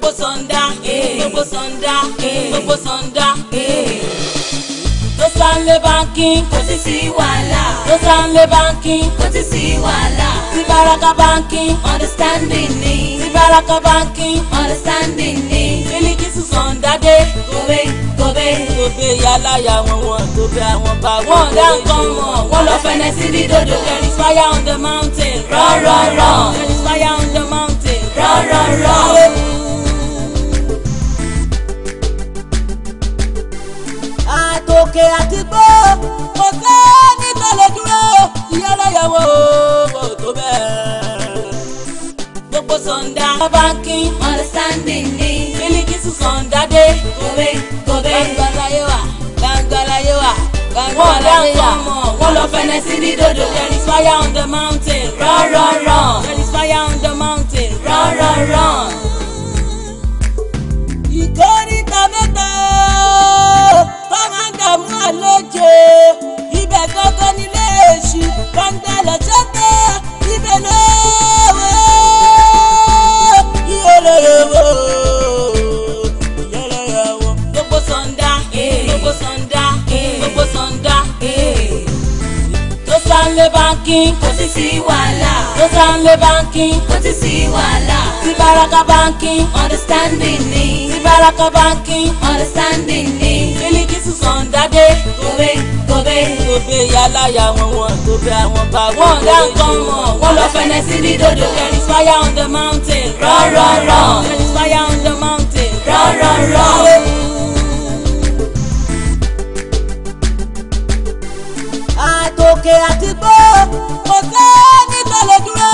gbogbo sọ̀ndà eh. gbogbo sọ̀ndà eh. gbogbo sọ̀ndà. Eh. tó sálé báńkì kò ti sí wàhálà. tó sálé báńkì kò ti sí wàhálà. ti baraka báńkì understanding ni. ti baraka báńkì understanding ni. mílíkì sùn sọ̀ndà dé. gòbè gòbè. gòbè yálà yà wọ́n wọ́n gòbè àwọn bá wọ́n. wọ́n dá nǹkan wọn wọ́n lọ fẹ́nẹ́ sí ní dodo. there is fire on the mountain. run run run. there is fire on the mountain. run run run. òkè àti gbó kò sẹ́ ní tó lè dúró ìyá ọlọ́yàwó kò tó bẹ́ẹ̀. gbogbo sọ̀ǹda báńkì understanding ni Bilikisu sọ̀ǹda dé kòbé kòbé gbàngbàlá yé wa gbàngbàlá yé wa gbàngbàlá yé wa wọ́n lọ fẹ́nẹ́ sí ní dòdò. there is fire on the mountain run run run there is fire on the mountain run run run. àlejò ibẹ̀ gángan nílé èṣù kọ́ńdà lọ́jọ́ tẹ́ ibẹ̀ lówó ìhòlòyòwò ìyọlọyọwò gbogbo sọ̀ndà gbogbo kò sí sí wàhálà tó sáńlé kò sí sí wàhálà ti Baraka báńkì understanding ni ti Baraka báńkì understanding ni tún sàǹdádé. tòbé tòbé. tòbé yálàyà wọn wọn tòbé àwọn bá wọn. wọn dá nǹkan wọn wọn lọ fẹnẹ sí ní dodo. there is fire on the mountain. run run run. there is fire on the mountain. run run run. àtòkè àtìgbò kò sẹ́ni tó lè dúró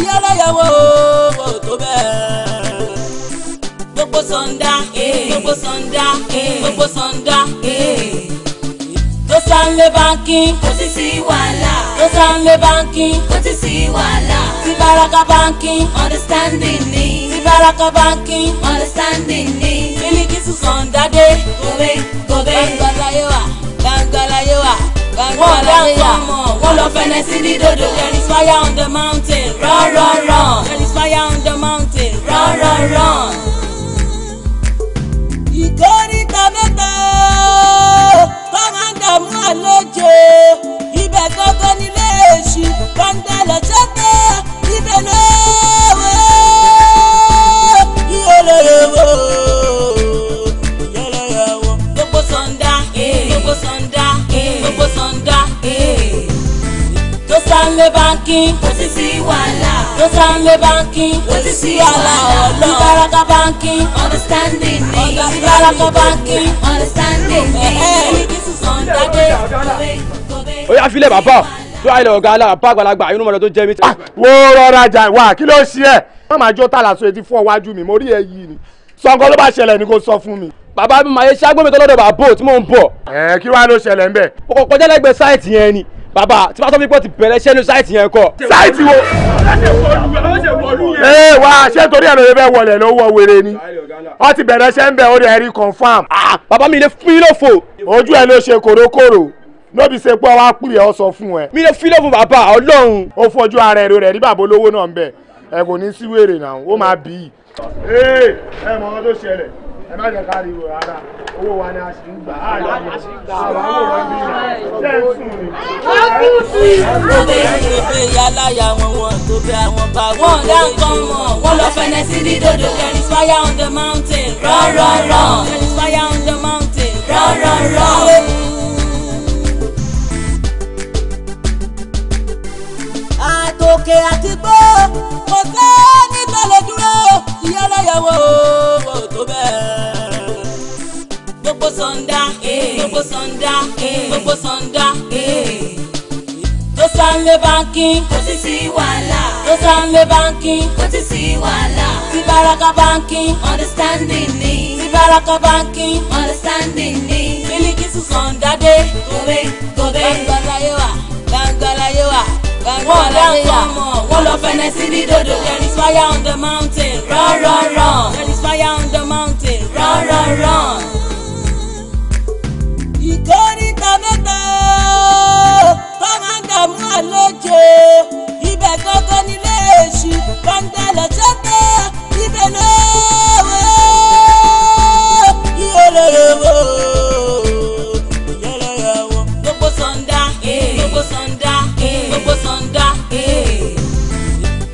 ìyálàyà wọn ò tó bẹ́ẹ̀ gbogbo sọ̀ndà eh. gbogbo sọ̀ndà eh. gbogbo sọ̀ndà. Eh. tó le báńkì kò sí sí wàhálà. tó sáńlé báńkì kò sí sí wàhálà. ti baraka báńkì understanding ni. ti baraka báńkì understanding ni. Bilikisu sọ̀ndà dé. gobe gobe gbàgbà yẹ wa gbàgbà yẹ wa wọ́n dá nǹkan mọ̀ wọ́n lọ fẹ́nẹ́ sí ní dodo. there is fire on the mountain run run run. there is fire on the mountain run run run. àlejò ibẹ̀ gángan nílé èṣù gbangba lọ́jọ́ pé ibẹ̀ lówó ìhòòhò. lé báńkì. kò sí sí wàhálà. ló sá ń lé báńkì. kò sí sí wàhálà ọlọ́. ìbáraka báńkì. understanding ni. ọ̀gá ìbáraka báńkì. understanding me. ọ̀dàdé kòbé kòbé. ó yá filẹ̀ bàbá tó àìlẹ̀ ọ̀gá alára bá àgbàlagbà inú mọ̀lẹ́ tó jẹ́ mi. wo ah, rọra jà wá kí ló ṣe ẹ. má máa jó tàlàsó etí fún ọwájú mi mo rí ẹ yìí ni sọ̀ngọ́ ló bá ṣẹlẹ̀ ni kò sọ fún mi. bàbá mi máa ye ṣágbómi tó lọ́dọ̀ bàbá bò tí mò ń bọ̀. ẹ kí wàá ló ṣẹlẹ̀ ń bẹ̀. kò kọjá lẹ́gbẹ̀ẹ́ sáìtì yẹn ni Baba, tí bá sọ fún mi pé ti bẹ̀rẹ̀ iṣẹ́ ní sáìtì yẹn kọ. sáìtì wo. ee wa ṣé torí ẹ̀rọ yẹn bẹ́ẹ̀ wọlé ló wọ wèrè ni wọ́n ti bẹ̀rẹ̀ iṣẹ́ ń bẹ̀ ó rẹ̀ rí confam. Ah, bàbá mi lè fún yín lófo. ojú ẹ ló ṣe kòrókòrò lóbi ṣe pé wàá pè é ọ sọ fún ẹ. mi lè fún yín lófo bàbá ọlọ́run. ó fojú ara ẹ̀rọ rẹ̀ rí bàbá olówó náà ń bẹ̀ ẹ̀ kò ní sí wèrè náà ó máa bì í. ẹ ẹ mọ ọ tó ṣẹlẹ̀ ẹ má jẹ́ ká rí ìwò rárá owó wa ni a sì ń gbà á yọ àwọn àwòrán bí ṣe ń sùn ni. ọkùnrin ọdẹ ìgbé yàláyà wọn wọn tó bí àwọn bá wọn dá nǹkan mọ wọn lọ fẹnẹ sí ní dodo. there is fire on the mountain run run run there is fire on the mountain run run run. àtòkè àtìgbò kò sẹ́ni tó lè dúró ìyálàyà wo ò tó bẹ́ẹ̀ gbogbo sọ̀ǹda eh. gbogbo sọ̀ǹda eh. gbogbo sọ̀ǹda. Eh. Lọ́sàn-án báńkì kò sí sí wàhálà. Lọ́sàn-án báńkì kò sí sí wàhálà. Ti Baraka báńkì understanding ni. Ti Baraka báńkì understanding ni. Bílíkìsù sọ̀ǹda dé. Gòbè gòbè. Gbàngbàlà yóò wà gbàngbàlà yóò wà wọ́n dá nǹkan mọ̀ wọ́n lọ fẹ́nẹ́ sí ní dòdò. there is fire on the mountain run run run. there is fire on the mountain run run run. máa lóde ibẹ̀ gángan nílé èṣù gbangba lọ́jọ́ pé ibẹ̀ lówó ìhòlòlòwò ìyọlọ́yọ̀wò gbogbo sọ̀ndà eh. gbogbo sọ̀ndà eh. gbogbo sọ̀ndà eh.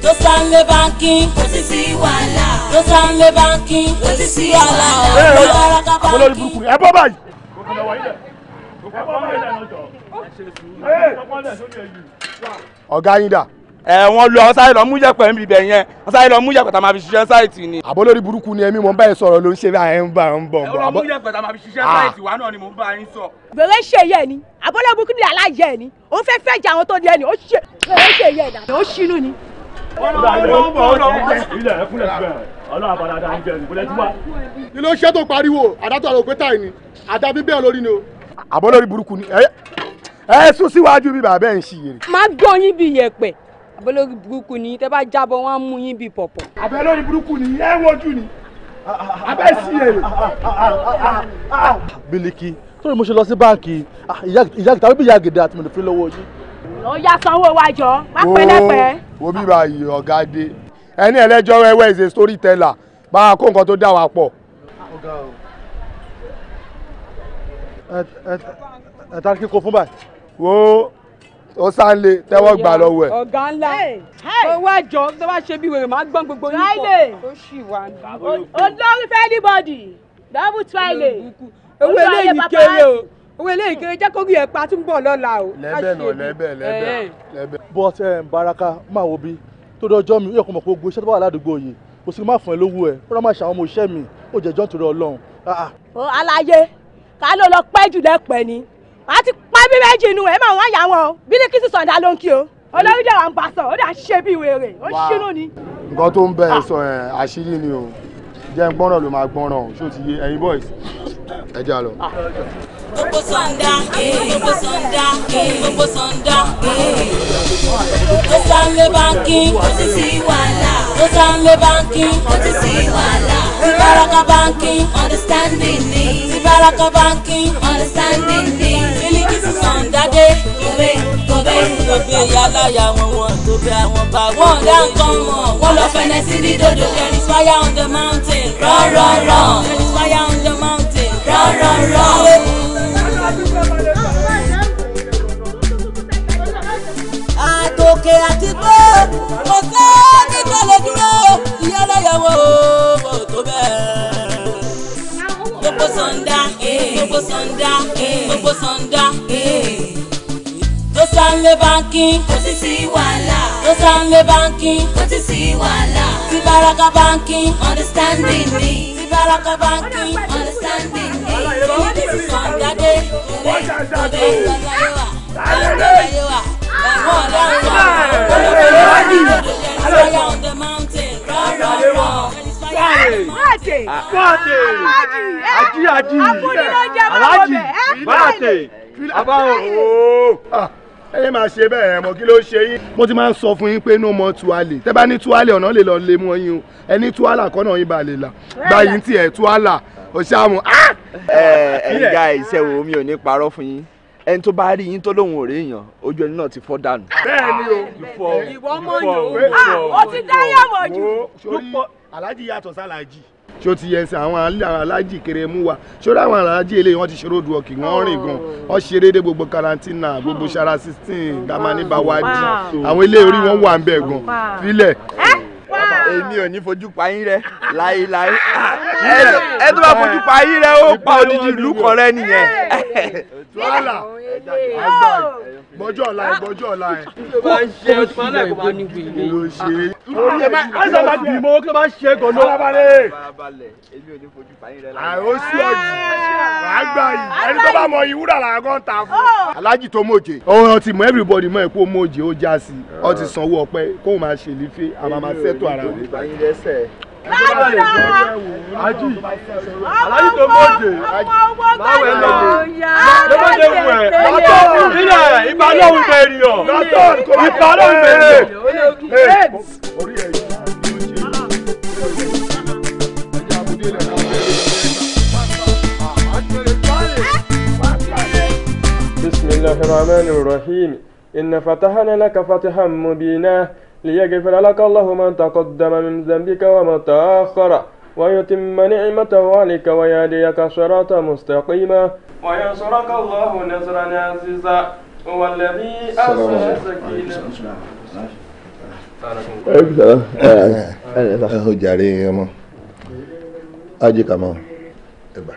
tó sáré báńkì kò sí sí wàhálà tó sáré báńkì kò sí sí wàhálà ó lọ́ra ká báńkì. ẹ bọ́ báyìí. ẹ ẹ bọ́ báyìí ọ̀gá yín dà. ẹ wọn lọ ọ sáré lọ mú yẹ̀pẹ̀ ń bibẹ yẹn ọ sáré lọ mú yẹ̀pẹ̀ tá a máa fi ṣiṣẹ́ sáìtì ni. àbólórí burúkú ni ẹmí mo ń bá yẹn sọ̀rọ̀ ló ń ṣe bá yẹn ń bá ń bọ̀. ẹ wọn mú yẹ̀pẹ̀ tá a máa fi ṣiṣẹ́ sáìtì ah. wa náà ni mo ń bá yín sọ. bèrè ṣe yẹ ni àbólórí burúkú ni aláyẹ ẹ ni òun fẹ́ fẹ́ jà àwọn tó di ẹ ni ó ṣe bèrè ṣe yẹ ẹ dàbí ó ṣínú ni. ilé iṣẹ́ tó pariwo àdá tó àlọ́ òpétà yìí ni àdá bíbẹ́ lórí ni o. àbólórí burúkú ni ẹ sún síwájú bí bàbá ẹ ń ṣiyèrè. má gbọ́ yín bí yẹ̀pẹ̀ abẹ́lórí burúkú ni tẹ́ bá jábọ̀ wọ́n á mú yín bí pọ̀pọ̀. abẹ́lórí burúkú ni ẹ wojú ni abẹ́ ṣiyèrè. bílíkì sọ́run mo ṣe lọ sí báǹkì ah, ìyá gìtá bí ìyá gèdè àti mọ̀lẹ́fẹ́ lọ́wọ́ yín. lọ ya sanwó wa jọ má pẹlẹpẹ. wo bí báyìí ọ̀gá dé ẹni ẹlẹ́jọ́ wẹ́wẹ́ is a storyteller bá a kó nǹkan tó dá wa pọ̀. ẹ ẹ ẹ tàbí kíkó fún báyìí wo ó sáńlé tẹ́wọ́ gbà lọ́wọ́ ẹ̀. ọ̀gá ńlá owó àjọ tó bá ṣe bí wèrè máa gbọ́n gbogbo yín pọ̀. láìlè ó sì wà ní. olórí fẹ́ anybody double twile. owó eléyìí kéré o owó eléyìí kéré jẹ́ kó rí ẹ̀ pa tún bọ̀ lọ́la o. lẹ́bẹ̀ náà lẹ́bẹ̀ lẹ́bẹ̀ lẹ́bẹ̀. but eh, baraka máa wo bí tó dọjọ́ mi ó yẹ kó mọ̀ pé gbogbo iṣẹ́ tó bá wà ládùúgbò yìí kò sí má fún ẹ lówó ẹ ó rà má ṣàwọn ọmọ iṣẹ́ mi ó jẹ́ jọ́ǹtò rẹ ọlọ́run. Ah, ah. ó aláyé ká ló lọ pẹ́ jù lẹ́pẹ́ ni a ti pa bí méjì inú ẹ máa wá yà wọn o Bílíkísì Sàndá ló ń kí o olórí dẹ̀ wà ń bá sọ ó dà ṣe bí wèrè ó ṣínú ni. nǹkan tó ń bẹ ẹ ah. sọ ẹ àṣírí ni o jẹ́ ń gbọ́nràn ló máa gbọ́nràn o ṣó ti yé ẹ̀yin boys ẹ jẹ́ àlọ́. Ah. gbogbo Sàndá gbogbo Sàndá gbogbo Sàndá ó sá ń lé báńkì ó sì sí wàhálà ó sá ń lé wàhálà ti banking understanding ni ti banking understanding ni kàńdádé tóbé tóbé tóbé yálàyà wọn wọn tóbé àwọn bá wọn. wọn dá nǹkan mọ̀ wọ́n lọ fẹ́nẹ sí ní dodo. there is fire on the mountain run run run. there is fire on the mountain run run run. àtòkè àti pé kò sẹ́ni tó lè dúró ìyálàyà wọn ò tó bẹ́ẹ̀. gbogbo sọ̀ndà gbogbo sanda. tó sáńlé báńkì. kò sí sí wàhálà. tó le báńkì. kò sí sí wàhálà. sí baraka báńkì. understanding me. sí baraka báńkì. understanding me. ìyá mi ti sàn jáde. ọ̀dẹ̀ ìgbàgbọ́ yẹwà. ọ̀dẹ̀ ìgbàgbọ́ yẹwà. Run, run, run. Bate! Bate! Ají ají! Alájì! Bate! Abáwo! Ẹyẹ máa ṣe bẹ́ẹ̀ mọ̀ kí ló ṣe yín. Mo ti máa ń sọ fún yín pé no mọ tuwalè. Tẹ́ bá ní tuwalè ọ̀nà lè lọ lé mọ́ yín o. Ẹni tuwalà kọ́nà yín bá lè là. Gbayì ń tiẹ̀ tuwalà. Ọ̀ṣàmù. Ah! Ẹ ẹ ga iṣẹ́ wo mi ò ní parọ́ fún yín ẹni tó bá rí yín tó lóun ò rí èèyàn ojú ẹni náà ti fọ́ dànù. bẹ́ẹ̀ni o ìwọ mọ yòó ó ti dáyàwó jù aláàjì yàtọ̀ sáláàjì ṣó ti yẹn sẹ àwọn aláàjì kéré mú wa ṣó dáwọn aláàjì eléyìí wọn ti ṣe road work wọn rìn gan oh. wọn ṣe déédéé gbogbo karantina gbogbo ṣara hmm. sixteen hmm. gamani bawadi àwọn eléyìí orí wọn wà ń bẹ gan filẹ. Eh? èmi ò ní fojú pa yín rẹ láéláé ẹ tó bá fojú pa yín rẹ ó pa odidi ìlú kan rẹ nìyẹn. wàhálà oh, oh. gbọ́jọ́ ọ̀la ẹ̀ gbọ́jọ́ ọ̀la ẹ̀. kó o ṣe é fún ẹ̀ kó ní wí ilé. yóò ṣe é. ọ̀sẹ̀ máa bì mọ́ kí ló máa ṣe é gan-an. farabalẹ̀ farabalẹ̀ èmi ò ní fojú fàyín rẹ lára. àìó sí ọjì wàá ah. gbà yìí ẹni tó bá mọ iye wúrà làwọn kan ta fún. Oh. alájì tó mọ̀jẹ̀. ọ̀rọ̀ ti mọ everybody mọ̀ ẹ̀ kó mọ̀jẹ̀ ó já sí ọ ti sanwó ọpẹ́ kó o máa ṣèléfé àmàmà sẹ́tọ̀ ara rẹ̀ ládùúrà ají aláyí tó mọ̀jẹ̀ láwẹ̀ بسم الله الرحمن الرحيم إن فتحنا لك فتحا مبينا ليغفر لك الله ما تقدم من ذنبك وما تأخر ويتم نعمته عليك ويهديك صراطا مستقيما وينصرك الله نصرا عزيزا هو الذي أسس سكينة ẹhùn jàre ọmọ ajíkà mọ ẹgbà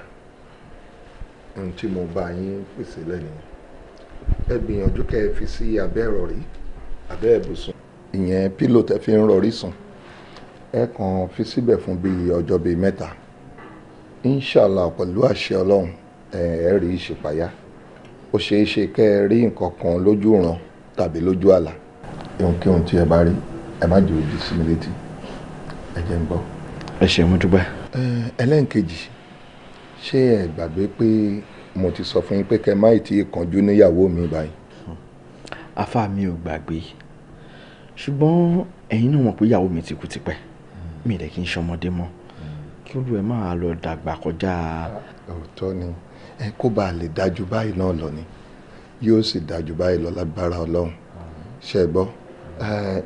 ohun tí mo bá yín pèsè lẹ́nu ẹ gbìyànjú kẹ́ ẹ ìyẹn pílò tẹ́ fi ń rọrí sùn ẹ kàn fi síbẹ̀ fún bíi ọjọ́ bíi mẹ́ta inshallah pẹ̀lú àṣẹ ọlọ́run ẹ rí ìṣèpáyà ó ṣeé ṣe kẹ́ ẹ rí nǹkan kan lójú ràn tàbí lójú àlá ohunkóhun tí ẹ bá rí ẹ má jẹ́ òdì sí mi létí ẹ jẹ́ ń gbọ́. ẹ ṣé mo dúpẹ́. ẹlẹ́nkejì ṣé ẹ gbàgbé pé mo ti sọ fún yín pé kẹ́ má ì tí ì kánjú níyàwó mi báyìí. afá mi ò gbàgbé ṣùgbọ́n ẹ̀yin náà mọ̀ pé ìyàwó mi ti kú tipẹ́ hmm. mi dẹ̀ kí n ṣọmọdé mọ́ hmm. kí olú ẹ̀ máa lọ dàgbà kọjá. òótọ́ ni ẹ kó bá a lè dájú báyìí náà lọ ni yóò sì dájú báyìí lọ lágbára ọlọ́run hmm. ṣe é gbọ́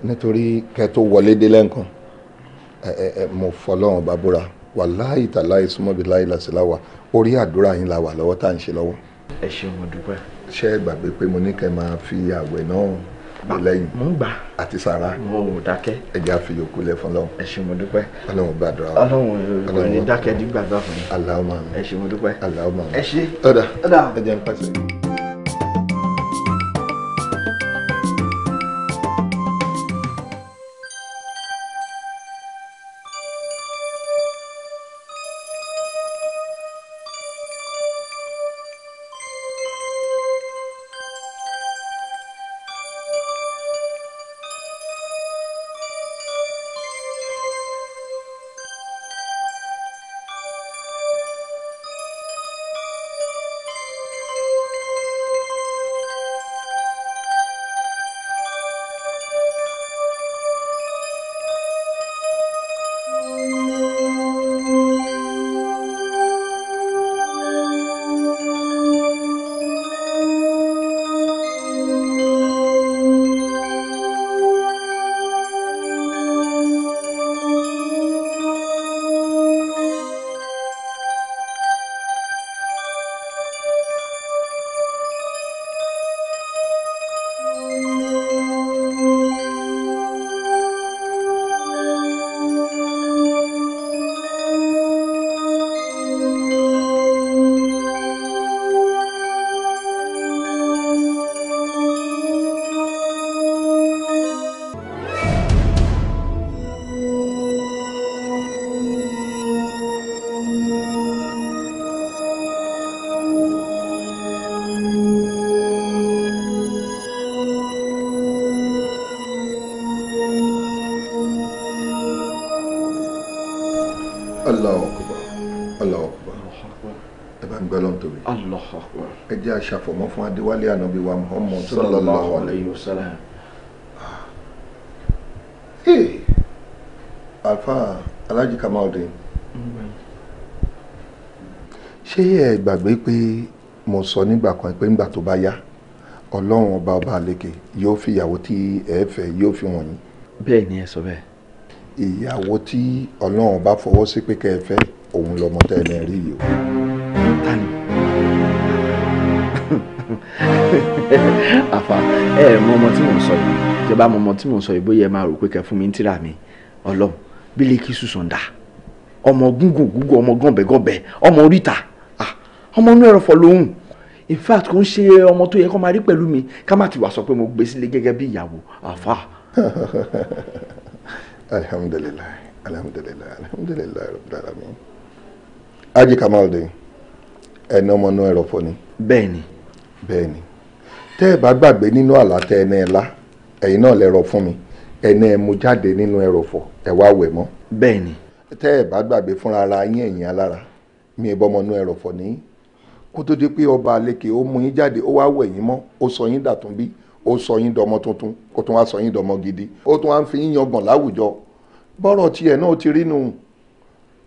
nítorí kẹ tó wọlé dé lẹ́ǹkan mo fọlọ́run ọba búra wàláhì tàláhì súnmọ́ bíi láì làṣìláwà orí àdúrà yín la wà lọ́wọ́ tá à ń ṣe lọ́wọ́. ẹ ṣeun mo dúpẹ́. ṣé ẹ gbàgbé pé mo ní kẹ́ máa fi àwẹ̀ náà gbé lẹ́yìn mò ń gbà àti sara mo ò dákẹ́ ẹ jẹ́ àfi yòókù lẹ̀ fún lọ́wọ́ ẹ ṣé mo dúpẹ́ ọlọ́run gbàdúrà wa ọlọ́run ò ní dákẹ́ dígbàdúrà fún mi aláwọ̀ máa mi ẹ ṣé mo dúpẹ́ aláwọ̀ máa mi ń pàṣẹ. Allahu Akbar Allahu Akbar ẹ bá ń gbẹ́ lọ́n tóbi Allahu Akbar ẹ jẹ́ aṣàfọ̀mọ́ fún adéwálé ànábì wa Muhammad sallallahu alayhi wa sallam. alfa alhaji kamaldin ṣé ẹ gbàgbé pé mo sọ nígbà kan pé nígbà tó bá yá ọlọ́run ọba ọba àlekè yóò fi ìyàwó tí ẹ fẹ́ yóò fi wọ̀nyí. bẹ́ẹ̀ ni ẹ sọ bẹ́ẹ̀ ìyàwó tí ọlọ́run bá fọwọ́ sí pé kẹ́ ẹ fẹ́ òun lọmọ tẹ́ ẹ rí yìí o. tani àfà ẹ ẹ mọ ọmọ tí mò ń sọ yìí ìjọba mọ ọmọ tí mò ń sọ yìí bóyá ẹ máa rò pé kẹ́ fún mi ń tírà mi ọlọ́run bíléèkì sùsùn dà ọmọ gúngùn gúngùn ọmọ gànbẹ̀gànbẹ̀ ọmọ oríta ọmọ inú ẹ̀rọ̀fọ̀ lòun in fact kò ń ṣe ọmọ tó yẹ kó máa rí pẹ̀lú mi ká má ti wá sọ pé mo gbé sílé gẹ́gẹ́ bí ìyàwó àfà. alhamdulillah alhamdulillah alhamdulillah rabbil aji ají kamaldeen ẹni ọmọ inú ẹ̀rọ ni. bẹ́ẹ̀ni. bẹ́ẹ̀ni tẹ́ ẹ bá nínú àlá tẹ ẹni ẹ lá ẹ̀yin náà fún mi ẹni ẹ mú nínú ẹ̀rọ fọ mo wá te bẹ́ẹ̀ni. tẹ́ ẹ fúnra ara yín alara, mi ìbọn ọmọ inú ni kuto di pi ọba àlekè ó mú o so datun bi ó sọ yín dọmọ tuntun ó tún wá sọ yín dọmọ gidi ó tún wá ń fi yín yangàn láwùjọ bọ́rọ̀ tiẹ̀ náà ti rí nu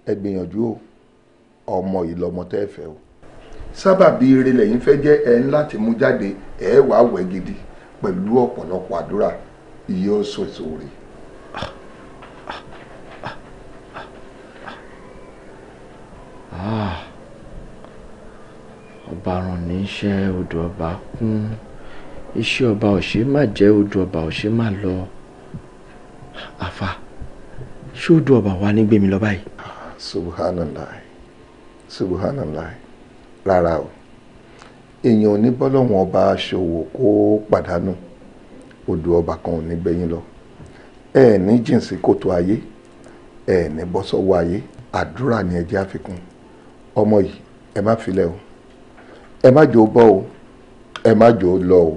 ẹ gbìyànjú o ọmọ ìlọmọ tẹ́ ẹ fẹ́ o sábàbí ire lẹ́yìn fẹ́ jẹ́ ẹ ń láti mú jáde ẹ wà wẹ̀ gidi pẹ̀lú ọ̀pọ̀lọpọ̀ àdúrà iye ó so èso rè. Ah, ọba ràn níṣẹ́ odò ọba kún iṣẹ́ ọba ò ṣe má jẹ́ odò ọba ò ṣe má lọ àfa ṣé odò ọba wa ní gbèmí lọ báyìí. subhanallah subhanallah rárá o èèyàn ò ní bọ́lọ́wọ́n ọba ṣòwò kó pàdánù odò ọba kan ò ní gbẹ̀yìn lọ ẹ ní jìn sí kòtò ayé ẹ ní bọ́ sọ́wọ́ ayé àdúrà ni ẹ jẹ́ àfikún ọmọ yìí ẹ má filẹ̀ o ẹ má jò bọ́ o ẹ má jò lọ o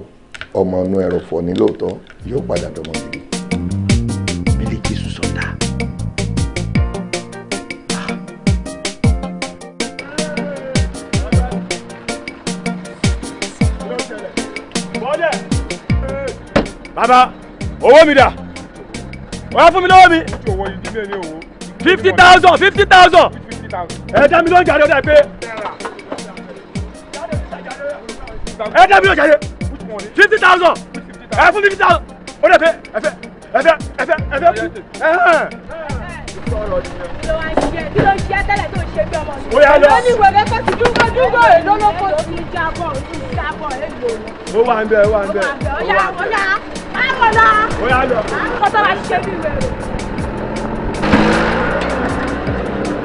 ọmọ inú ẹrọ̀fọ̀ ní lóòótọ́ yóò padà dọmọ gidi. Bílíkísù Sọ̀tà. bàbá owó mi dà wọ́n á fún mi lọ́wọ́ mi. fifty thousand fifty thousand ẹ dá mi lóúnjẹ àdéhùn dà pé ẹ dá mi lóúnjẹ àdéhùn fifty thousand ẹ fún fifty thousand ó lè fẹ́ ẹ fẹ́ ẹ fẹ́ ẹ fẹ́ ẹ fẹ́ kú. kí ló jẹ́ tẹ́lẹ̀ tó ṣe bí ọmọ mi. èló ni ìwé rẹ kó ti dúró dúró èló ló kó ti jábọ̀ ojú jábọ̀ èló. ó wà ń bẹ ó wà ń bẹ. ó yá ó yá á kọ́ lọ. ó yá lọ. á kọ́ tó bá ṣe bí ìwé rẹ.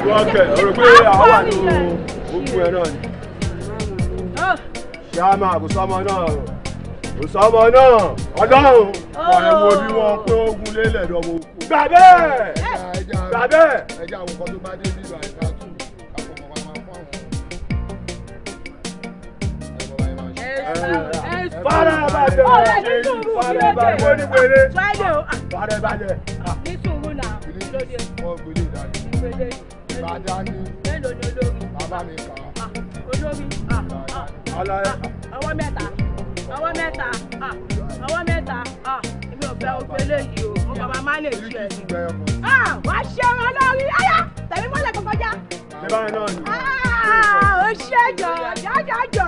wọ́ọ̀kẹ̀ ọ̀rọ̀ pé àwọn wà nínú ogun ẹ̀ náà ni. Ah. ṣé a máa kó sọ́mọ náà kò sọmọ náà ọlọ́run ọ̀rẹ́ bí wọ́n pé ogun lélẹ̀ lọ́wọ́ oko. gbà bẹ́ẹ̀ gbà bẹ́ẹ̀. ẹja àwọn kan tó bá dé bí ìlú àyíká tù kápọ̀ máa fún àwọn. farabalẹ̀ ọ̀rẹ́ ní sùúrù ní ẹ̀jẹ̀ farabalẹ̀ farabalẹ̀. ní sùúrù náà lóde. wọ́n gbélé ìdájọ́. ìgbélé ìbàdàn ni. mélòó ni olórí. bàbá mi kà á. Ah, olórí. àwọn ah, ah, mẹ́ta ọwọ́ mẹ́ta ọwọ́ mẹ́ta èmi ò fẹ́ ogun eléyìí o mo bàbá má lè ju ẹ̀ ní. wá ṣe wọn lórí ayá tẹ̀mí mọ́lẹ̀ kọ́kọ́ já. bẹ́ẹ̀ náà ni. ó ṣe jọ jọjọjọ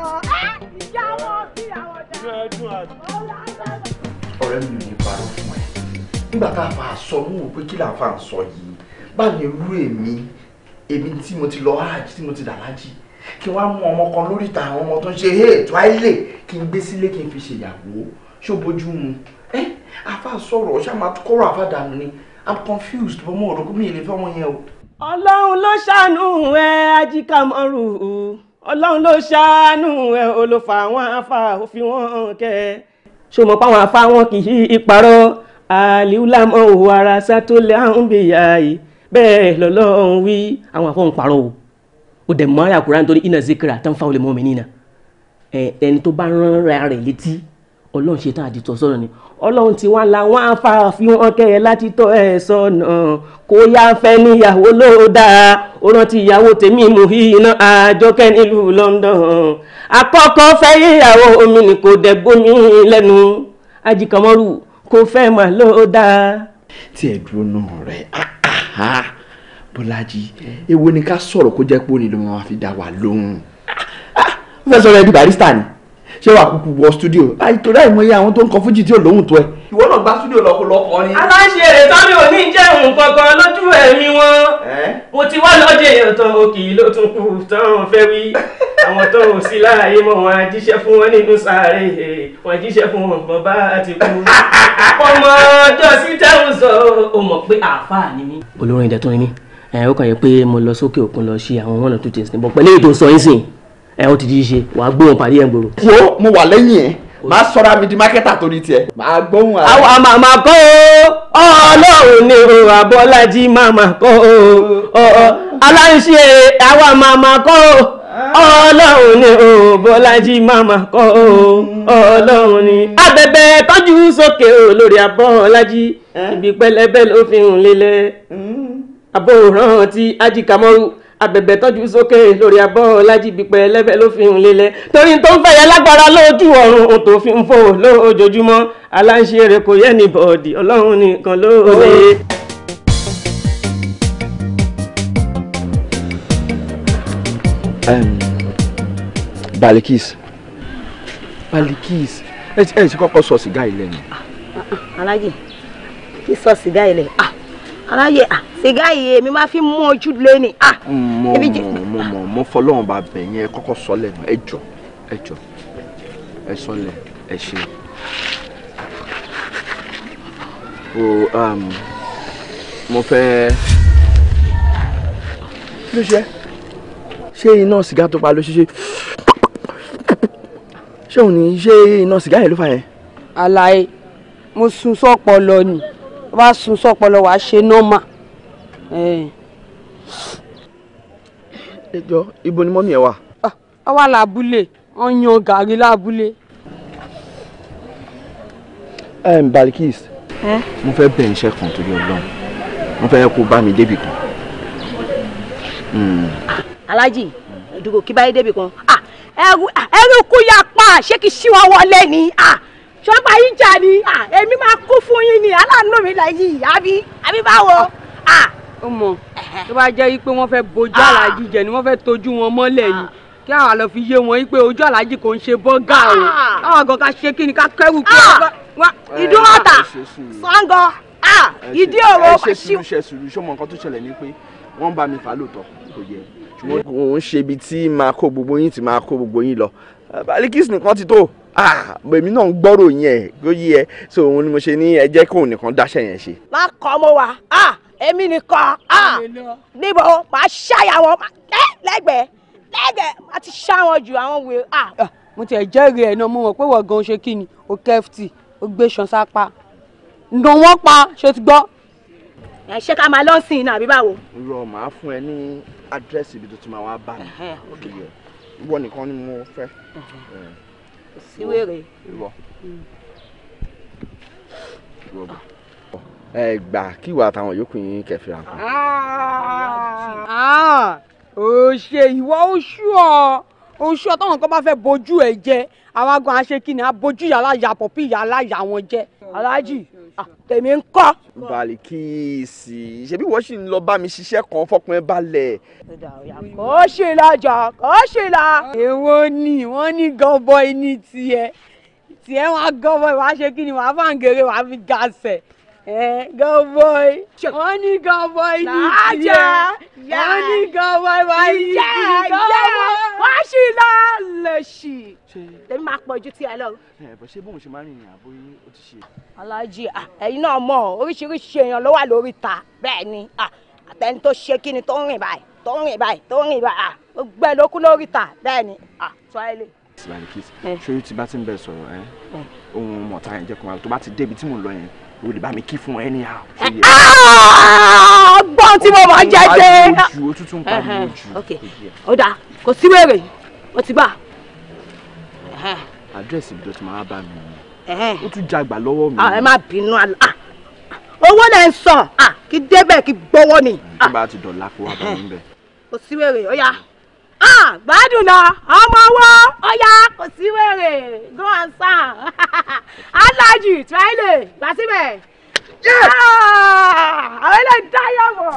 ìyá wọn bí àwọn dá. ọ̀rẹ́ mi ò ní parọ́ fún ẹ nígbà tá a fa àṣọ mú wò pé kí là ń fa àṣọ yìí báyìí rú èmi èmi tí mo ti lọ áàjì tí mo ti dà lájì kí wá mú ọmọ kan lórí ìta àwọn ọmọ tó ń ṣe é twaile kí n gbé sílé kí n fi ṣèyàwó ṣó bójú mu ẹ àfa sọ̀rọ̀ ṣá máa kọ́rọ̀ àfa dànù ni i'm confused bọ́ mo rò mí ìlẹ́fẹ́ wọn yẹn o. ọlọ́run ló ṣàánú ẹ ajíkàmọ́rù ọlọ́run ló ṣàánú ẹ olófà àwọn afa òfin wọn kẹ ṣó mọ̀ páwọn afa wọn kì í parọ́ àlìúlámọ̀ òwò ara sátólẹ̀ àwọn bèèyà yìí bẹ́ẹ̀ lọ́lọ́run wí àwọn àfọ̀n O dẹ̀ mọ́ àkùrá nítorí iná zikra tán fáwọn olèmọ́ mi nínà ẹni tó bá rán ra rẹ̀ létí ọlọ́run ṣe tán àdìtọ̀ sọ̀rọ̀ ni ọlọ́run tí wọ́n la wọ́n á fa àfihàn kẹyẹ láti tọ́ ẹ sọ̀nà kó yá fẹ́ níyàwó ló dáa ó rántí ìyàwó tèmi Muhina Àjọkẹ́ nílùú London àkọ́kọ́ fẹ́ yíyàwó omi ni kò dẹ̀ gbómi lẹ́nu ajikamọ́rù kò fẹ́ mà ló tí ẹ dúró náà rẹ Bọ́lájí èwo ni ká sọ̀rọ̀ kó jẹ́ pé òní ló máa fi dá wa lóhùn ó ah, fẹ́ sọ̀rọ̀ ẹ di barista ni ṣé wàá kúkú wọ studio àìtòrí àìmọye àwọn tó ń kọ fújì tí ò lóhùn tó ẹ. ìwọ náà gba studio lọkọ lọkọ ni. aláṣẹ èrè sáré òní jẹ́ òun kankan lójú ẹ̀mí wọn mo ti wá lọ́dẹ ìyàtọ̀ òkè ló tún kù tán fẹ́ wí àwọn tó ò sí láàyè mọ́ wọn àjíṣẹ́ fún wọn nínú sáré wọn àjíṣẹ́ fún wọn bàbá àti kú ọmọ ọjọ́ sí tẹ́wọ̀n sọ ọ mọ̀ pé àáfàá ni mí. olórin ìdẹ́tún ni mí ẹ ó kàn yẹ pé mo lọ sókè òkun lọ ṣe àwọn one or two things níbọ̀ pẹ̀lú èyí tó ń sọ yín sìn ẹ ó ti di ṣe wàá gbóhùn pàdé ẹ̀ ń gbòòrò. wo mo wà lẹ́yìn ẹ̀ máa sọra mi di mákẹ́tà tó ní tiẹ̀. máa gbóhùn ara. àwọn àmà máa kọ́ o ọlọ́run ni o àbọ́lájí máa máa kọ́ o aláìṣe àwọn àmà máa kọ́ o ọlọ́run ni o bọ́lájí máma kọ́ o ọlọ́run ni abẹ́bẹ́ kánjú sókè o lórí abọ́lájí ibi pẹlẹbẹ ló fi hùn lélẹ̀. Hmm abọ́ òràn ti ájì kamaru abẹ̀bẹ̀ tọ́jú sókè lórí abọ́ lájìbípẹ́ lẹ́bẹ̀ ló fi hùn lélẹ̀ torí tó ń fẹ̀yẹ lágbára lójú ọ̀run tó fi ń fò lójoojúmọ́ aláǹṣeré kò yẹ ní bọ̀ọ̀dì ọlọ́run nìkan ló lè. Balikis Balikis ẹ ṣe kọ́kọ́ sọ sìgá ilẹ̀ ni. Ah, ah, ah, Aláàjì kí sọ sìgá ilẹ̀ ah aláyè ah, sìgá yìí èmi máa fi mú ojú lé ni. Ah. mo mọ mọ mo fọlọ́run bá bẹ̀ yín ẹ kọ́kọ́ sọ lẹ́nu ẹ jọ ẹ jọ ẹ sọ ẹ ṣe. Um, mo fẹ́. ló ṣe ṣé iná sìgá tó pa ló ṣe ṣe ṣé òun ní ṣé iná sìgá yẹn ló fà yẹn. àlàyé mo sun sọ́pọ̀ lọ ni wá sun sọpọlọ wàá ṣe nọ́mà. ẹjọ ibo ni mọ́mí ẹ wà. ọ ah, wà lábúlé wọn yan gàrí lábúlé. ẹ ń Balikis mo fẹ́ bẹ̀ iṣẹ́ kan torí Ọlọ́run mo fẹ́ kó bá mi débì kan. Hmm. alájì dùgò kí báyé débì kan ah, ẹrú ah, ẹrú kú yá pa ṣé kí ṣíwọ́ wọlé ni. Ah ṣọ́pá yín jà ni èmi máa kú fún yín ni aláàánú mi là yìí àbí àbí báwo. ó mọ tó bá jẹ́ pé wọ́n fẹ́ bojú aláàjì jẹ ni wọ́n fẹ́ tọ́jú wọn mọ́lẹ̀ ni kí àwọn àlọ́ fi yé wọn yí pé ojú aláàjì kò ń ṣe bọ́gà o àwọn àgọ́ ká ṣe kí ni ká kẹ́wù kí wọ́n. ìdúrótà sango ìdí òro pàṣíw. ẹ ṣe sùúrù ṣọmọ nǹkan tó ṣẹlẹ̀ ni pé wọ́n bá mi fà lóòótọ́ kò yẹ ṣùgbọ́n òun ṣe ibi tí máa kó gbogbo yín ti máa kó gbogbo yín lọ Balikis nìkan ti tó ah èmi náà ń gbọ́rò yẹn ló yí ẹ so òun ni mo ṣe ní ẹ jẹ́ kóun nìkan dáṣẹ́ yẹn ṣe. má kọ́ mo wà á ah, èmi nìkan á ah, níbo màá ṣàyà wọn lẹ́gbẹ̀ẹ́ lẹ́gbẹ̀ẹ́ màá ti ṣá wọn jù àwọn wèrè á. Ah. mo tiẹ̀ jẹ́rìí ẹ̀ náà mo mọ̀ pé wọ́n gan ṣe kí ni o kẹ́fìtì o gbé ṣan sápá ǹdùn wọn pa ṣe ti gbọ́. ẹ ṣé ká máa lọ́sìn iná àbí báwo. rọ màá fún ẹ ní àdírẹ́sì ibi tó ti máa wá bá mi wọ́n nìkan ni mo fẹ́ síwèrè. ẹ gbà kí ìwà àtàwọn yòókù yín kẹfìrà kan. Ah! Ah! ó ṣe ìwọ oṣù ọ oṣù ọtọ́wọ̀n kan bá fẹ́ bojú ẹ̀ jẹ àwa gan aṣe kí ni abojú yàrá ya pọ̀pí yàrá ya wọn jẹ aláàjì tèmi ń kọ́. balẹ̀ kí n sì ṣebí wọ́n sì ń lọ bá mi ṣiṣẹ́ kan fọkùn ẹ balẹ̀. kò ṣe lọ́jọ́ kò ṣe la. èwo ni wọ́n ní gọbọi ní tiẹ̀ tiẹ̀ wọn gọbọi wàá ṣe kí ni wàá fàǹgẹ̀rẹ̀ wàá fi ga Cowboy, honey cowboy, DJ, honey cowboy, why DJ, wá sí lọ́lọ́ sí. Lèmi máa pọ̀ ju ti ẹ lọ. Ẹ bọ̀ ṣé bóun ṣe máa ń rìnrìn àbó yín ó ti ṣe. Aláàjì ẹ̀yin náà mọ̀ oríṣiríṣi èèyàn ló wà lórí ta bẹ́ẹ̀ ni àtẹni tó ṣe kí ni tó ń rìn báyìí tó ń rìn báyìí tó ń rìn báyìí gbẹ ló kú lórí ta bẹ́ẹ̀ ni sọ ẹ lè. Ṣé o ti bá ti ń bẹ sọ̀rọ̀ ẹ? Ohun mọ̀ta yẹn jẹ́ kó máa tó bá ti débi tí mò ń lọ yẹn o lè bá mi kí fún ẹ ní àwọn. Ah! gbọ́n tí mo máa jẹ dé. o tún tún pa mi ojú. ọ̀dà kò sí wèrè o ti bá. àdírẹ́sì ibi tó ti máa bá mi ni ó tún jàgbà lọ́wọ́ mi. Ah, ẹ má bínú àlá ah, owó lẹ ń sọ kí débẹ̀ kí gbowó ni. nígbà tí dọ̀là kó wà bá mi bẹ̀. kò sí wèrè ó yá. Ah, gbádùn náà ọmọ owó ọyá kò sí wèrè go and sound alájì tíráìlè gbàsíbẹ̀ ah, àwọn ilé ìdáyàwó.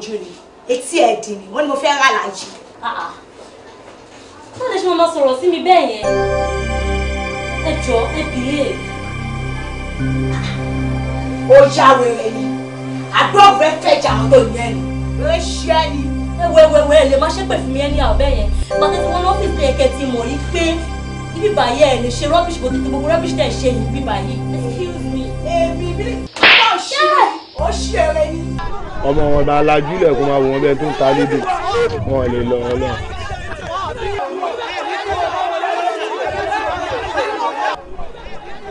ojú ni etí ẹ̀ dì ní wọ́n ní mo fẹ́ rà láàjì. má ah, ah. lè ṣe mo máa sọ̀rọ̀ sí mi bẹ́ẹ̀ yẹn ẹ jọ ẹ bìíye. Ah, ó já wèrè ni àgbọ̀ ọ̀rẹ́ fẹ̀jà ọ̀dọ̀ yẹn ni ó ṣe é ni. wẹ́wẹ́wẹ́ ẹ lè má ṣépè fún mi ẹni àbẹ́ yẹn pàtó tí wọ́n lọ́fíìsì tó yẹ kẹ́ ti mọ̀ yí pé ibi báyìí ẹ lè ṣe rọ́bìṣì gbogbo rọ́bìṣì tẹ̀ ṣe yìí ibi báyìí. excuse me. èmi bí ọmọ wọn bá lajú ilẹ̀kùn máa wò wọn bẹ́ẹ̀ tó ń ta lédè wọn lè lọ ọlọ́run.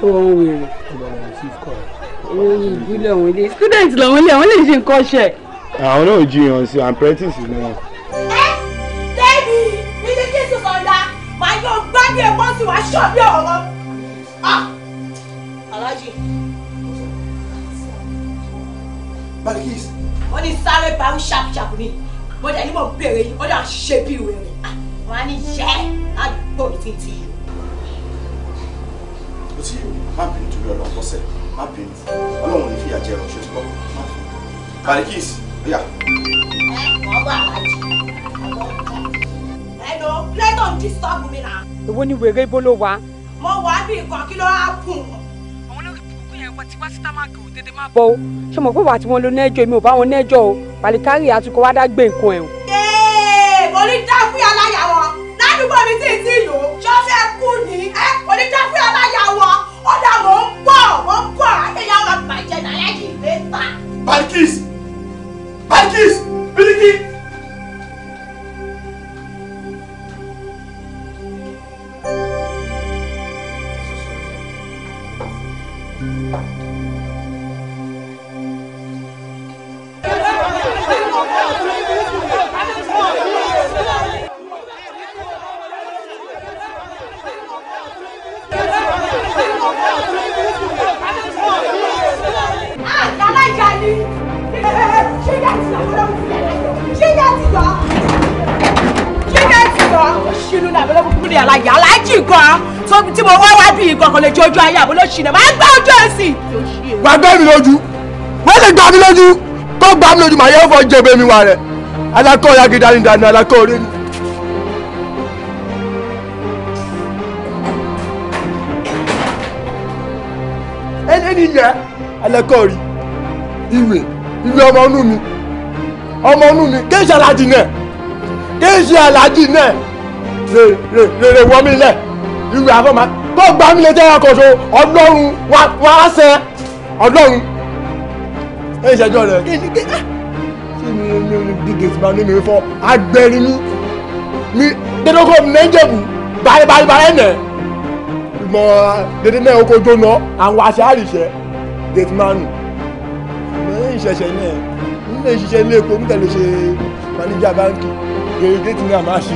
ohun wèrè ohun ìbílẹ̀ lè ṣe nǹkan ṣe. àwọn náà jí yan sí apprentice náà. Barikis, oya. Hello, let them disturb me now. Èwo ni wèrè ibo ló wà? Mo wà bí nǹkan kí ló á kùn. Àwọn olórí burúkú yẹn wọ́n ti wá sí támákì ò tètè máa bọ̀ o. Ṣé mo pé wà tí wọ́n lo nẹ́jọ́ èmi ò bá wọn nẹ́jọ́ o? Pàlíkárì àtúkọ̀ wá dá gbé nǹkan ẹ̀ o. Ee, mo ní dákú yà láyà wọn. Ládùúgbò mi ti ti lò Ṣé ó fẹ́ kú ni? Ẹ kò ní dákú láyà wọn. Ó dà mò ń bọ̀, mò ń bọ̀. Akẹ́yà wa bàjẹ́ nàlẹ́ yìí ṣínú náà abẹ́lẹ́ kúkúrú àlàyé aláàjì gan tí mo wá wá bí nǹkan kan lè jẹ ojú ayé àbúlé ṣìnà máa gbá ojú ẹ̀sìn. wàá gbé mi lójú wọ́n lè gbá mi lójú tó gbá mi lójú màá yẹ fọ́ jẹ̀bẹ̀ mi wà rẹ̀ alákọ̀ ya gidi àni dànù alákọ̀ rẹ̀ ni. ẹni yẹ alákọ̀ rí ìwé ìwé ọmọ inú mi ọmọ inú mi kéèṣì alájì náà kéèṣì alájì náà rè rè rè rè wọ́n mi lẹ̀ ìwé àfọ́mà tó gbà mí lè jẹ́ ẹ̀kọ́ so ọlọ́run wà á sẹ ọlọ́run ẹ̀ ìṣẹ́jọ́ rẹ̀ kí ni mi ò ní bí gèsì máa ní mi fọ́ agbẹ́rin mi mi dédókò méjèèbù báyìí báyìí báyìí nẹ̀ ìmọ̀ dédé náà oko jóná àwọn aṣọ àrìṣẹ́ gèsì máa nù ẹ̀ ìṣẹ̀ṣẹ̀ náà nílé ìṣiṣẹ́ ilé epo nítorí ṣe manager báńkì gèrè gèsì náà máa ṣe.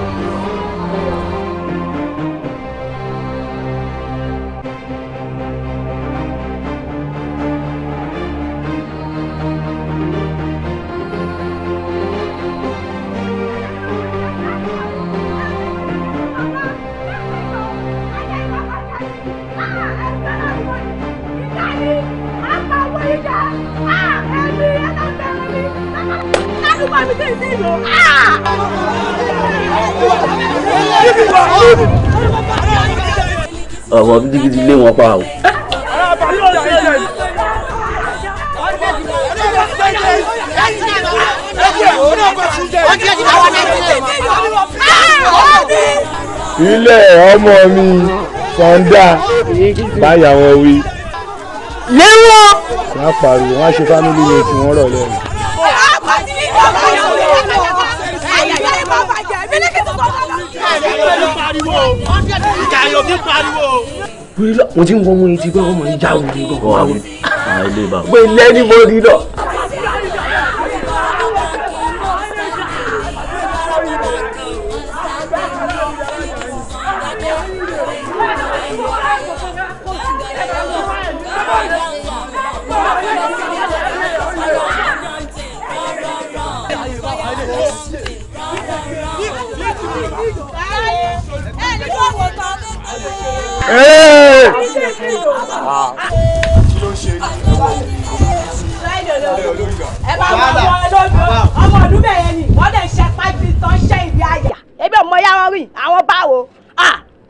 mi tẹ̀ sí ìlú. ọ̀wọ́ gidigidi lé wọn pa o. ilé ọmọ mi kọ̀ńdà báyà wọn wí. léwọ́. wọ́n á pariwo wọ́n á ṣe fámìlì yẹn tí wọ́n rọ̀ lẹ́nu. mo ti ń wọ́n mú etí gbọ́ ọmọ ìjà òun ní gbọ́ ọmọ àwọn. gbé lẹ́ni mo rí lọ. kí ló ń ṣe ẹ bá wọn wọ lójú ọmọ ọdún bẹ̀rẹ̀ ni wọ́n lè ṣe pàjì tán ṣe ìdí àyà. ebi ọmọ ya wọn rìn àwọn báwo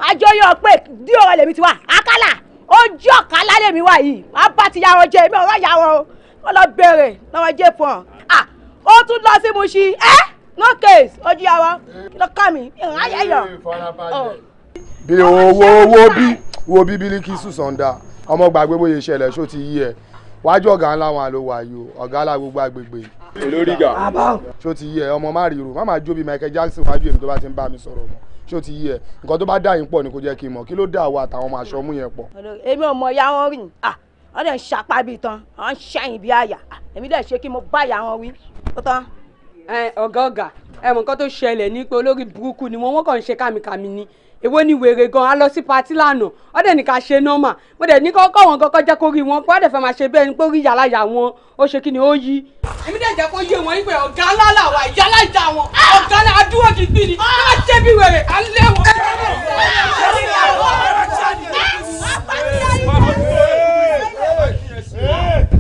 àjọyọ̀ pé dí ọ̀rọ̀ lèmi ti wà àkàlà ojú ọ̀kàlà lèmi wà yìí wàá bá ti yàrá jẹ èmi ọ̀rọ̀ yàrá o wọ́n lọ bẹ̀rẹ̀ lọ́wọ́ jẹ́ fún ọ. ó tún lọ sí mu ṣí ẹ́ no case ojú yàrá kí ló kà mí ìhàn ayẹyẹ bí wo wo wo bí wo bí bílíkì sùsọ̀ǹda ọmọ gbàgbé bóyá ìṣẹ̀lẹ̀ ṣó ti yí ẹ wájú ọ̀gá ńlá wọn ló wà yìí o ọ̀gá ńlá gbogbo àgbègbè. olórí ga. ṣó ti yí ẹ ọmọ má ríro má má jó bí Michael Jackson wájú èmi tó bá ti ń bá mi sọ̀rọ̀ mọ́ ṣó ti yí ẹ nǹkan tó bá dà yín pọ̀ ni kò jẹ́ kí n mọ̀ kí ló dà wọ àtàwọn ọmọ aṣọ mú yẹn pọ̀. èmi ò mọ ya wọn rìn wọn lè ń ṣapá bíi tán wọn ń ṣẹyìn bíi àyà èmi dẹ̀ ṣe kí mo bá ya wọn wí tó tán. ọ̀gá ọ̀gá nǹkan tó ṣẹlẹ̀ ní pé olórí burúkú ni wọ́n wọ́n kàn ń ṣe kàmìkàmì ni èwo ni wèrè gan a lọ sí patí lánàá ọdẹ ní ká ṣe nọ́mà mo dẹ̀ ní kọ́kọ́ wọn kọ́kọ́ jẹ́ kó rí wọn fún ọdẹ fẹ́ máa ṣe bẹ́ẹ̀ ni pé orí yàrá wọn ó ṣe kí ni ó yí. èmi dẹ̀ jẹ́ kó yé wọn yí pé ọ̀gá alála wa ìyá aláìjà wọn ọ̀gá aláìjà adúrò kìkì ni ká jẹ́ bí wèrè à ń lé wọn.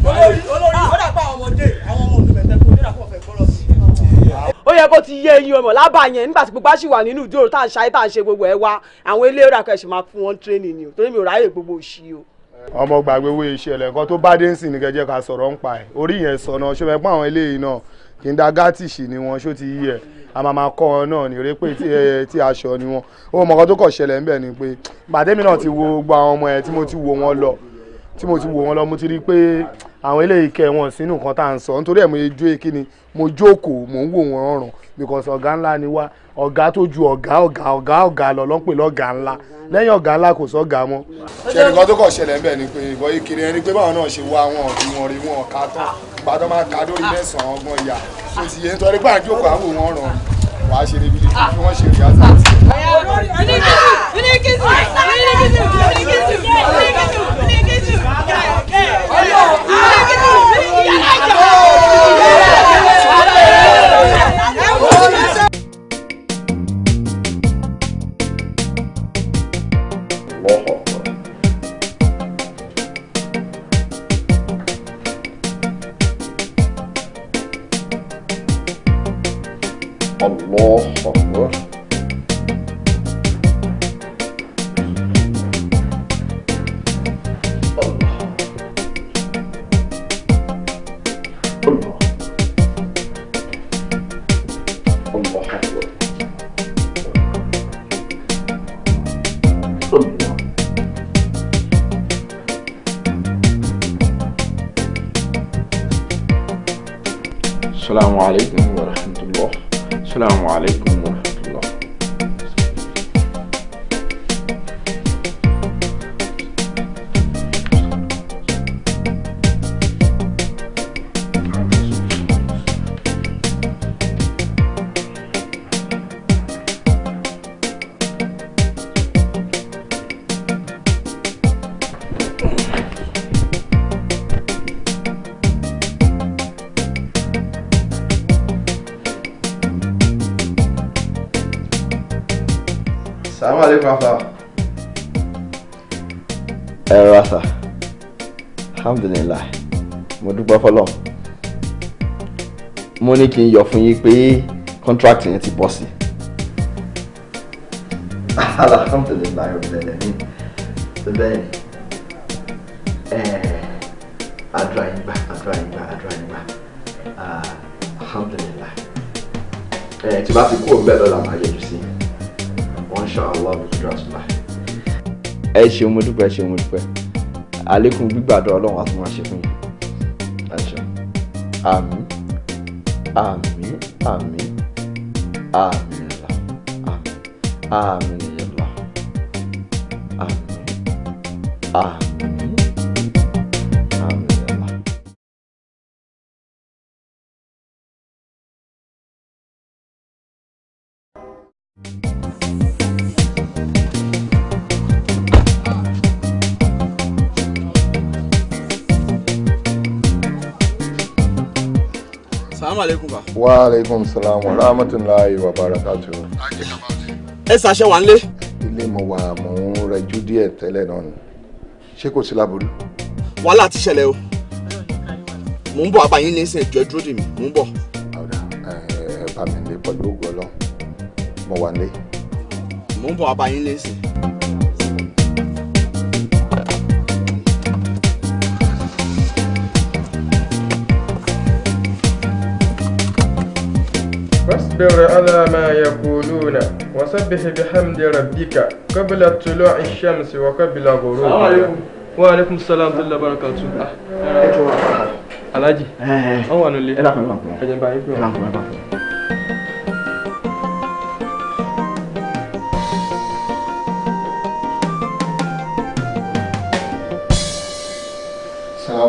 olórí olórí ó dàgbà ọmọdé ó yẹ kó ti yé eyín ọmọ lábàá yẹn nígbà tí gbogbo àṣì wà nínú ìdúró tá à ń ṣayé tá à ń ṣe gbogbo ẹ wá àwọn ilé ìrà kẹsì máa fún wọn tírénì ni o torí mi ò ráyè gbogbo òṣì o. ọmọ gbàgbé wo ìṣẹ̀lẹ̀ nǹkan tó bá dé ń sìn ní kẹjẹ ká sọ̀rọ̀ ń pa ẹ orí yẹn sọnà ṣé fẹ pọn àwọn eléyìí náà kì í da gátìṣì ni wọn ṣó ti yí ẹ a máa kọ́ ọ náà ní eré tí aṣọ ni wọn ó mọ nǹkan tó kọ̀ ṣẹlẹ̀ ńbẹ̀ ni pé gbàdémi náà ti wo gbogbo àwọn ọmọ ẹ tí mo ti wo wọn lọ tí mo ti wo wọn lọ mo ti rí i pé àwọn eléyìí kẹ wọn sínú nǹkan tá à ń sọ nítorí ẹ mo jó e kíni mo jókòó mò ń wò wọn ọrùn because ọ̀gá ńlá ni wá ọ̀gá tó ju ọ̀gá ọ̀gá ọ̀gá ọ̀gá lọ ló ń pè lọ́gà ńlá lẹ́yìn ọ̀gá ńlá kò sọ́gà mọ́. ṣe nǹkan tó kọ̀ ṣẹlẹ̀ ń bẹ̀ ni pé ìbọn ìkiri ẹni pé báwọn náà ṣe wá wọn ọ̀dùn wọn rí wọn ọ̀ka tán gbàdán máa ka lórí mẹ́sàn-án ọgbọ́n ìyá tó ti yé nítorí pé àjókòó àwọn òun ọ̀ràn wàá ṣe rébílì kí wọ́n ṣe rí àzá àti. Olha, Allah. fọlọ́ mo ní kí n yọ fún yín pé contract yẹn ti bọ́ sí. alhamdulilayi ọ̀bẹ̀rẹ̀ mi bẹ́ẹ̀ ẹ̀ àdúrà yín gbà àdúrà yín gbà àdúrà yín gbà alhamdulilayi ẹ̀ tí bá ti kú òun bẹ́ẹ̀ lọ́la máa yọjú sí wọ́n ṣọ́ àwọn ọ̀bùdúrà sùlá. ẹ ṣeun mo dúpẹ́ ẹ ṣeun mo dúpẹ́ àlékún gbígbàdúrà ọlọ́run á fún yín. àmín àmín àmín. wa aleykum salaam wa rahmatulahi wa barakatu. ẹ ṣàṣẹ wà nílé. ilé mo wà mò ń rẹjú díẹ̀ tẹ́lẹ̀ náà ni ṣé kò sí láburú. wàhálà ti ṣẹlẹ̀ o mò ń bọ̀ abayín ní sìn jọ dúró dì mí mò ń bọ̀. ẹ bá mi lé pẹ̀lú ògùn ọlọ́ mo wà nílé. mò ń bọ̀ abayín ní sìn. واصبر على ما يقولون وسبح بحمد ربك قبل طلوع الشمس وقبل غروبها وعليكم السلام ورحمه الله وبركاته آه. الحاج اه وانا اللي انا كمان السلام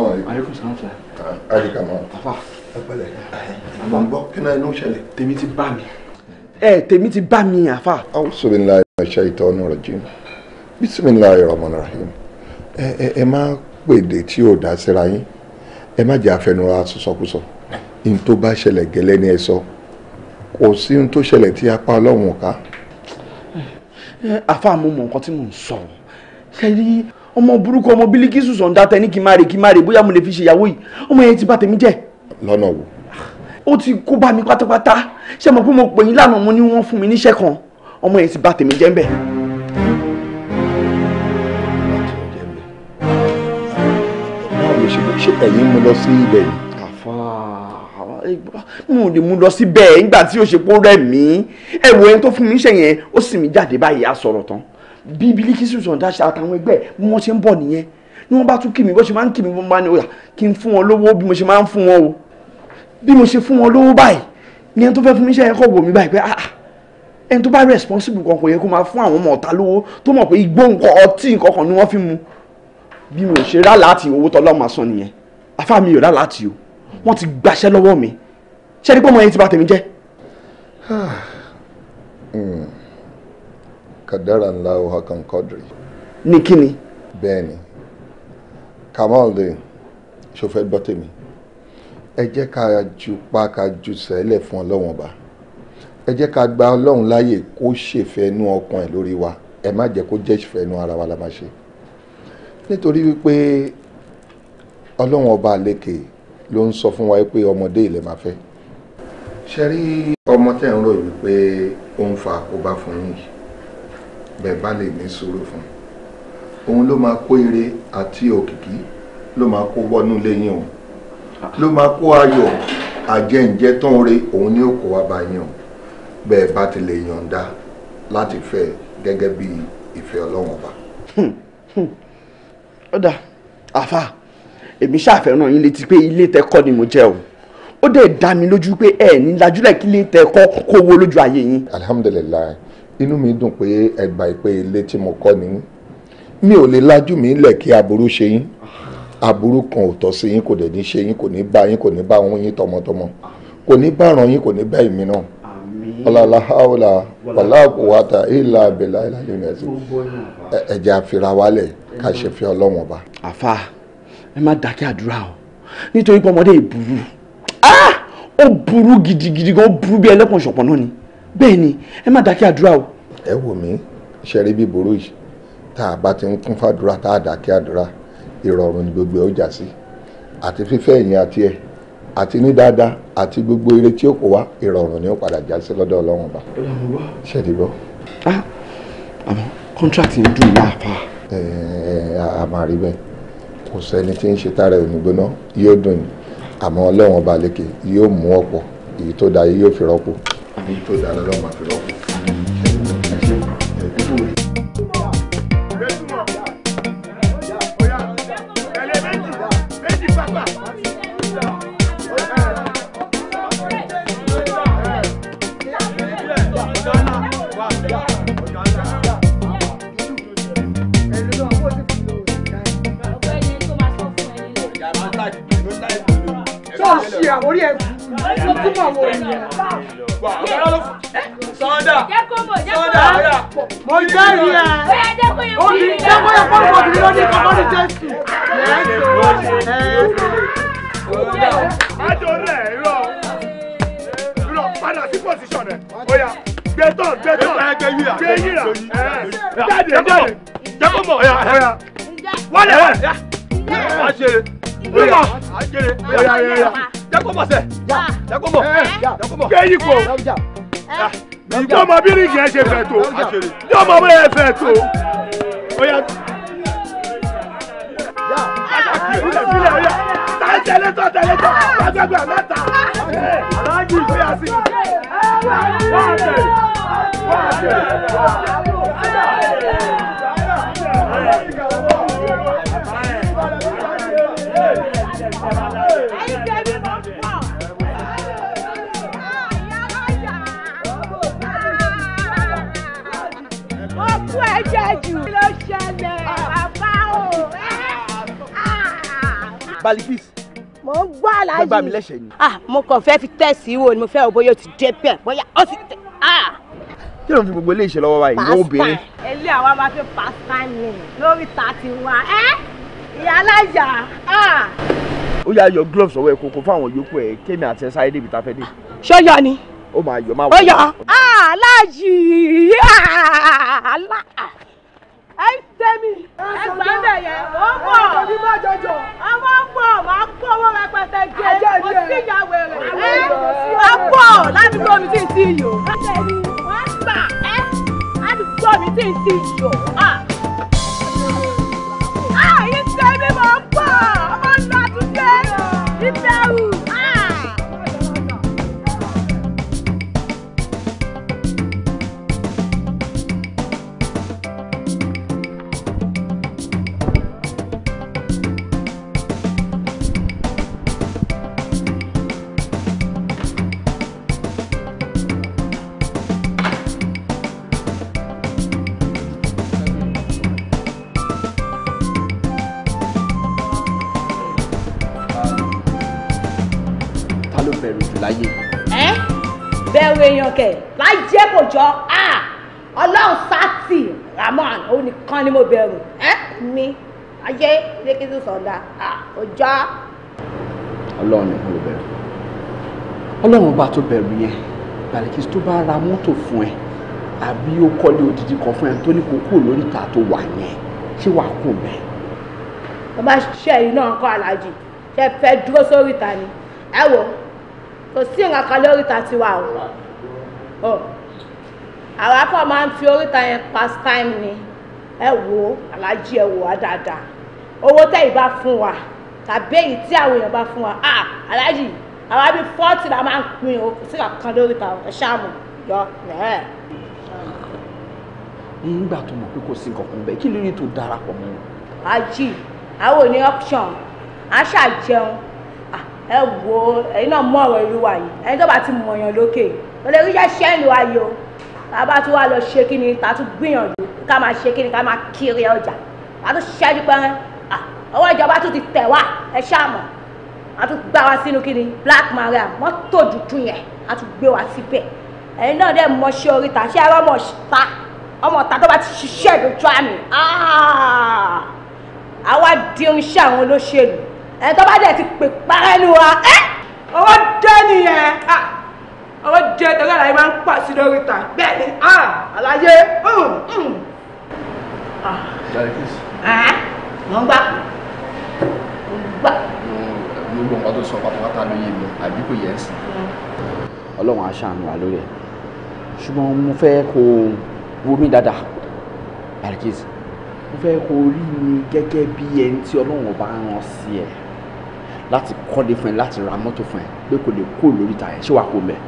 عليكم وعليكم السلام عليكم عليكم pẹ̀lẹ́ àmọ́ gbọ́ kí náà inú ṣẹlẹ̀. tèmi ti bá mi. ẹ tèmi ti bá mi àfa. a'udhu billahi minash shaitonir rajim bismillahir rahmanir rahim ẹ ẹ ẹ má pèdè tí ò dá síra yín ẹ má jẹ́ àfẹnura sọsọkúsọ n tó bá ṣẹlẹ̀ gẹ́lẹ́ ni ẹ sọ kò sí n tó ṣẹlẹ̀ tí apá Ọlọ́run ò ká. àfa mo mọ nǹkan tí mò ń sọ ṣe rí ọmọ burúkú ọmọ Bílíkísù Sàǹdá tẹ ní kí n má rè kí n má rè bóyá mo lè fi ṣèyàwó yìí ọmọ yẹn ti bà tèmi jẹ́ lọ́nà wo. ó ti kó bá mi pátápátá ṣé mo pé mo pè yín lánàá mo ní wọ́n fún mi níṣẹ́ kan ọmọ yẹn ti bà tèmi jẹ́ ńbẹ̀. ṣé ẹ̀yin mú lọ sí ibẹ̀ yìí. àfa mo lè mú lọ síbẹ̀ nígbà tí ó ṣe pó rẹ̀ mí ẹ wo ẹni tó fún mi iṣẹ́ yẹn ó sì mí jáde báyìí á sọ̀rọ̀ tán bí Bilikisu Sonda àtàwọn ẹgbẹ́ bí wọ́n ṣe ń bọ̀ nìyẹn ni wọ́n bá tún kí mi bó ṣe máa ń kí mi bó máa ń ní ọ̀yà kí n fún wọn lówó bí mo ṣe máa ń fún wọn o bí mo ṣe fún wọn lówó báyìí ni ẹni tó fẹ́ fún mi iṣẹ́ yẹn kọ̀ wò mí báyìí pé ah, ah ẹni tó bá responsible kan kò yẹ kó máa fún àwọn ọmọ ọ̀tá lówó tó mọ̀ pé igbó nǹkan ọtí nǹkan kan ni wọ́n fi mu bí mo ṣe rà láti owó tọ́lọ́ máa san nìyẹn afá mi ò rà láti o wọ́n ti gbaṣẹ́ lọ́wọ́ mi ṣé ẹni pé ọmọ yẹn ti bà tèmi jẹ́. Hmm. kàdára ńlá o Hakan Quadri. ní kíni. bẹ́ẹ̀ni Kamaldeen ṣo fẹ́ gbọ́ tèmi ẹ jẹ́ ká ju pa ká ju sẹ́lẹ̀ fún ọlọ́run ọba ẹ jẹ́ ká gba ọlọ́run láàyè kó ṣèfẹ́ inú ọkàn ẹ̀ lórí wa ẹ má jẹ́ kó jẹ́ ìfẹ́ inú ara wa la máa ṣe nítorí wípé ọlọ́run ọba àlekè ló ń sọ fún wa pé ọmọdé ilẹ̀ máa fẹ́ ṣe rí ọmọ tẹ̀ ń ròyìn wípé ó ń fa àkóbá fún yìí bẹ́ẹ̀ bá lè ní sùúrù fún òun ló máa kó ire àti òkìkí ló máa kó wọnú lẹ́yìn òun ló máa kó ayọ̀ àjẹǹjẹ tó ń re òun ní òkò wa bá yàn bẹ́ẹ̀ bá ti lè yọ̀ǹda láti fẹ́ gẹ́gẹ́ bí ìfẹ́ ọlọ́run ọba. Hmm, hmm. ó dà àfà èmi ṣàfẹ́ràn yín létí pé ilé tẹ́kọ́ ni mo jẹ́ o ó dẹ̀ dá mi lójú pé ẹ ní lajúlẹ̀ kí ilé tẹ́kọ́ kó wo lójú ayé yín. alihamudulilayi inú mi dùn pé ẹgbàá pé ilé tí mo kọ́ ni mi ò lè lajú mi lẹ̀ kí aburú ṣe yín aburú kan ò tọ́ sí yín kò dẹ̀ ní ṣe yín kò ní bá yín kò ní bá wọn yín tọmọtọmọ kò ní bá ràn yín kò ní bá èmi náà ọlọlá haúlà wàláàbùwàtà ìlà abẹlà ìlànà ẹsẹ ẹjẹ àfira wálẹ̀ ká ṣe fi Ọlọ́run ọba. àfa ẹ má dákẹ́ àdúrà o nítorí pé ọmọdé yìí burú ah! ó burú gidigidi gan ó burú bí ẹlẹ́kùn ṣọ̀pọ̀ náà ni bẹ́ẹ̀ ni ẹ má dákẹ́ àdúrà o. ẹ wò mí ṣe rí bí burú yìí tá a bá ti ń kún fàdúrà tá a dákẹ́ àdúrà ìrọ̀rùn ni gbogbo ẹ̀ ó já sí àti fífẹ́ ẹ̀yìn àti ẹ̀ àti ní dáadáa àti gbogbo eré tí ó kó wá ìrọ̀rùn ni ó padà já sí lọ́dọ̀ ọlọ́run ọba. ṣèdí gbọ́. Ah, àmọ́ kọ́ńtrákì ń dùn láàpá. ẹ ẹ a máa rí bẹ́ẹ̀ kò sẹ́ni tí ń ṣe tára ẹ̀ ònígbóná yóò dùn ní àmọ́ ọlọ́run ọba lékè yóò mú ọ̀pọ̀ èyí tó dáa yóò fi rọ́pò èyí tó dáa lọ́wọ́ ọ̀dà ọ̀dà mo mo. jẹ́rìí ẹ̀ ó ní jẹ́kọ́ yẹ fọ́ọ̀mù ọ̀dùnmí ló ní kọ́kọ́ ní jẹ́sì lẹ́ẹ̀sì. májò rẹ̀ irọ́ irọ́ padà sí pòsíṣọ̀n rẹ̀ bóyá gbẹtọ̀ gbẹtọ̀ gbẹ yíra jáde jáde jẹ́kọ́ mọ̀ wọlé wọlé bóyá bóyá jẹ́kọ́ mọ̀ sẹ́ jẹ́kọ́ mọ̀ jẹ́kọ́ mọ̀ gbẹ yípo ìgbọ́ ọmọ bíríkì ẹ ṣe fẹ̀ tó yọ ọmọ bẹ́ẹ̀ ẹ fẹ̀ tó. tẹ̀lé tọ̀ tẹ̀lé tọ̀ lágbàgbà mẹ́ta aláàjì ìgbéyà sí i. wọ́n tẹ̀ wọ́n tẹ̀ wọ́n tẹ̀. ló ṣẹlẹ̀ bàbá o. mo ń gbọ́ àlàyé. fẹ́ gbà mí lẹ́sẹ̀ ni. ah mo kàn fẹ́ fi tẹ̀sí wo ni mo fẹ́ o bóyá o ti dé bẹ́ẹ̀ bóyá o ti tẹ̀ ah kí ló ń fi gbogbo ilé ìṣẹ́ lọ́wọ́ wa ìwọ obìnrin. ilé àwa máa fi pàṣẹ mi lórí ta ti wa ẹ ìyá alájà. Ah. ó yà yọ gloves ọwọ́ ẹ kókó fún àwọn yòókù ẹ kémi àti ẹ sáré débi tá a fẹ́ dé. ṣọ́yọ ni. ó máa yọ máa wọ. ó yọ aláàjì ah, aláà ẹ tẹ́mi ẹgbàá bẹ̀yẹ ó pọ̀ ọmọ pọ̀ máa pọ̀ owó rẹpẹtẹ jẹ mo sì yà wẹ̀rẹ̀ ẹ máa pọ̀ ládùúgbò mi tí ì ti yò wọ́n gbà ẹ ládùúgbò mi tí ì ti yò. àyíkẹ́ ah. ah, mi máa pọ̀ ọmọ. èèyàn kẹ̀ láì jẹ́ kò jọ ọlọ́run sátì ramon òun nìkan ni mo bẹ̀rù ẹ́ mi ayé lẹ́kìtì sọ̀dà ọjọ́. ọlọ́run nìkan ló bẹ̀rù ọlọ́run ọba tó bẹ̀rù yẹn Balikisi tó bá ra mọ́tò fún ẹ àbí ó kọ́lé odidi kan fún ẹ tó ní kó kúrò lórí ìta tó wà yẹn ṣé wàá kù mẹ́. bàbá ṣẹ́yìn náà kọ́ aláàjì ṣe fẹ́ dúró sórí ìta ni ẹ wo kò sí ìrànkan lórí ìta tiwa o. Oh. àwa kọ́ máa ń fi oríta yẹn pass time ni ẹ wò ó alájí ẹ wò wá dáadáa owó tẹ́ ìbá fún wa tàbí èyí tí àwọn èèyàn bá fún wa ah alájí àwa bíi fọ́ọ̀tì la máa ń pín o sí kankan lórí ta ẹ ṣáàmù yọ ẹ. nígbà tó mọ̀ pé kò sí nǹkan kan bẹ́ẹ̀ kí lórí tó darapọ̀ mọ́ wọn. ají àwọn ò ní option a ṣàjẹun ẹ wo ẹ̀yin náà mú ọ̀rọ̀ ìlú wa yìí ẹni tó bá ti mọ̀yàn lókè. Okay lè ríṣẹ́ ṣẹ́ẹ̀lì bàbá tó wà lọ ṣe kí ni ta tún gbìyànjú ká máa ṣe kí ni ká máa kiri ọjà a tún ṣẹ́jú pẹ́rẹ́ ọwọ́ ìjọba tún ti tẹ̀ wá ẹ ṣáàmọ̀ a tún gbá wa sínú kí ni black maria mọ́tò dúdú yẹn a tún gbé wa síbẹ̀ ẹ̀yin náà dẹ̀ mọṣẹ́ oríta ṣé ẹ̀rọ ọmọ ta ọmọ ta tó bá ti ṣiṣẹ́ ìdójú àmì àwa di irinṣẹ́ àwọn olóṣèlú ẹ̀ tó bá dẹ̀ ti pè parẹ́ nu wa ẹ̀ ọwọ́ dẹ́ nìyẹn ọwọ́ jẹ́ torí àlàyé máa ń pà sí lórí ìta bẹ́ẹ̀ ni àlàyé wọ́n gbà gbà. mo gbọ́ nǹkan tó sọ pátápátá ló yé mi àbí kò yẹ ẹ́ sìn. Hmm. ọlọ́run á ṣàánú wa lórí ẹ̀ ṣùgbọ́n mo fẹ́ kó wo mí dáadáa Barikis mo fẹ́ kó rí mi gẹ́gẹ́ bí ẹni tí ọlọ́run bá rán sí ẹ láti kọ́lé fún ẹ láti ra mọ́tò fún ẹ pé kò lè kó lórí ìta ẹ ṣé wàá kó mẹ́ẹ̀.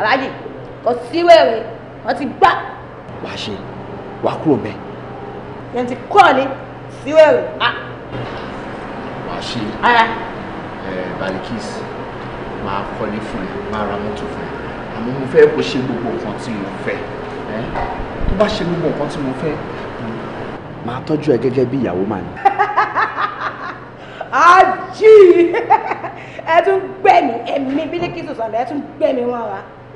aláàjì kò sí wẹ̀rẹ̀ wọ́n ti gbá. wàá ṣe wàá kúrò bẹ́ẹ̀. yẹn ti kúrò ní sí wẹ̀rẹ̀ a. Ah. Ah. wàá ṣe balikis máa kọ́lé fún ẹ máa ra mọ́tò fún ẹ àmọ́ mo fẹ́ kó ṣe gbogbo nǹkan tí mo fẹ́ tó bá ṣe gbogbo nǹkan tí mo fẹ́ máa tọ́jú ẹ gẹ́gẹ́ bí ìyàwó màmí ají ẹ tún gbẹmí ẹmí bílíkì sọsọ ẹ tún gbẹmí wọn wá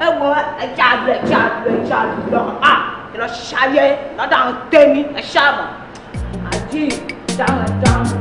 ẹ wọ ẹja àlọ ẹja àlọ ẹja àlọ à ìlọsíṣayé lọ́dọ̀ àwọn tẹmí ẹ ṣáàmù àjí ìdáhùn ẹdáhùn.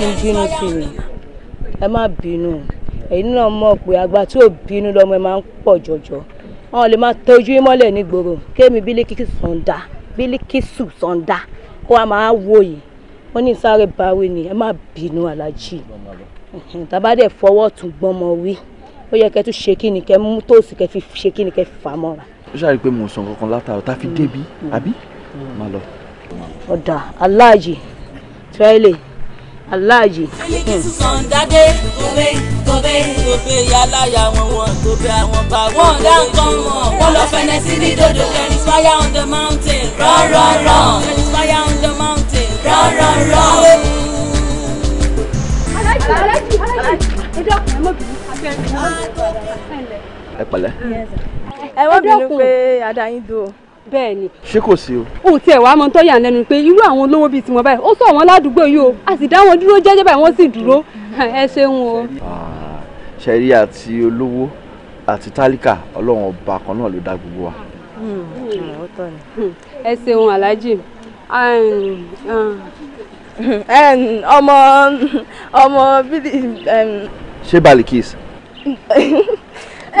ṣe ń bínú sí mi ẹ má bínú ẹ̀yin náà mọ̀ pé àgbà tí ò bínú lọ́mọ ẹ máa ń pọ̀ jọjọ wọn lè máa tọ́jú mọ́lẹ̀ nígboro kémi bílíkì sọ̀ǹda bílíkìsù sọ̀ǹda kó wa máa wò yìí wọ́n ní sáré báwí ni ẹ má bínú aláàjì tàbá dẹ̀ fọwọ́ tún gbọ́mọ wí ó yẹ kẹ́ tún ṣe kí ni kẹ́ mú tòsí kẹ́ fi ṣe kí ni kẹ́ fà mọ́ra. ó ṣàrí pé mò ń sọ kankan látàrọ tá a fi mm. débi àbí mm. má lọ. ọ̀dà aláàjì tírẹ́lẹ̀ aláàyè. ẹ dọ́kun ẹ wọ́n bínú pé adáyín dùn bẹ́ẹ̀ ni. ṣé kò sí o. o tiẹ̀ wá mọ tó yà lẹ́nu pé irú àwọn olówó bíi tiwọn báyìí ó sọ wọn ládùúgbò yìí o a sì dá wọn dúró jẹ́jẹ́ báyìí wọ́n sì dúró ẹ ṣeun o. Ah, ṣẹ̀rí àti olówó àti tálíkà ọlọ́run ọba kan náà ló dá gbogbo wa. Hmm. Hmm. Hmm. ẹ ṣeun aláàjì um, um. ọmọ ọmọ bíi. ṣé balikis.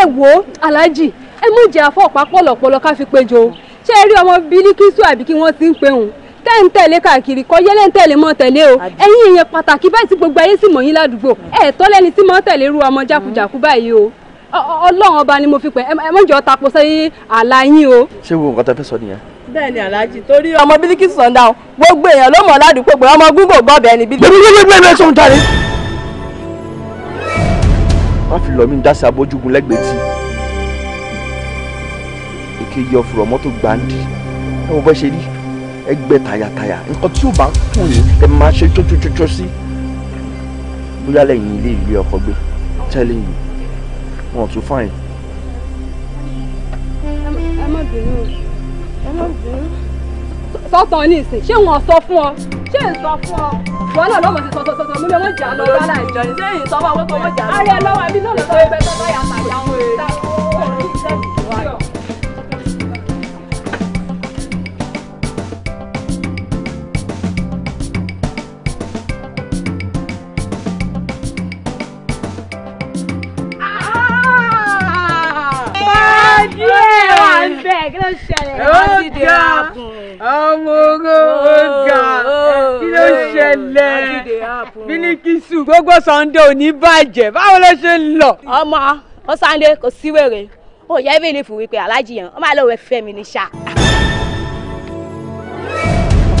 ẹ wo aláàjì ẹ mú jẹ àfọ ọ̀pá pọ̀lọ̀pọ̀lọ̀ ká fi péjọ o ṣé ẹ rí ọmọ Bílíkísù àbí kí wọ́n ti ń pe òun tẹ́ ń tẹ̀lé káàkiri kọ́ yẹ́lẹ́ ń tẹ̀lé mọ́ tẹ̀lé o ẹ̀yin èèyàn pàtàkì báyìí tí gbogbo ayé sì mọ̀ yín ládùúgbò ẹ̀ tọ́ lẹ́ni tí mọ́ tẹ̀lé ru ọmọ jákujàku báyìí o ọlọ́run ọba ni mo fi pẹ́ ẹ mọ́jọ́ tapo sẹ́yìn àlá yín o. ṣé gbogbo nǹkan tẹ fẹ́ sọ nìyẹn. bẹ́ẹ̀ ni aláàjì torí ọmọ bílíkì sọ̀ndà o gbogbo èèyàn ló mọ̀ ládùúgbò pé ọmọ gúngò gbọ́bẹ̀ ni bílíkì. gbẹgbẹgbẹgbẹ sọ̀n tari. wọ́n fi lọ mí dá sí abójúgun lẹ́gbẹ̀ẹ́ tí kejì ọ̀fùrọ̀ mọ́tò gbàǹdì ẹ wọ́n bá ṣe rí ẹgbẹ́ tayàtayà nǹkan tí ò bá kù ní ẹ máa ṣe tótótótó sí bóyá lẹ́yìn ilé ìlú ọkọ̀ gbé tẹ́lẹ̀ yìí wọn tún fáyìn. ẹ má bínú ẹ má bínú sọ́tàn ní ìsìn ṣé wọn sọ fún ọ ṣé ń sọ fún ọ wàhálà lọ́mọ ti sọ̀tọ̀ sọ̀tọ̀ mímí wọ́n jà lọ rárá ìjọ ni sẹ́yìn sọ fún ọ wọ́n jà lọ. ayé lọ́wọ́ àbí lọ́nà tó ẹgbẹ́ tó bá yà pàjáwó rẹ̀. ṣẹlẹ̀ kí ló ṣẹlẹ̀. ó ga ọmọ oró ó ga kí ló ṣẹlẹ̀ bílíkìsù gbogbo Sunday ò ní bàjẹ́ báwo ló ṣe ń lọ. ọmọ ó Sunday kò sí wèrè ó yẹ bílí fún wípé aláàjì yẹn ó máa lọ wẹ fẹ́ mi ní ṣá.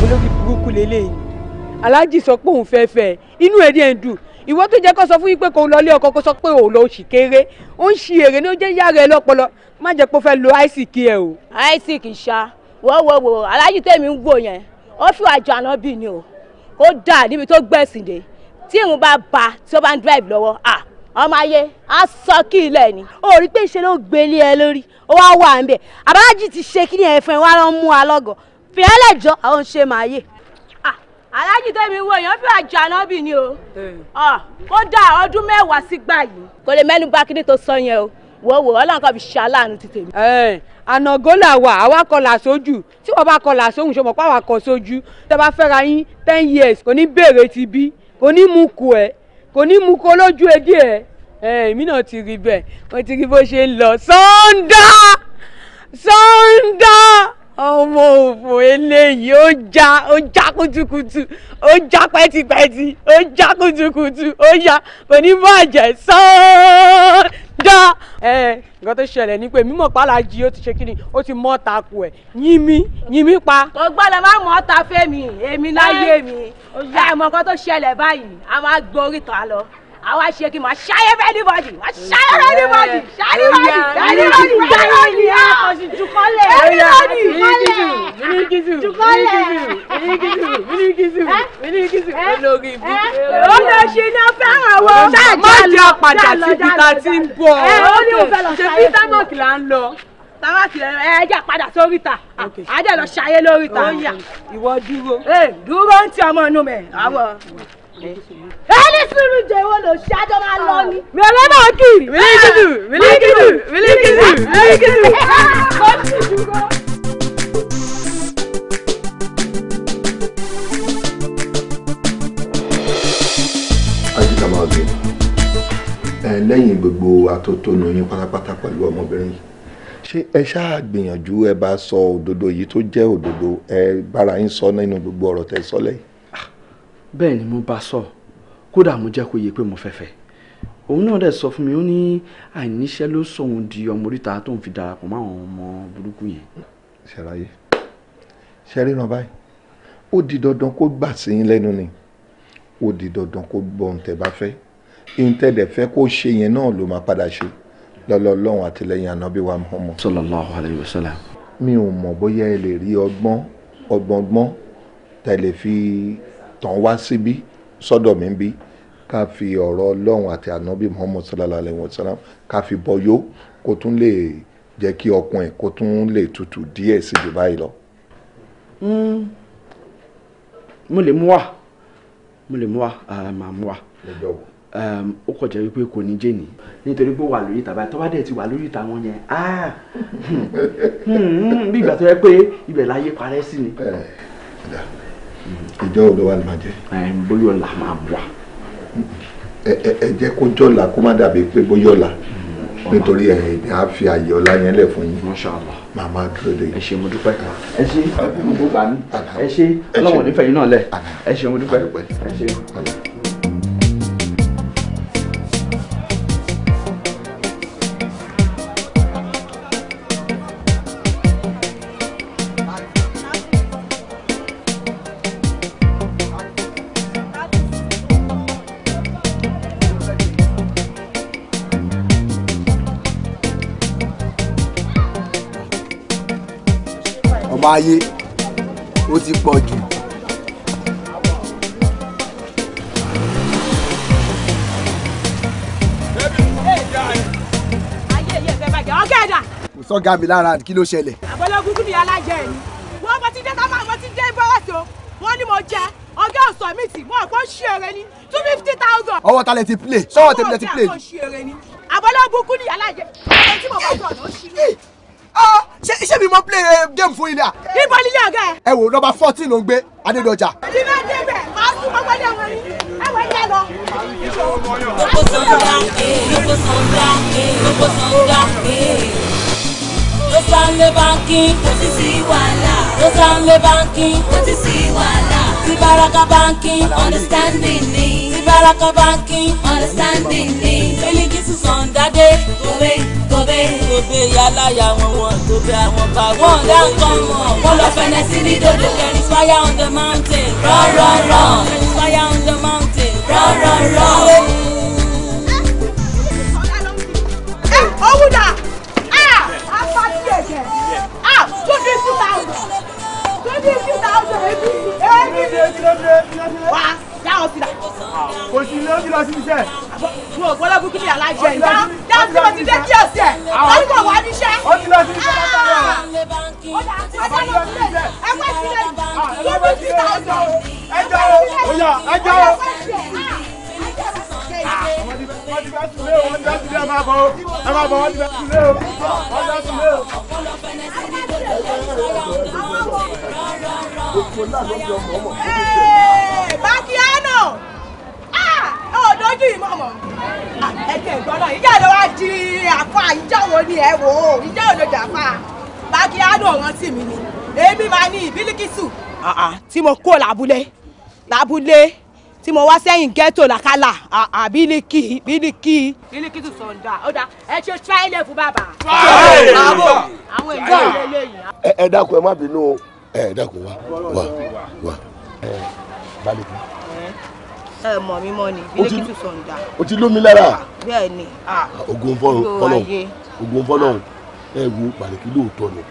olórí burúkú lélẹ́yìn aláàjì sọ pé òun fẹ́ fẹ́ inú ẹ̀ díẹ̀ ń dùn ìwọ tó jẹ́ kó sọ fún yín pé kò lọlé ọkọ kó sọ pé òun lọ oṣù kéré ó ń ṣe èrè ní ó jẹ́ yára ẹ lọ́pọlọ má jẹ́ pé ó fẹ́ lo isaac ẹ o. isaac ṣá wọ́wọ́wọ́ aláàjì tèmi ń wò yẹn ó fi àjọ àná bì ni o ó dà níbi tó gbẹ̀sìn dé tí ìrùn bá ba tí ó bá ń drive lọ́wọ́ à ọmọ ayé á sọ kí ilẹ̀ ni ó rí pé ìṣe ló gbélé ẹ lórí ó wá wà ń bẹ̀ àbájì ti ṣe kí ni ẹ̀fọn wa ló ń mú alọ́gọ̀ fìyàlẹ̀ jọ àwọn ṣe aláàjì tẹ́mi wo èèyàn fi àjọ ànábì ni o ó dá ọdún mẹ́wàá sí gbà yìí. kò lè mẹ́nu bá kíní tó sọ yẹn o wò ó wò ó ọlọ́run kan fi ṣàlànà ti tèmi. ànàgó là wà àwa kọ là sójú tí wọ́n bá kọ là sóhun ṣe mọ̀ pé àwa kọ sójú tẹ́ bá fẹ́ra yín ten years kò ní béèrè ti bí kò ní mú kù ẹ̀ kò ní mú kó lójú edé ẹ̀ èmi náà ti rí bẹ́ẹ̀ mo ti rí bó ṣe ń lọ Sonda Sonda ọmọ òfò eléyìí ó já ó já kùtùkùtù ó já pẹ́tipẹ́ti ó já kùtùkùtù ó ya kò ní bàjẹ́ sọ́ọ́dá. ẹ nǹkan tó ṣẹlẹ̀ ni pé mímọ̀ pálájì ó ti ṣe kí ni ó ti mọ́ ta ku ẹ̀ yín mi yín mi pa. kò gbọ́dọ̀ má mọ́ ta fẹ́mi èmi láyé mi ẹ̀ mọ̀ nǹkan tó ṣẹlẹ̀ báyìí a máa gbórí ta lọ àwa ṣe kí màá ṣáyé fẹ́ anybody màá ṣáyé fẹ́ anybody ṣáyé fẹ́ anybody ṣáyé fẹ́ anybody jukọlẹ anybody jukọlẹ jukọlẹ olórí ibi olóṣì ni ó fẹ́ràn wo má jẹ́ àpàdà sí eh, peter tí ń bọ̀ ṣe peter náà kì là ń lọ tàwa ti ẹ eh, jẹ́ padà sórí ta àjẹ́ ah, lọ ṣayé lórí ta. ìwọ dúró. Eh, dúró ń ti ọmọ inú mi ẹni sùúrù jẹ ìwọ lò ṣe àjọ máa lọ ni. rẹ̀rẹ̀ náà kì í. wílíkìdù wílíkìdù wílíkìdù wílíkìdù. ó sì dúró. àyíká máa gbé ah, ah, lẹ́yìn gbogbo atótónu yín pátápátá pẹ̀lú ọmọbìnrin yìí ṣé ẹ ṣáà gbìyànjú ẹ bá sọ òdodo yìí tó jẹ́ òdodo ẹ bára yín sọ nínú gbogbo ọ̀rọ̀ tẹ́ sọ lẹ́yìn bẹ́ẹ̀ ni mo bá sọ kódà mo jẹ́ kó yé pé mo fẹ́ fẹ́ òun náà dẹ̀ sọ fún mi ó ní àìníṣẹ́ ló sọ òun di ọmọ oríta tó ń fi darapọ̀ mọ́ àwọn ọmọ burúkú yẹn. ṣàlàyé ṣẹ́ríran báyìí ó di dandan kó gbà sí yín lẹ́nu ni ó di dandan kó gbọ́ ohun tẹ́ bá fẹ́ ohun tẹ́ dẹ̀ fẹ́ kó ṣe yẹn náà ló máa padà ṣe lọ́lọ́lọ́hún àtìlẹ́yìn ànábì wa Muhammad. sallallahu alayhi wa sallam. mi ò mọ̀ bóyá ẹ lè rí ọgbọ́n ọgbọ́n ọgbọ́n tẹ́ fi tàn wá síbí sọ́dọ̀ mi bí ká fi ọ̀rọ̀ ọlọ́run àti ànábì muhammad sallallahu alayhi wa sallam ká fi bọyó kó tún lè jẹ́ kí ọkùn ẹ̀ kó tún lè tutù díẹ̀ sí jù báyìí lọ. Hmm. mo lè mú wa mo lè mú wa màá mú wa ó kọjá wípé kò ní jẹ́ ni nítorí pé ó wà lórí ìta báyìí dẹ̀ ti wà lórí ìta wọn yẹn hmm, hmm, bí ìgbà tó yẹ pé ibẹ̀ láyé parẹ́ sí ni ìjọ òdo wa ni màá jẹ. bóyá ọ̀la máa wà. ẹ jẹ́ kó jọ̀la kó má dàbí pé bóyá ọ̀la mm. nítorí ẹ̀ ẹ̀ á fi àyè ọ̀la yẹn lẹ̀ fún yín. màmá dúró de. ẹ ṣé mo dúpẹ́ ẹ ṣé gbogbo gbà mí ẹ ṣé ọlọ́wọ̀n nífẹ̀ẹ́ yín náà lẹ̀ ẹ ṣé mo dúpẹ́ ẹ ṣé. ayé ó ti pọ̀ jù. kò sọ́gà mi lára kí ló ṣẹlẹ̀. àbọ̀lọ́gún kúndùn yàrá jẹ ẹ̀ ni wọ́n mo ti dé sábà mo ti dé bọ́wọ́ sí o wọ́n ní mo jẹ ọgá ọ̀sán mi tì mọ́ ọ̀pọ̀ ṣeré ni two fifty thousand. ọwọ́ ta lẹ ti play sọ́wọ́ tẹ̀lé ti play. àbọ̀lọ́gún kúndùn yàrá jẹ ẹ̀ tí mo bá sọ̀rọ̀ ó ṣí. Ah! ṣé iṣẹ́ mi mo play eh, game fún ilé à. níbo nílé ọ̀gá ẹ. ẹ wò nọmba fourteen ló ń gbé adédọjà. tí bá débẹ̀ máa sún ọgbọ́n ní àwọn yìí àwọn ẹ̀yà lọ. lóko sanga lóko sanga lóko sanga lókàlè báńkì kò ti sí wàhálà lókàlè báńkì kò ti sí wàhálà ti baraka báńkì understanding ni ti baraka báńkì understanding ni eléyìí sísan dáadé kòwé gọbẹ. gọbẹ yálàyà wọn wọn tó bẹ àwọn bá wọn. wọn dá nǹkan mọ̀ wọn lọ fẹnẹ sí ní dodo. there is fire on the mountain. run run run. there is fire on the mountain. run run run. ẹ ọwọ́ dà á fà díẹ̀ jẹ́ á tó twenty two thousand twenty two thousand ebi ebi wa dáhùn sí la kò sí ilé ó ti lọ sí iṣẹ́. mo ò gbọ́dọ̀ kúkú ní alájẹ ìdá dáhùn tí mo ti dé kí o sí ẹ̀ wọ́n kò wá níṣẹ́. ó ti lọ sí iṣẹ́ bàtà rẹ̀. ọjà ló ti lè ẹgbẹ́ ti lè lóbi ti ta ọjà. ẹjọ́ o ọjà ẹjọ́ o. wọ́n ti bá tulé o wọ́n ti bá tulé ẹ máa bọ̀ o ẹ máa bọ̀ wọ́n ti bá tulé o wọ́n ti bá tulé o. Bákíánù dojú ìmọ̀ mọ̀ ẹ̀jẹ̀ ìgbọ́nà ìjà ló wá di àfa ìjà wo ni ẹ wò ó ìjà ò lè bákí ádùn ọ̀ràn tì mí ni èmi máa ní ìbílíkìsù. tí mo kó làbúlé làbúlé tí mo wá sẹ́yìn ghetto làkàlà àbílíkì bílíkì. bílíkì tún sọ̀ǹda ó dá ẹ ṣe tíráìlẹ̀ fún bàbá. bravo àwọn èèyàn ilé lẹ́yìn. ẹ dákun ẹ má ẹ ẹ mọ̀ mi mọ́ ni bílékìtù sọ̀ǹda. o ti lómi lára. Ah, bẹ́ẹ̀ ni. Ah. Ah, ogun fọlọ́hún ogun fọlọ́hún ẹ wo pàlẹ́kì lóòótọ́ ni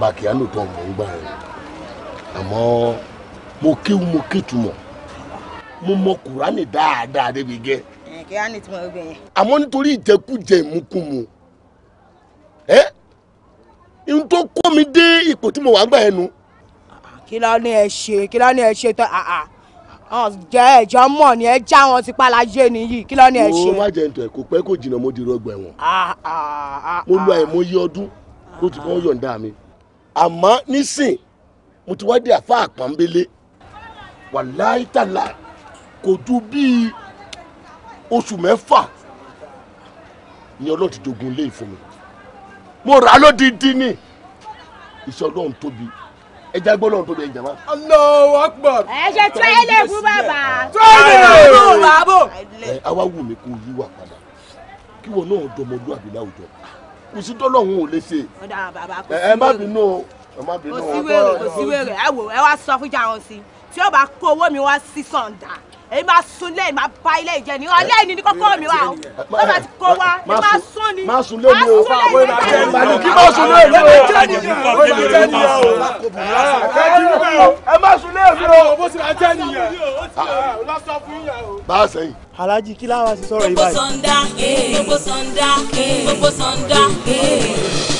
bàkìá lóòótọ́ mọ̀ ń gbà yẹn àmọ́ mo kéwu mo kétumọ̀ mo mọ kùránì dáadáa débi gẹ́. kùránì nítorí ìjẹkújẹ ìmúkúmu ẹ́ n tó kó mi dé ipò tí mo wà gbà yẹn nu. kí ló ní ẹ ṣe kí ló ní ẹ ṣe tán jẹ́ ẹ̀jọ́ mọ̀ ni ẹ já wọn ti pálayé nìyí kí ló ní ẹ ṣe. mo má jẹ ntọ́ ẹ̀ kò pẹ́ kò jìnnà mo di rọgbọ ẹ̀wọ̀n. Ah, ah, ah, mo lo àìmọye ọdún kó ti fọ́n yọ̀ǹda mi. àmọ́ nísìn mo ti wá dé àfa àpọ́nbélé wàláì tàlà kò ju bíi oṣù mẹ́fà ni ọlọ́ọ̀tì jogun lé ìfún mi. mo rà á lódìdí ni iṣẹ́ tóbi ẹja gbọ́dọ̀ tóbi ẹ̀jẹ̀ wa. Allahu Akbar. ẹ̀ṣẹ̀ tó ẹ lè fún bàbá. tó ẹ lè fún bàbá. ẹ awa wù mí kó yí wà padà kí wọn náà dọmọdún àbí láwùjọ kò sí tọ́lọ́hún ò lè ṣe. ẹ má bínú o ẹ má bínú o. kò sí wèrè kò sí wèrè ẹ wò ẹ wá sọ fún jà wọn sí tí ó bá kó owó mi wá sí sọ̀ǹda èyí máa sun lẹ́yìn máa ba ilé ìjẹ ni ọlẹ́ ìní ní kọ́kọ́ mi wà ó lọ́ba ti kọ́ wa ẹ máa sun ni máa sun lé mi o kí máa sun lé mi o ẹ máa sun lé mi o bó ti ra jẹ́ nìyẹn lọ́sọ̀ fún yàn o. bá a sẹ́yìn. Alhaji kí láwa ti sọ̀rọ̀ yìí báyìí. gbogbo sọ̀ndà gbogbo sọ̀ndà gbogbo sọ̀ndà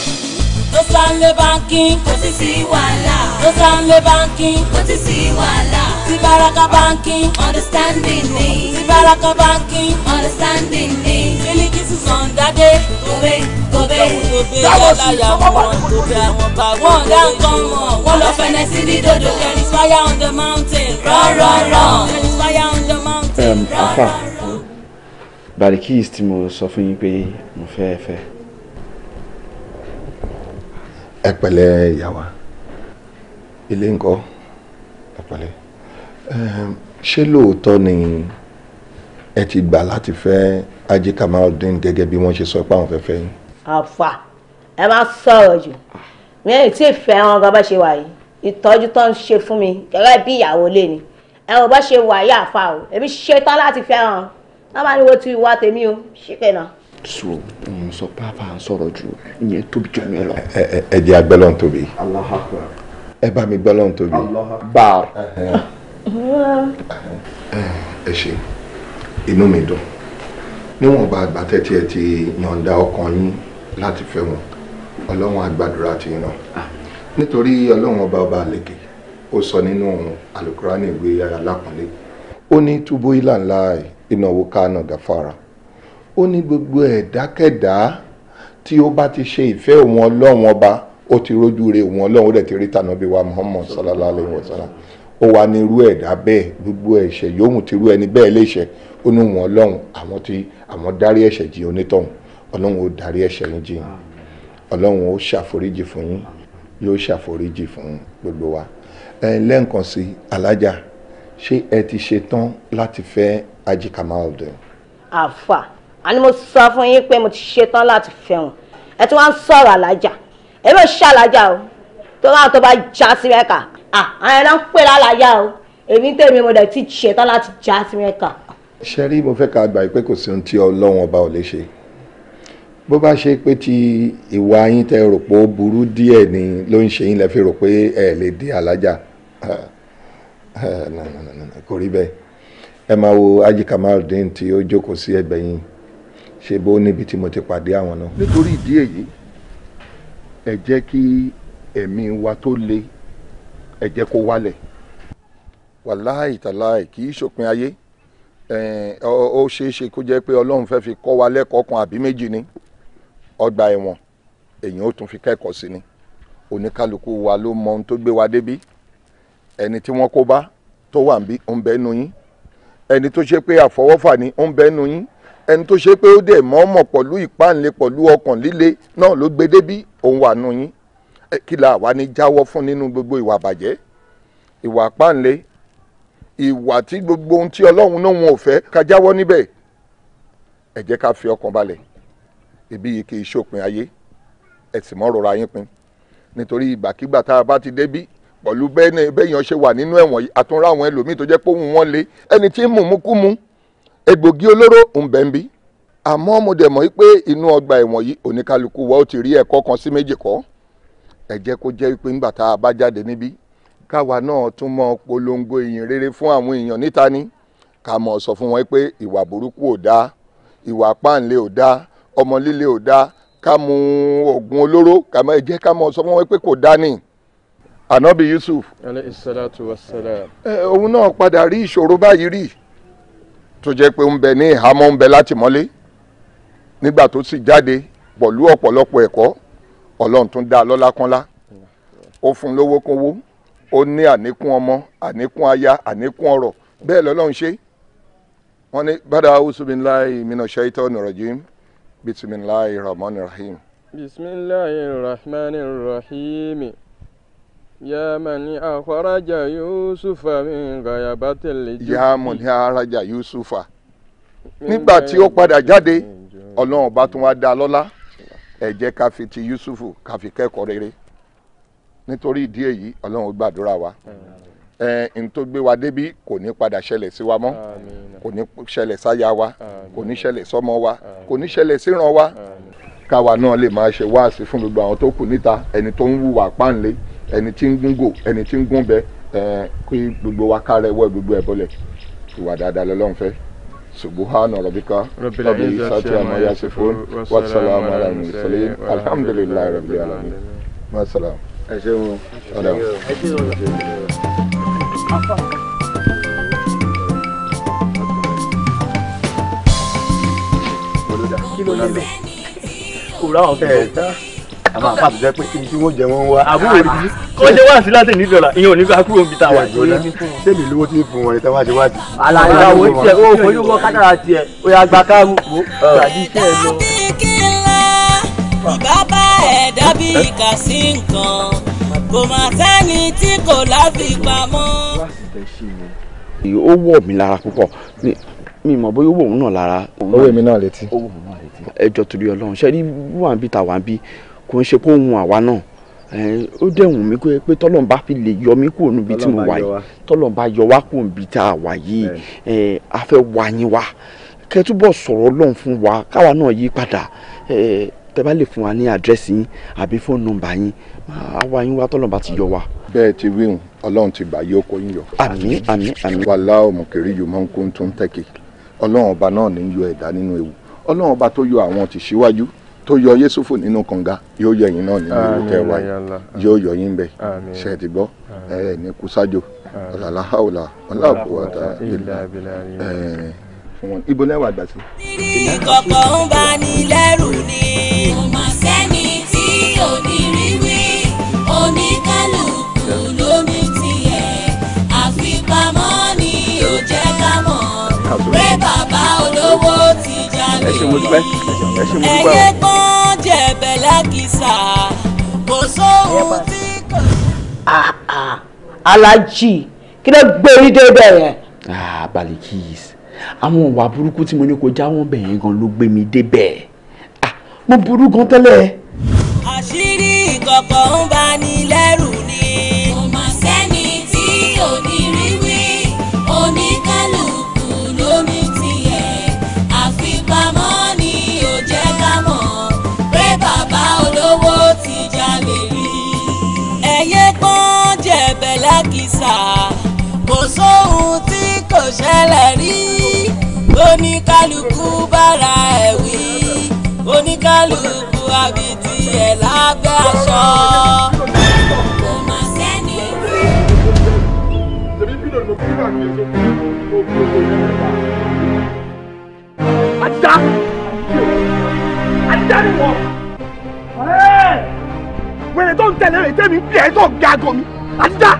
ló sá ń lé báńkì kò sí sí wàhálà ló sá ń lé báńkì kò sí sí wàhálà sí baraka báńkì understanding ni sí baraka báńkì understanding ni mílíkì sùsàn dáadé kòbé kòbé lọ́wọ́ láyà wọn kòbé àwọn bá wọn dá nǹkan mọ̀ wọ́n lọ fẹ́nẹ́ sí ní dòdò there is fire on the mountain run run run there is fire on the mountain run run run. Bariki tí mo sọ fún yín pé mo fẹ́ fẹ́ ẹ pẹ̀lẹ́ ìyàwó ilé ńkọ́ ẹ pẹ̀lẹ́ ṣé lóòótọ́ ni ẹ ti gbà láti fẹ́ ajé kamaldin gẹ́gẹ́ bí wọ́n ṣe sọ pé àwọn fẹ́ fẹ́ yín. àfà ẹ máa sọ̀rọ̀ jù mi ò tí ì fẹ́ wọn gan bá ṣe wà yìí ìtọ́jú tó ń ṣe fún mi gẹ́gẹ́ bí ìyàwó lé ni ẹ ò bá ṣe wà yìí àfà o èmi ṣetán láti fẹ́ wọn náà bá ní wo ti wá tèmi o ṣìkẹ́ náà sùúrù òun sọ pé àfa ń sọ̀rọ̀ jù ìyẹn tóbi jù mí lọ. ẹ di agbẹ́lọ́ tóbi ẹ bá mi gbẹ́lọ́ tóbi báà ẹ ṣe inú mi dùn níwọ̀nba àgbà tẹ́tí ẹ ti yọ̀ǹda ọkàn yín láti fẹ́ wọn ọlọ́run á gbàdúrà ti yín náà nítorí ọlọ́run ọba ọba àlèkè ó sọ nínú alukurani ìwé alápọ̀nlé ó ní túbú ìlànà ìnáwó kánà gàfárà ó ní gbogbo ẹ̀dákẹ́dá tí ó bá ti ṣe ìfẹ́ òun ọlọ́run ọba ó ti rójú re òun ọlọ́run ó dẹ̀ ti rí tànà bí wa Muhammad sallallahu alayhi wa sallam ó wà ní irú ẹ̀dá bẹ́ẹ̀ gbogbo ẹ̀ṣẹ̀ yòówù ti rú ẹni bẹ́ẹ̀ léṣẹ̀ ó ní òun ọlọ́run àwọn ti àwọn dárí ẹ̀ṣẹ̀ jì onítọ̀hún ọlọ́run ó dárí ẹ̀ṣẹ̀ yín jì yín ọlọ́run ó ṣàforíjì fún yín yóò ṣàforíjì fún gbogbo wa ẹ lẹ́ǹkan sí alájà ṣé ẹ ti ṣetán láti fẹ́ Haji àfà àní mo sọ fún yín pé mo ti ṣetán láti fẹ́ wọn ẹ tún wá ń sọ̀rọ̀ alájà èmi ò ṣàlájà o tó bá tó bá já sí mẹ́ka àwọn ẹ̀rọ ń pè lálàyà o èmi tèmi mo dẹ̀ ti ṣetán láti já sí mẹ́ka. ṣe rí mo fẹ́ ká gbà pé kò sí ohun tí ọlọ́run ọba ò lè ṣe bó bá ṣe pé ti ìwà yín tẹ rò pé ó burú díẹ̀ ni ló ń ṣe yín lẹ fi rò pé ẹ lè di alájà kò rí bẹ́ẹ̀ ẹ máa wo Aji Kamaldeen tí ó jókòó sí ẹgbẹ́ yín ṣe bó níbi tí mo ti pàdé àwọn náà. nítorí ìdí èyí ẹ jẹ́ kí ẹ̀mí wa tó le ẹ jẹ́ kó wálẹ̀ wàláì tàláì kì í ṣòpin ayé ó ṣeé ṣe kó jẹ́ pé ọlọ́run fẹ́ fi kọ́ wa lẹ́kọ̀ọ́ kan àbí méjì ni ọgbà ẹ̀wọ̀n èyàn ó tún fi kẹ́kọ̀ọ́ sí ni oníkálukú wa ló mọ ohun tó gbé wa débí ẹni tí wọ́n kó bá tó wà ń bẹ nínú yín ẹni tó ṣe pé àfọwọ́fà ni ó ń bẹ nínú yín ẹni tó ṣe pé ó dẹ̀ mọ́ọ́mọ̀ pọ̀lú ìpáǹle pọ̀lú ọkàn líle náà ló gbé débí òun wà nù yín kí la wà ní jáwọ́ fún nínú gbogbo ìwà bàjẹ́ ìwà páǹle ìwà tí gbogbo ohun tí ọlọ́run náà wọn ò fẹ́ ká jáwọ́ níbẹ̀ ẹ jẹ́ ká fi ọkàn balẹ̀ ibi yìí kì í ṣòpin ayé ẹ sì mọ́ rọra yín pin nítorí ìgbàkigbà tá a bá ti débí pọ̀lú bẹ́ẹ̀ bẹ́yàn ṣe wà nínú ẹ̀wọ̀n àtúnra àwọn ẹlòmíì tó jẹ́ pé òun wọn le ẹni tí ń mú mú kú mú egbògi olóró ń bẹ ń bí àmọ́ mo dẹ̀ mọ̀ wípé inú ọgbà ẹ̀wọ̀n yìí oníkálukú wa ó ti rí ẹ̀kọ́ kan sí méjì kọ́ ẹ jẹ́ kó jẹ́ wípé ńgbà tá a bá jáde níbí káwa náà tún mọ polongo ìyìn rere fún àwọn èèyàn níta ní ká mọ̀ sọ fún wọn pé ìwà burúkú ò dáa ìwà páǹlẹ̀ ò dáa ọmọ líle ò dáa ká mu oògùn olóró ká mọ ká mọ̀ sọ fún wọn pé kò dáa ni ànábì Yusuf. alayhi salatu wassalam. ẹ òun náà padà rí ìṣòro báyìí rí tó jẹ́ pé ń bẹ ní ìhámọ́ ń bẹ látìmọ́lé nígbà tó sì jáde pọ̀lú ọ̀pọ̀lọpọ̀ ẹ̀kọ́ ọlọ́run tún dá a lọ́lá kánlá ó fún lówó kówó ó ní àníkún ọmọ àníkún aya àníkún ọrọ̀ bẹ́ẹ̀ lọ́lọ́run ṣe wọ́n ní bàdà awúsùmíláì mìnàṣẹ́ ìtọ́ nìrọ̀jìm bìtìmíláì rahman rahim. bisimilahi rahman rahim. يا من أخرج يوسف من غيابة الجب يا من أخرج يوسف nígbà tí ó padà jáde ọlọ́run bá tún wá dá lọ́lá ẹ ká fi ti Yusuf ká fi kẹ́kọ̀ọ́ rere nítorí ìdí èyí ọlọ́run gbàdúrà wa ẹ n tó gbé wa débi kò ní padà ṣẹlẹ̀ sí wa mọ́ kò ní ṣẹlẹ̀ sáyà wa kò ní ṣẹlẹ̀ sọ́mọ wa kò ní ṣẹlẹ̀ síran wa káwa náà lè máa ṣe wáàsí fún gbogbo àwọn tó kù níta ẹni tó ń wùwà páńlé ẹni tí ń gúngò ẹni tí ń gúnbẹ ẹ kí gbogbo wa kárẹ wọ gbogbo ẹ bọlẹ ìwà dáadáa lọ́lọ́run fẹ́ subhana rabbika rabbil isati amma yasifun wa ala mursalin alhamdulillahi rabbil alamin ma salam. ẹ ṣeun ọ̀dà. kí ló lè a máa fà tó jẹ́ pé ibi tí wọ́n jẹ wọ́n wá. àbúrò rí bí wọ́n jẹ́ wáàsí láti ní dọ́là ìyẹn ò ní gbà kúrò níbi tá a wà yìí. sẹ́mi lówó tí ń fún wọn ni tá a wá ṣe wáàdì. àlàyé ìyàwó tiẹ̀ ó fojú wọ kádàrà tiẹ̀ ó yà gba káàmù kó gbàdí iṣẹ́ ẹ lọ. ìbábá ẹ̀ dábì ìkà sí nǹkan kò mà sẹ́ni tí kò láfi pamọ́. ó wọ̀ mí lára púpọ̀ mi mọ̀ bóyá owó òun náà lára. owó èmi náà létí. owó òun náà létí. ẹjọ́ torí Ọlọ́run ṣe rí wà ń bí ta wà ń bí kò ń ṣe pé òun àwa náà ó dẹ̀ wù mí pé tọ́lọ́n bá fi lè yọ mí kúrò níbi tí mo wà yìí tọ́lọ́n bá yọ wá kúrò níbi tá a wà yìí a fẹ́ wá yín wá kẹ́ túbọ̀ sọ̀rọ̀ Ọlọ́run fún wa káwa náà yí padà tẹ́ bá lè fún wa ní àdírẹ́sì yín àbí fóònù nọ́mbà yín a wá yín wá tọ́lọ́n ti yọ wá. bẹ́ẹ̀ ti wíhùn Ọlọ́run ti gbà yóò kó yín yọ. àmín àmín àmín. wàhálà ọmọkèrè yìí máa ń tó ń tẹ̀kì Ọlọ́run ọba náà ní yọ ẹ̀dá nínú ewu Ọlọ́run ọba tó yọ àwọn tìṣíwájú tó yọ Yésùfù nínú kànga yóò yọ yín náà nínú ìlú kẹwàá yóò yọ yín bẹ ṣe ti ẹ ní kùsàjò ọ̀làlá àwòlà ọ̀làkùwàtà ẹ̀ ibo lẹ́wà gbà sí. ìkọ̀kọ̀ ń bá ní lẹ́rù ni. kò mà sẹ́ni tí ò ní. ẹ ṣé mo dúpẹ́ ẹ ṣé mo dúpẹ́ o. ẹyẹ gbọ́n jẹ̀bẹ̀ lákìsà kò sóhun tí kò. alájì kí ló gbé orí dé bẹ̀rẹ̀. Balikis àwọn ìwà burúkú tí mo ní kó jáwọ́ bẹ̀yẹn gan ló gbé mi débẹ̀ mo burú gan tẹ́lẹ̀. àṣírí ìkọ̀kọ̀ ń bá ní oníkálukú bára ẹ̀ wí oníkálukú àbìtì ẹ̀ lábẹ́ aṣọ. kò mà sẹ́ni rú. ajá ajá ni wọ́n wẹ̀rẹ̀ tó ń tẹ̀lé rẹ̀ tẹ́mi bí ẹ̀ tó ń ga àgọ́ mi ajá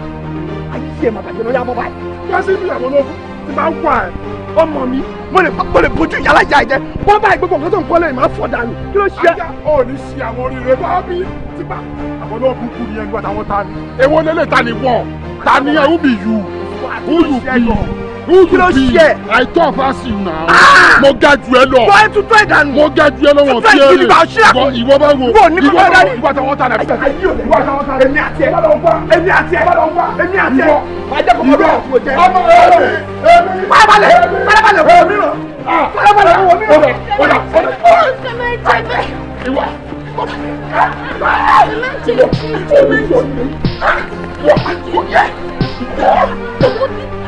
ayé ẹ̀ máa bàjẹ́ lọ́yà mọ́ báyìí. kí á sì bí àwọn ológun ti máa ń wà ẹ́ ọmọ mi mo lè mo lè bójú ìyá alájà jẹ wọn bá ìgbẹ́ kọ̀ọ̀kan tó ń kọ́ lẹ́yìn máa fọ̀ dànù kí ló ṣe. ajá ò ní ṣe àwọn oríire bá bí tipa àwọn náà kúkú ni ẹnu àtàwọn ta ni lélẹ̀ ta ni wọ́n ẹ̀ ń bì yù who you be kí ló ṣe. I talk pass you now. Ah! mo ga go, ẹ lọ. wọ́n go, tọ́ ìdánù. mo go, jù ẹ lọ go, fi ẹ lè. go, bá wo ìwọ go, wo ìwọ àtàwọn go, la. ìwọ àtàwọn go, la. èmi àti go, èmi àti ẹ go, àti ẹ. ìwọ go, ẹ ẹ pàápàlẹ̀ go, wọ mí lọ. go, wọ mí lọ. go, ọ̀dà ìwọ. Imagine, go,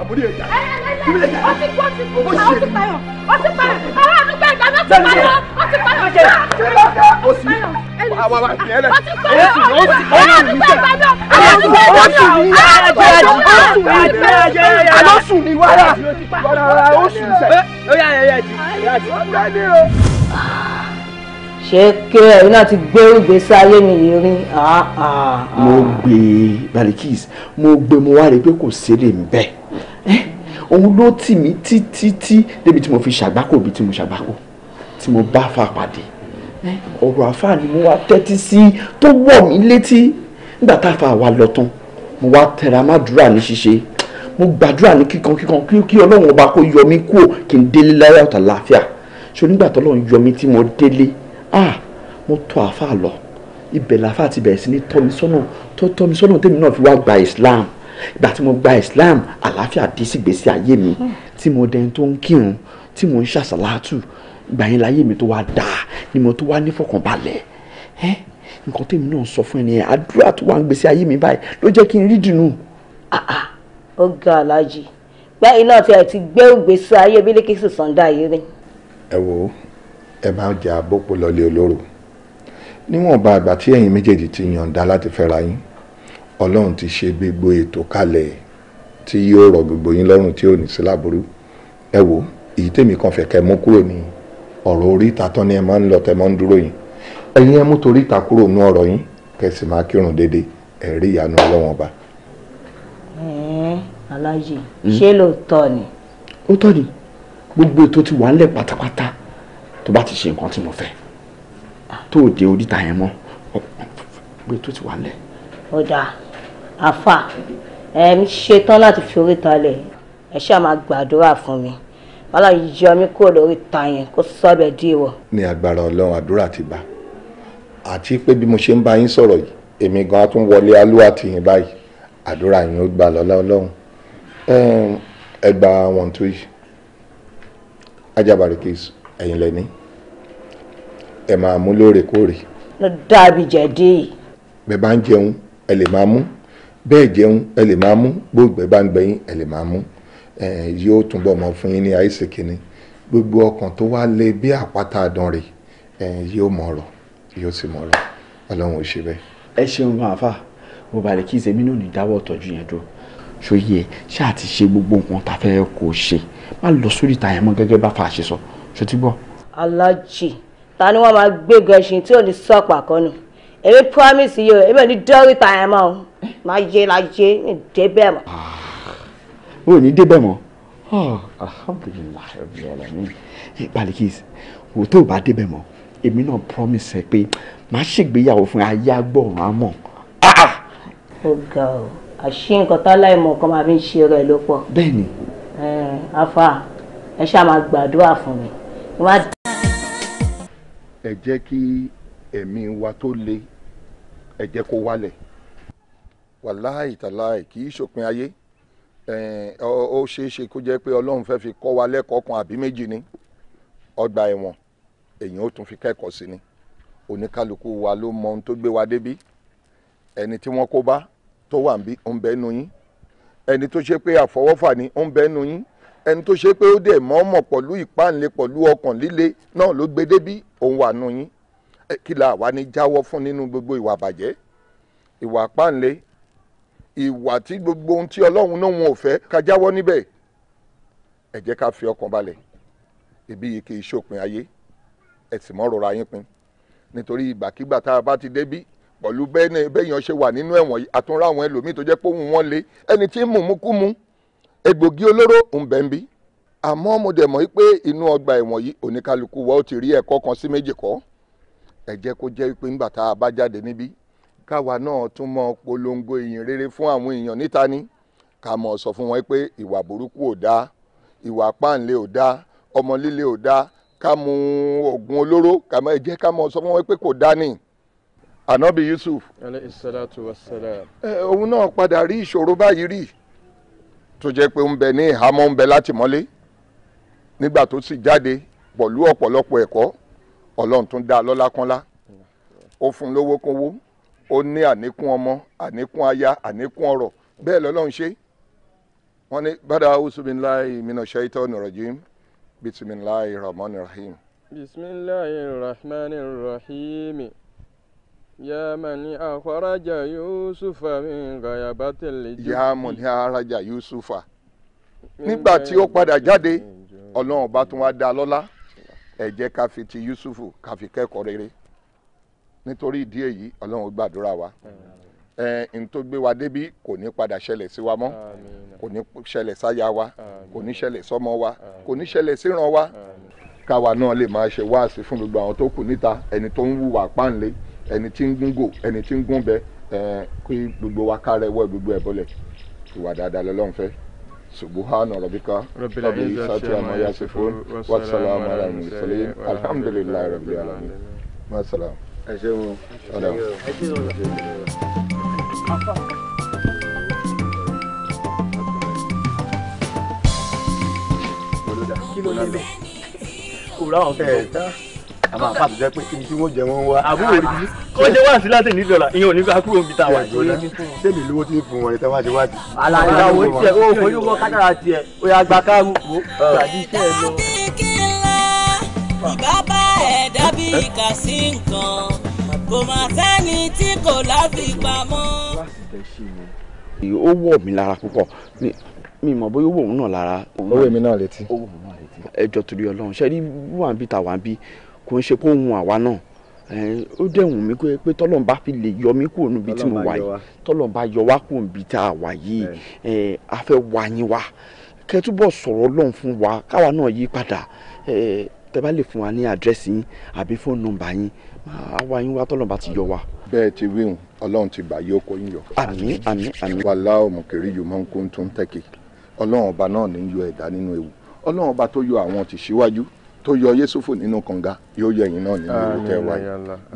àbúrò ẹja. ẹ ẹ ẹ ọ ti kú ọ ti kú ọ ti payọ ọ ti payọ àwọn àdúgbò ẹja ló ti payọ ọ ti payọ ọ ti payọ ọ ti payọ àwọn àwọn àti ẹlẹ ọ ti payọ ọ ti payọ àwọn àdúgbò ẹja ló àwọn àdúgbò ẹja ló àwọn àdúgbò ẹja ló àwọn àdúgbò ẹja ló àlọ sùn ní wàrà wàrà ó sùn sẹ. ó yà ẹ náà ti gbé ìgbésí ayé mi yìí rí. Ah, ah, ah. mo gbé Balikis mo gbé mo wá rí i pé kò sí lè ń bẹ́ẹ̀ òun ló tì mí títí tí débi tí mo fi ṣàgbákò bí tí mo ṣàgbákò tí mo bá fà pàdé ọ̀rọ̀ àfáà ni mo wá tẹ́tí sí tó wọ̀ mí létí nígbà tá a fa àwa lọ tán mo wá tẹra má ní ṣíṣe mo gbàdúrà ní kíkan kíkan kí ọlọ́run ọba kó yọ mí kúò kí n délé láyà ọ̀tà láàfíà ṣó nígbà tó lọ́run yọ mí tí mo délé ah mo tọ̀ àfáà lọ ibẹ̀ làfáà ti bẹ̀rẹ̀ sí ní tọ́ mi sọ́nà tó tọ́ mi sọ́nà tèmi náà fi wá gba Islam ìgbà tí mo gba Islam àlàáfíà dé sígbésí ayé mi hmm. tí mo dẹni tó ń kírun tí mo ń ṣàṣàlátù ìgbà yẹn láyé mi tó wá dáa ni mo tó wá nífọ̀kànbalẹ̀ ẹ́ nǹkan tèmi náà sọ fún ẹni àdúrà tó wà ń gbèsè ayé mi báyìí ló jẹ́ kí n rí dùnú. ó ga aláàjì báyìí náà tí a ti gbé ògbésí ayé Bílíkísù Sàǹdà yìí rí. ẹ wo ẹ máa jà àbókù lọlé olóró níwọ̀nba àgbà tí ẹ̀yin méjèèjì ti yànda láti fẹ́ra yín ọlọ́run ti ṣe gbogbo ètò kalẹ̀ tí yóò rọ̀ gbogbo yín lọ́rùn tí ò ní sí láburú ẹ wò èyí tèmi kan fẹ́ mú kúrò ní ọ̀rọ̀ oríta tán ni ẹ máa ń lọ tẹ́ máa ń dúró yín ẹ̀yin ẹ mú toríta kúrò nú ọ̀rọ̀ yín kẹsì máa kírun déédéé ẹ rí ìyanu ọlọ́wọ́n ọba. aláyè hmm. ṣé lóòótọ́ ni. ó tọ́ ni gbogbo ètò ti wà ńlẹ̀ pátápátá tó bá ti ṣe nǹkan tí mo fẹ́ tó dé oríta yẹn mọ́ gbogbo ètò ti wà ńlẹ̀. ó dáa àfà ẹ ń ṣetán láti fi orí talẹ̀ ẹ ṣáà máa gbàdúrà fún mi wàhálà yíyọ mi kúrò lórí ta yẹn kó sọ́bẹ̀ dí ìwọ. ní agbára ọlọ́run àdúrà ti gbà àti pé bí mo ṣe ń bá yín sọ̀rọ̀ yìí èmi gan-an tún wọlé alúwà tì yín báyìí àdúrà yín ó gbà lọ́lá ọlọ́run ẹ wọn tó yìí ajábàrí kìí ẹ̀yìn lẹ́ni ẹ máa mú lóòrèkóòrè. ló dàbí jẹ̀dí. bẹ́ẹ̀ bá ń jẹun ẹ lè máa mú bẹ́ẹ̀ jẹun ẹ lè máa mú gbogbo ẹ bá ń gbẹ̀yìn ẹ lè máa mú yóò túnbọ̀ mọ fún yín ní àìsè kínní gbogbo ọkàn tó wá lé bí àpáta àdánrè yóò mọ̀ ọ̀rọ̀ yóò sì mọ̀ ọ̀rọ̀ ọlọ́run ò ṣe bẹ́ẹ̀. ẹ ṣeun máa fà mo balẹ̀ kí ṣe mí ní dáwọ́ tọ́jú yẹn dúró ṣòye ẹ ṣe gbogbo nǹkan tá a ṣe má lọ sórí ìta yẹn mọ́ gẹ́gẹ́ bá fa àṣẹ sọ ṣó ti gbọ́. alájì ta ni wọn máa gbé gan ṣin tí ò ní sọ pàkọ́nù èmi promise yìí o èmi ò ní dọ́rí ìta yẹn mọ́ o láyé láyé débẹ̀ mọ́. o ní débẹ̀ mọ́ alhamdulilayi ọ̀bìnrin balikis wò tó o bá débẹ̀ mọ́ èmi náà promise ẹ pé màá ṣègbéyàwó fún ayé agbọ̀ràn àmọ́. Ah! ó ga ọ àṣé nǹkan táláìmọ̀ kan máa fi ń ṣe rẹ̀ ló pọ̀. bẹ́ẹ̀ni. Eh, afa ẹ ṣáà máa gbàdúrà fún mi. ẹ jẹ́ kí ẹ̀mí wa tó le ẹ jẹ́ kó wálẹ̀ wàláì tàláì kì í ṣòpin ayé ó ṣeé ṣe kó jẹ́ pé ọlọ́run fẹ́ fi kọ́ wa lẹ́kọ̀ọ́ kan àbí méjì ní ọgbà ẹ̀wọ̀n èyàn ó tún fi kẹ́kọ̀ọ́ sí ni oníkálukú wa ló mọ ohun tó gbé wa débí ẹni tí wọ́n kó bá tó wà ń bí ó ń bẹ nu yín ẹni tó ṣe pé àfọwọ́fà ni ó ń bẹ nu yín ẹni tó ṣe pé ó dẹ̀ mọ́ọ́mọ̀ pọ̀lú ìpáǹle pọ̀lú ọkàn líle náà ló gbé débí òun wà nu yín kí la wá ní jáwọ́ fún nínú gbogbo ìwà àbàjẹ́ ìwà páǹle ìwà tí gbogbo ohun tí ọlọ́run náà wọn ò fẹ́ ká jáwọ́ níbẹ̀ ẹ jẹ́ ká fi ọkàn balẹ̀ ẹbí yìí kì í ṣòpin ayé ẹ sì mọ́ rọra yín pin nítorí ìgbàkigbà tá a bá ti débí pẹ̀lú bẹ́yàn ṣe wà nínú ẹ̀wọ̀n àtúnrà àwọn ẹlòmíì tó jẹ́ pé òun wọn lé ẹni tí ń mú mú kú mú egbògi olóró ń bẹ̀ ń bí àmọ́ mo dẹ̀ mọ̀ pé inú ọgbà ẹ̀wọ̀n yìí oníkálukú wa ó ti rí ẹ̀kọ́ kan sí méjì kọ́ ẹ jẹ́ kó jẹ́ pé ńgbà tá a bá jáde níbí káwa náà tún mọ polongo ìyìn rere fún àwọn èèyàn níta ní ká mọ̀ sọ fún wọn pé ìwà burúkú ò dáa ìwà páǹlé ò dáa ọmọ líle ò dáa ká mu oògùn olóró ká má jẹ́ ká mọ̀ sọ fún wọn pé kò dáa ni ànábì Yusuf. alayhi salatu wassalam. ẹ òun náà padà rí ìṣòro báyìí rí tó jẹ́ pé ń bẹ ní ìhámọ́ ń bẹ látìmọ́lé nígbà tó sì jáde pọ̀lú ọ̀pọ̀lọpọ̀ ẹ̀kọ́ ọlọ́run tún dá a lọ́lá kánlá ó fún lówó kówó ó ní àníkún ọmọ àníkún aya àníkún ọrọ̀ bẹ́ẹ̀ lọ́lọ́run ṣe wọ́n ní bàdà usubinlayi mina shaitan rajim bisimilayi rahman rahim. bisimilayi rahman rahim ya mani yusufa min ghayabatil jubbi. ya mani akhraja yusufa nígbà tí ó padà jáde ọlọ́run bá tún wá dá lọ́lá ẹ jẹ́ ti yusufu ká fi kẹ́kọ̀ọ́ rere nítorí ìdí èyí ọlọ́run ó gbàdúrà wa n tó gbé wa débí kò ní padà ṣẹlẹ̀ sí wa mọ́ kò ní ṣẹlẹ̀ sáyà wa kò ní ṣẹlẹ̀ sọ́mọ wa kò ní ṣẹlẹ̀ síran wa káwa náà lè máa ṣe wáàsí fún gbogbo àwọn tó kù níta ẹni tó ń wùwà páńlé ẹni tí ń gúngò ẹni tí ń gúnbẹ kí gbogbo wa kárẹ̀ wọ́ gbogbo ẹ̀ ìwà dáadáa lọ́lọ́run fẹ́ subuhana rabbika rabbil izzati amma yasifun wa salamun ala mursalin alhamdulillahi rabbil alamin ma ẹ ṣeun oh, kí ló dé bẹ́ẹ̀ kò ráwọn fẹ́ẹ́ tán àmọ́ àpá àtijọ́ pé kí n tí wọ́n jẹ wọ́n wá. àbúrò rí kó jẹ wá sí láti ní dọ́là ìyẹn ò ní ká kúrò níbi tá a wà jọ náà. sẹ́mi lówó tí ń fún wọn ní tẹ́wọ́n àti wájú. àlàyé àwọn tiẹ̀ ó fojú bọ́ kádàrà tiẹ̀ ó yà gba káàmù kó gbàdí iṣẹ́ ẹ lọ ìbábá ẹ̀dá bí ìkà sí nǹkan kò mà sẹ́ni tí kò láfi pamọ́. ó wọ̀ mí lára púpọ̀ mi mọ̀ bóyá ó wò òun náà lára. owó èmi náà létí. ó wò òun náà létí. ẹjọ́ torí Ọlọ́run ṣe rí wà ń bí ta wà ń bí kò ń ṣe kó hun àwa náà ó dẹ̀wùn mí pé tọ́lọ́n bá fi lè yọ mí kúrò níbi tí mo wà yìí tọ́lọ́n bá yọ wá kúrò níbi tá a wà yìí a fẹ́ wá yín wá kẹ́túbọ̀ sọ̀rọ̀ Ọlọ́run fún wa káwa náà yí padà tẹ bá lè fún wa ní àdírẹ́sì yín àbí fóònù nọ́mbà yín máa wá yín wá tọ́lọ́ba ti yọ wa. bẹ́ẹ̀ ti wíhùn ọlọ́run ti gbà yóò kó yín yọ. àmín àmín àmín. wàhálà ọmọkèrè yìí máa ń kó tó ń tẹ́kì ọlọ́run ọba náà ní yọ ẹ̀dá nínú ewu ọlọ́run ọba tó yọ àwọn ti síwájú tó yọ yéṣùfù nínú kànga yóò yọ yín náà nínú ewu tẹ́ wáyé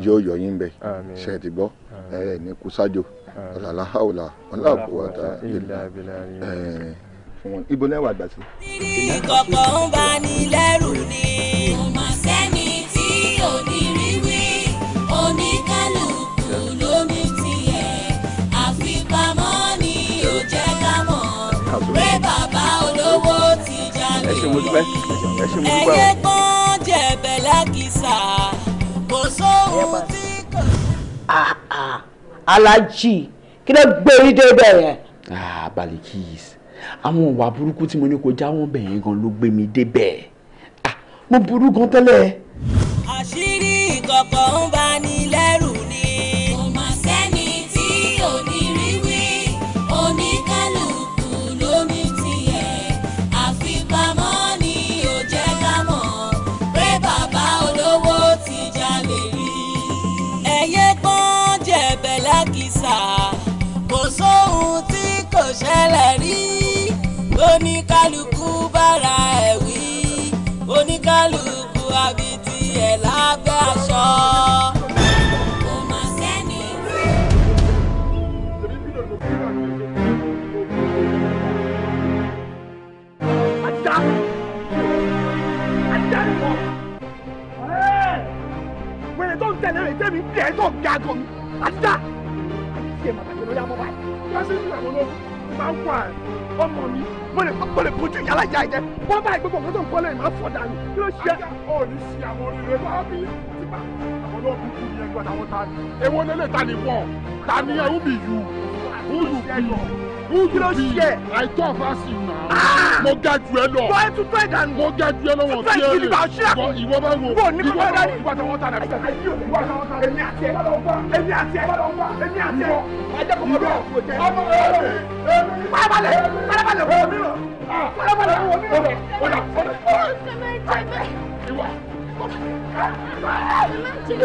yóò yọ yín bẹ́ẹ̀ ṣe ti gbọ́ ẹ̀ ní kúsájò ọ̀làlá fún wọn ibo lẹ́wà gbà sí. ìkọ̀kọ̀ bá ní lẹ́rù ni. kò mà sẹ́ni tí ò ní rí wí oníkálukú lómi tiẹ̀ àfipamọ́ ni ò jẹ́ ká mọ̀ rẹ bàbá olówó ti jalè. ẹ ṣe mo dúpẹ́ ẹ ṣe mo dúpẹ́ o. ẹyẹ kan jẹ̀bẹ̀ lákìsà kò sóhun tí kò. Ah, ah. Alhaji kí ló gbé orí dé bẹ́ẹ̀ yẹn. Ah, Baliki yìí àwọn ìwà burúkú tí mo ní kó jáwọ́ bẹ̀yẹn gan ló gbé mi débẹ̀ ah, mo burú gan tẹ́lẹ̀. àṣírí ìkọ̀kọ̀ ń bá tẹ̀mí bí ẹ̀ tó ga gan mi àti ẹ̀ màbàjẹ́ lórí abọ́ báyìí. yọ́sí ìlú àwọn ológun máa ń kọ́ ẹ̀ ọmọ mi mo lè mo lè bójú ìyá alájà ẹ̀ wọ́n bá ìgbẹ́kọ̀ kó tó ń kọ́lé ìmọ̀ fọ̀ dànù kí ló ṣe. ó ní sí àwọn olóore máa àwọn olóògùn kú ní ẹgbẹ́ àtàwọn ta ni èwo who kí ló ṣe. I talk pass you na. mo ga ju ẹ lọ. wọ́n tún fẹ́ dànù. mo ga ju ẹ lọ wọn fi ẹ lè. ìwọ bá wo ìwọ bá wo ìwọ tó wọ́n ta dàbí. èmi àti ẹ èmi àti ẹ èmi àti ẹ. ajẹ́ kò mọ̀ bí wọ́n ti ọmọ ẹ̀rọ parabalẹ̀ wọ̀ mí ah. lọ. wọ̀ mí lọ. ọ̀dà ọ̀dà ìwà. Thank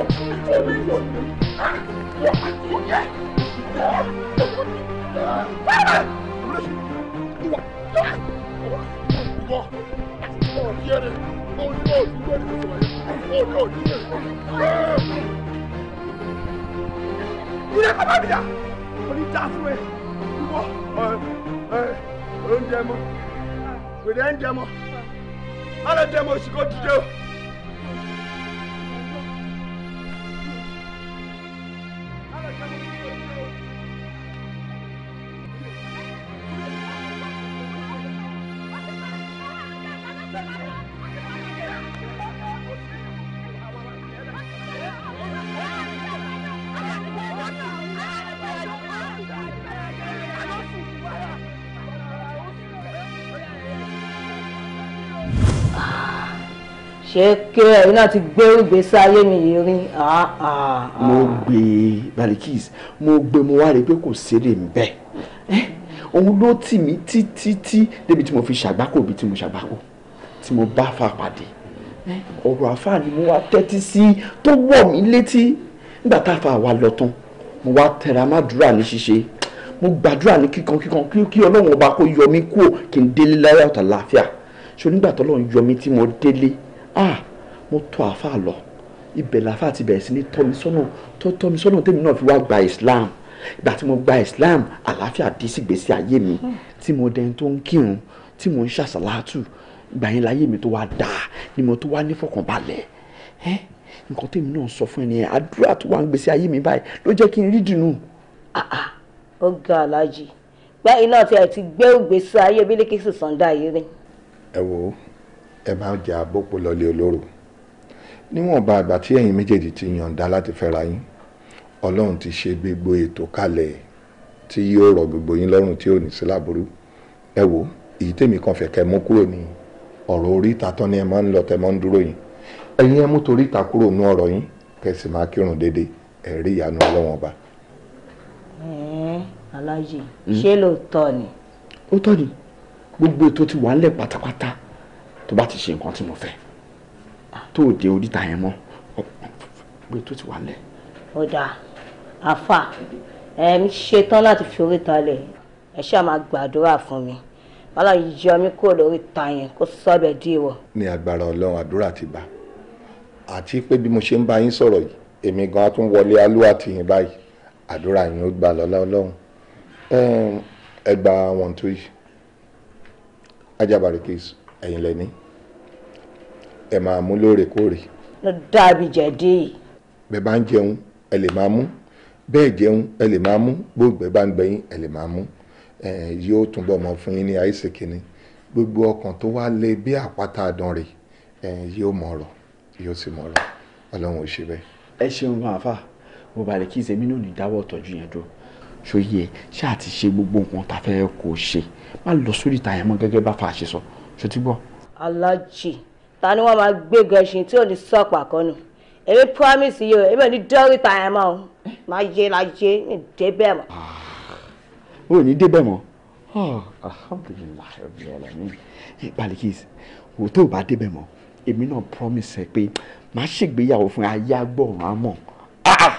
you. Oúnjẹ mọ́, wèrè ń jẹ mọ́, má lọ jẹ mọ́, òsì kò dìde o. kẹ́kẹ́ ẹ̀yin náà ti gbé ìgbésí ayé mi yìí rí. Ah, ah, ah. mo gbé balikis mo gbé mo wá rí i pé kò sèrè ń bẹ eh, òun ló tì mí títí tí débi tí mo fi ṣàgbákò bí tí mo ṣàgbákò tí mo bá fa pàdé eh. ọ̀rọ̀ àfáà ni mo wá tẹ́tí sí tó wọ̀ mí létí nígbà tá a fa àwa lọ tán mo wá tẹra má dúrà ní ṣíṣe mo gbàdúrà ní kíkan kíkan kí ọlọ́run ọba kó yọ mí kúò kí n délé láyà láàfíà ṣé onígbà tọ́lọ́run yọ mí tí mo délé ah mo tọ́ àáfàá lọ ibẹ̀ làáfàá ti bẹ̀rẹ̀ sí ní tọ́ mi sọ́nà tó tọ́ mi sọ́nà tèmi náà fi wá gba Islam ìgbà tí mo gba Islam àlàáfíà dé sígbésí ayé mi hmm. tí mo dẹni tó ń kírun tí mo ń ṣàṣàlátù ìgbà yẹn láyé mi tó wá dáa ni mo tó wá nífọ̀kànbalẹ̀ nǹkan tèmi náà sọ fún ẹni yẹn àdúrà tó wà ń gbèsè ayé mi báyìí ló jẹ́ kí n rí dùnú. Ah, ah. ó ga aláàjì báyìí náà tí a ti gbé ògbésí ayé Bílíkísù Sàǹdà yìí rí. ẹ wo ẹ máa jẹ àbókù lọlé olóró níwọ̀nba àgbà tí ẹ̀yin méjèèjì ti yọ̀ǹda láti fẹ́ra yín ọlọ́run ti ṣe gbogbo ètò kalẹ̀ tí yóò rọ̀ gbogbo yín lọ́rùn tí ò ní sí láburú ẹ wò èyí tèmi kan fẹ́ mú kúrò ní ọ̀rọ̀ orí ìta tán ni ẹ máa ń lọ tẹ́ máa ń dúró yìí ẹ̀yin ẹ mú torí ìta kúrò nú ọ̀rọ̀ yín kẹsì máa kírun déédéé ẹ rí ìyanu ọlọ́run ọba. aláyè hmm? ṣé lóòótọ́ ni. ó tọ́ ni gbogbo ètò ti wà á lẹ̀ pátápátá tó bá ti ṣe nǹkan tí mo fẹ́ tó dé oríta yẹn mọ́ pé tó ti wà lẹ̀. ọ̀dà àfà ẹ̀ ń ṣetán láti fi oríta lẹ̀ ẹ̀ ṣáà máa gbàdúrà fún mi wàhálà yíyọ mi kúrò lóríta yẹn kó sọ́bẹ̀ dí ìwọ. ní agbára ọlọ́run àdúrà ti bá àti pé bí mo ṣe ń bá yín sọ̀rọ̀ yìí èmi gan a tún wọlé alúwà tì yín báyìí àdúrà yín ó gbà lọ́lá ọlọ́run ẹ gba wọn tó yìí Ajabare case ẹ̀yin lẹ́ni ẹ máa mú lóòrèkóòrè. dàbí jẹ̀dí. bẹ́ẹ̀ bá ń jẹun ẹ lè máa mú bẹ́ẹ̀ jẹun ẹ lè máa mú gbogbo ẹ bá ń gbẹ̀yìn ẹ lè máa mú yóò túnbọ̀ mọ́ fún yín ní àìsèké ni gbogbo ọkàn tó wá lé bí àpáta àdán rè yóò mọ̀ ọ̀rọ̀ yóò sì mọ̀ ọ̀rọ̀ ọlọ́run ò ṣe bẹ́ẹ̀. ẹ ṣeun gan mo bàrẹ̀ kí ìṣẹ́mi náà ní dáwọ́ ọ̀tọ́jú yẹn dúró ṣòye ṣáà ti ṣe gbogbo nǹkan tá a fẹ́ kó ṣe má lọ sórí ìta gẹ́gẹ́ bá fa àṣẹ ṣe ti gbọ́. alájì ta ni wọ́n máa gbéga ẹṣin tí ò ní sọ̀pà kọ́nù èmi promise yìí o èmi ò ní dọ́rìtà ẹ̀ mọ́ o máa yé láyé ní débẹ̀ mọ́. Ah, o ò ní débẹ̀ mọ́ ah, alhamdulilayi rabbil alamin balikis o tó o bá débẹ̀ mọ́ èmi náà promise ẹ pé màá ṣègbéyàwó fún ayé agbọ̀ràn àmọ́. Ah,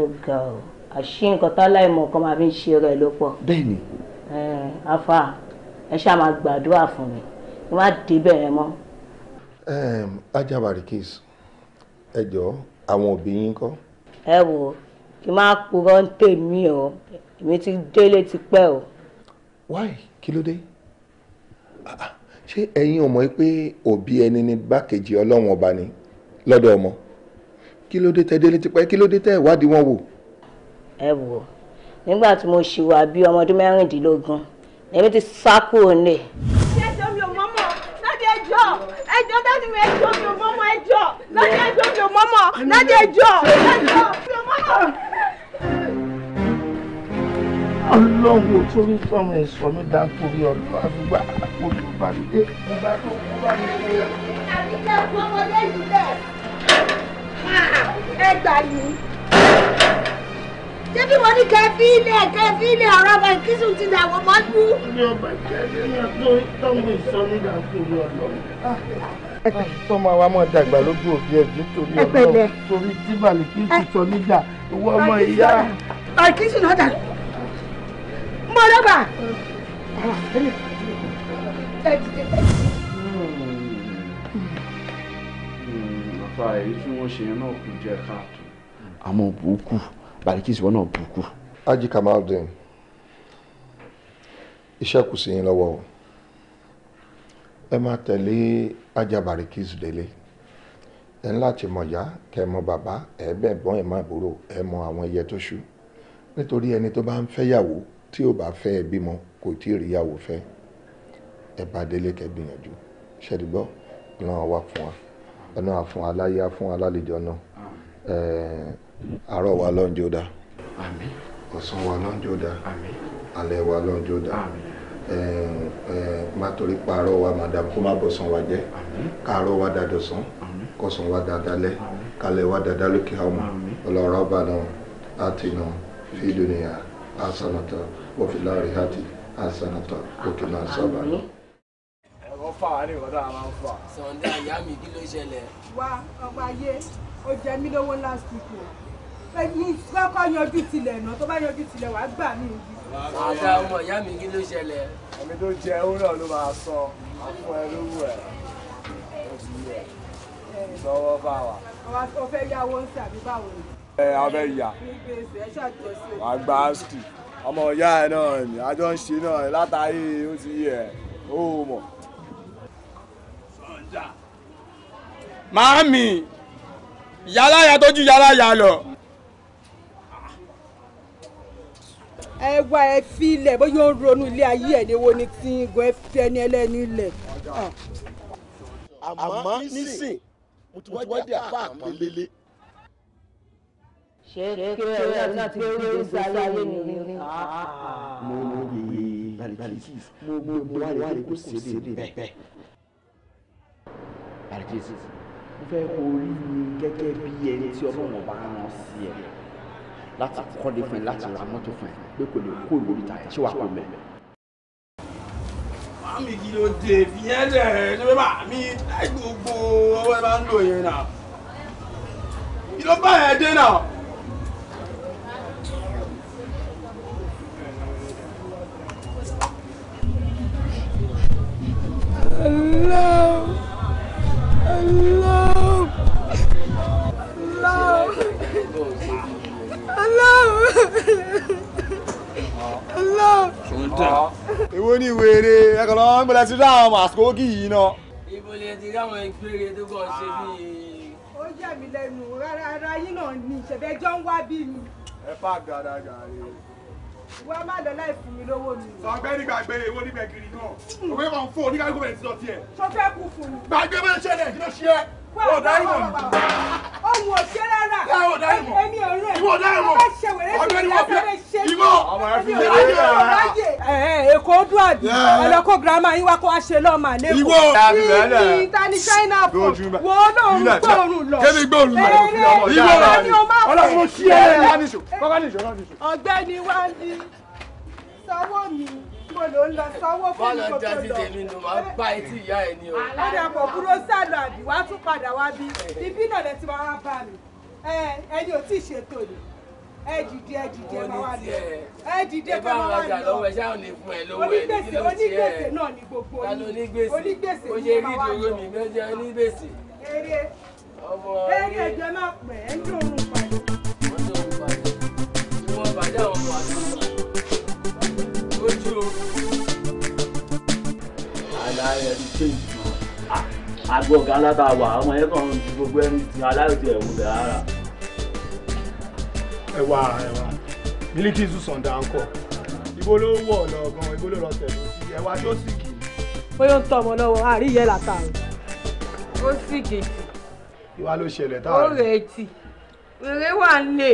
ó ga ọ àṣé nǹkan tá láì mọ nǹkan máa fi ń ṣe rẹ ló pọ̀. bẹ́ẹ̀ni. ẹ afa ẹ ṣáà máa gbàdúrà fún mi má dé bẹ̀rẹ̀ mọ́. ajabari kiss ẹ jọ àwọn òbí yín kọ́. ẹ wo kí n máa purọ́ ń tè mí o èmi ti délé ti pẹ́ o. why kí ló dé ah, ah, ṣé ẹ̀yin ò mọ̀ pé òbí ẹni ní gbákejì ọlọ́run ọba ni lọ́dọ̀ ọmọ kí ló dé tẹ́ délé ti pẹ́ kí ló dé tẹ́ ìwádìí wọn wò. ẹ wò nígbà tí mo ṣì wà bíi ọmọ ọdún mẹ́rìndínlógún èmi ti sá kúrò nílé mi ẹjọ́ mi ò mọ́mọ́ ẹjọ́ lọ́dẹ ẹjọ́ mi ò mọ́mọ́ lọ́dẹ ẹjọ́ ẹjọ́ mi ò mọ́mọ́. ọlọ́run ò tó ń tọ́ mi sọ mi dá torí ọ̀dọ́ àdúgbà àpòjù ìbàdídé ìgbà tó kú bá mi lé. àbíkẹ́ ọmọdé yìí lẹ̀ ah, ẹ gbà yìí ṣé bí wọ́n ní kẹfí ilẹ̀ kẹfí ilẹ̀ ọ̀rọ̀ ọba ìkísùn ti dà wọ́n mọ́jú. ilé ọba ìkẹfí ilẹ̀ tó tọ́wọ́ ìsọmídà kúrò ọlọ́run tọmọ wa mọ dàgbà lójú òbí ẹbí torí Ọlọ́run torí tí Bàlíkísù sọ níjà ìwọ ọmọ ìyá. Bàlíkísù náà dàrú mọ lọ́gbà. àfa èyí tí wọ́n ṣe náà kò jẹ́ káàtó. àmọ́ bùkù Bàlíkísù wọn náà bùkù. Aji Kamaldeen iṣẹ́ kù sí yín lọ́wọ́ o ẹ máa tẹ̀lé Ajàbàrí Kiss délé ẹ ń láti mọ̀ ìyá baba ẹ mọ̀ bàbá ẹ bẹ̀gbọ́n ẹ má búrò ẹ mọ̀ àwọn ẹyẹ tó ṣú nítorí ẹni tó bá ń fẹ́yàwó tí ò bá fẹ́ ẹ bímọ kò tí ì ríyàwó fẹ́ ẹ bá délé kẹ́ gbìyànjú ṣẹ́dígbọ́ ọlọ́run wá fún wa ọlọ́run fún wa láyé fún wa lálejò náà àárọ̀ wa lọ́njọ́ dá ọ̀sán wa lọ́njọ́ dá alẹ́ wa lọ́njọ́ dá. Àmín. Eh, eh, má torí parọ́ wa madam kó má bọ̀sán wa jẹ́ káàárọ̀ wa dàdọ̀sán kọ̀sán wa dàdálẹ̀ kalẹ̀ wa dàdálókè ọmọ ọlọ́rọ̀ ọba náà àti náà fídíò nìyà àsánàtà òfìlà Asanata, àti àsánàtà òkè náà sábà fà á ní ìwọ dára máa ń fà. Sọ̀ndà ìyá mi kí ló ṣẹlẹ̀? Wá ọba ayé, ó jẹ mí lówó last week o. Ẹni kọ́kọ́ yanjú tilẹ̀ náà tó bá yanjú tilẹ̀ wàá gbà mí ìdí àdá ọmọ ìyá mi kí ló ṣẹlẹ̀. ẹni tó jẹ owó náà ló máa san àfún ẹ lówó ẹ bá wa. o fẹ́ yáwó ń sàbí báwo ni. ẹ abẹ́ ìyá àgbà ásìkì ọmọ ìyá ẹ náà ni àjọ ń ṣe náà látàrí ó ti yẹ ó mọ̀. màámi yàrá ya tó ju yàrá ya lọ. ẹ wá ẹ fi ilẹ̀ bóyá ó ń ronú ilé ayé ẹ̀ níwo ni tí ń gan ẹ fi ẹni ẹlẹ́ni ilẹ̀. àmọ́ nísìn mo ti wá dé àpá àpọ́nlélé. ṣé kí ẹ rí àti pé ó ń sáré ayé ni rí. mo mo yè é balikisi mo mo mo wà lè kó sèré bẹ́ẹ̀. balikisi mo fẹ́ kó rí mi gẹ́gẹ́ bí ẹni tí ọlọ́wọ́n bá rán sí ẹ láti kọ́lé fún ẹ láti ra mọ́tò fún ẹ pé kò lè kó ìlú ìta ẹ̀ ṣé wàá kó mẹ́. màmí kí ló dé fi yẹn lẹ̀ ṣé bẹ́ẹ̀ màmí gbogbo ọwọ́ ẹ máa ń lò yẹn náà kí ló bá yẹn dé náà. dà. èwo ni wèrè ẹ̀kan náà ń bọ̀lẹ̀ sí ráwọn àsìkò kì í ná. ibo lè ti ráwọn ìpèrè tó kàn ṣe bí. Ah. ó yà mí lẹ́nu rárá ara yín náà ni ìṣẹ̀dẹ̀jọ́ ń wá bí mi. ẹ fà gàràgà rè wá má lọ láì fún mi lówó mi. sọgbẹ́ ní gbàgbé ewo níbẹ̀ kiri náà òwe máa fún oníkàlùkù bẹ̀rẹ̀ sí lọ tiẹ̀. sọ fẹ́ kú fún mi. gbàgbé bẹ́ẹ̀ ṣẹlẹ̀ kí ló ṣe é o dari mọ mi. ohun ọ̀ṣẹ́ rárá. ẹ o dari mọ. èmi ò rẹ̀. ìwọ dari mọ. ọ̀gbẹ́ni wọ bíẹ́. ìwọ. ọmọ ẹ fi lè rí ẹ. ẹ ẹ èkó dùn àbí ọlọ́kọ̀ girama yín wá kó wá ṣe lọ́ọ́ màá lẹ́kọ̀ọ́. ìwọ. ní ìtani china pọ̀ wo lóòrùn gbòòrùn lọ. kébí gbòòrùn lọ. ìwọ ọlọ́run mo ṣí ẹ. ọ̀gbẹ́ni wa ni sanwó mi mo ló ń lọ sanwó fún mi kò tó lọ. bọ́ọ̀lù jásí tèmi nù máa bá etí ìyá ẹ ní o. ọ̀dà pọ̀ kúrò sálọ àdìwá tún padà wá bí ibi náà lẹ ti wá wá bá mi ẹni ò tí ì ṣètò ni ẹ dìde ẹ dìde ẹ máa wá lọ ẹ dìde ẹ máa wá lọ onígbèsè onígbèsè náà ni gbogbo yìí onígbèsè ni máa wá lọ eré eré ẹjọ náà pẹ ẹ ń dùn òun pàdé. wọ́n ń dùn òun pàdé tí wọ́n bàjẹ́ àwọn ọmọ àti ọmọ lójú o. aláyẹ ti ṣe ìjọ àgbo ọ̀gá aláta wà ọmọ yẹn kàn ju gbogbo ẹni tí aláyọ ti ẹ̀wù bẹ̀ rárá. ẹ wá ẹ wá mílíkì zu sọ̀ǹda ń kọ̀ ibo ló wọ̀ lọ gan ibo ló lọ tẹ̀lé ẹ wá tó sì kì í. bóyá ń tọ́ ọmọ lọ́wọ́ àárín yẹn látàrí. ó sì kì í. ìwà ló ṣẹlẹ̀ táwọn. ó retí èrè wà ń lè.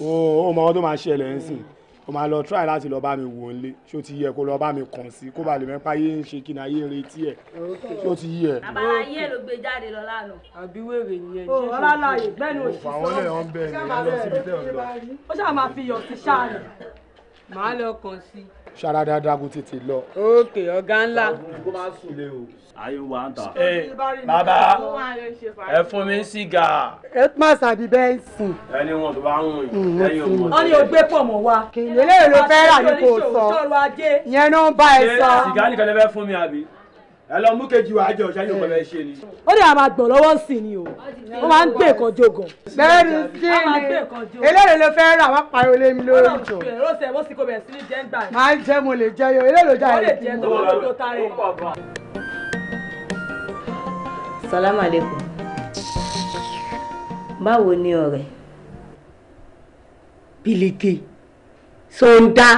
ó mọ ohun tó máa ṣẹlẹ̀ ń sìn o máa lọ try láti lọ bá mi wò nílé ṣó ti yẹ kó lọ bá mi kàn sí kó ba lè mẹ́pá yé ń ṣe kíni ayé ń retí ẹ̀ ṣó ti yẹ. bàbá ayé ló gbé jáde lọ lánàá. àbí wèrè nìyẹn jẹ́ ṣe ọlọ́láyè gbẹ́nu òṣìṣẹ́ àwọn ọlẹ́ ọ̀ ń bẹ́ẹ̀ ni ẹ lọ síbi tẹ́ ọ̀ lọ. ó ṣáà máa fi yọ̀ sí ṣáà ni màá lọ kàn sí i ṣara dáadáa kó tètè lọ. òkè ọ̀gá ńlá. ayé wa ń ta. bàbá ẹ fún mi sìgá. ẹ má sàbí bẹ́ẹ̀ sìn. ẹni wọn tó bá ń wọ̀nyí mm, lẹ́yìn ọmọ. wọ́n ní o gbé pọ̀ mọ́ wa. kìnìún lè lo fẹ́ràn ni kò sọ yẹn náà bá ẹ sọ. sìgá nìkan lè fẹ́ fún mi àbí ẹ lọ mú kejì wàá jẹ ọ̀ṣẹ́ yóò bẹ̀rẹ̀ ṣe ni. ó dẹ̀ a máa gbọ̀n lọ́wọ́ sí ni o ó máa ń gbé nǹkan jogan. bẹ́ẹ̀ ni ni eléèrè ló fẹ́ rà wá pariwo lé mi lórí jọ. ó sẹ̀ mo sì kò bẹ̀rẹ̀ sí ní jẹ́ gbà. máa ń jẹ́ mo lè jẹ́ yọ eléèrè jà yẹ kí n mọ̀. salamu aleykum báwo ni ọ̀rẹ́ bílíkì sọ̀ǹda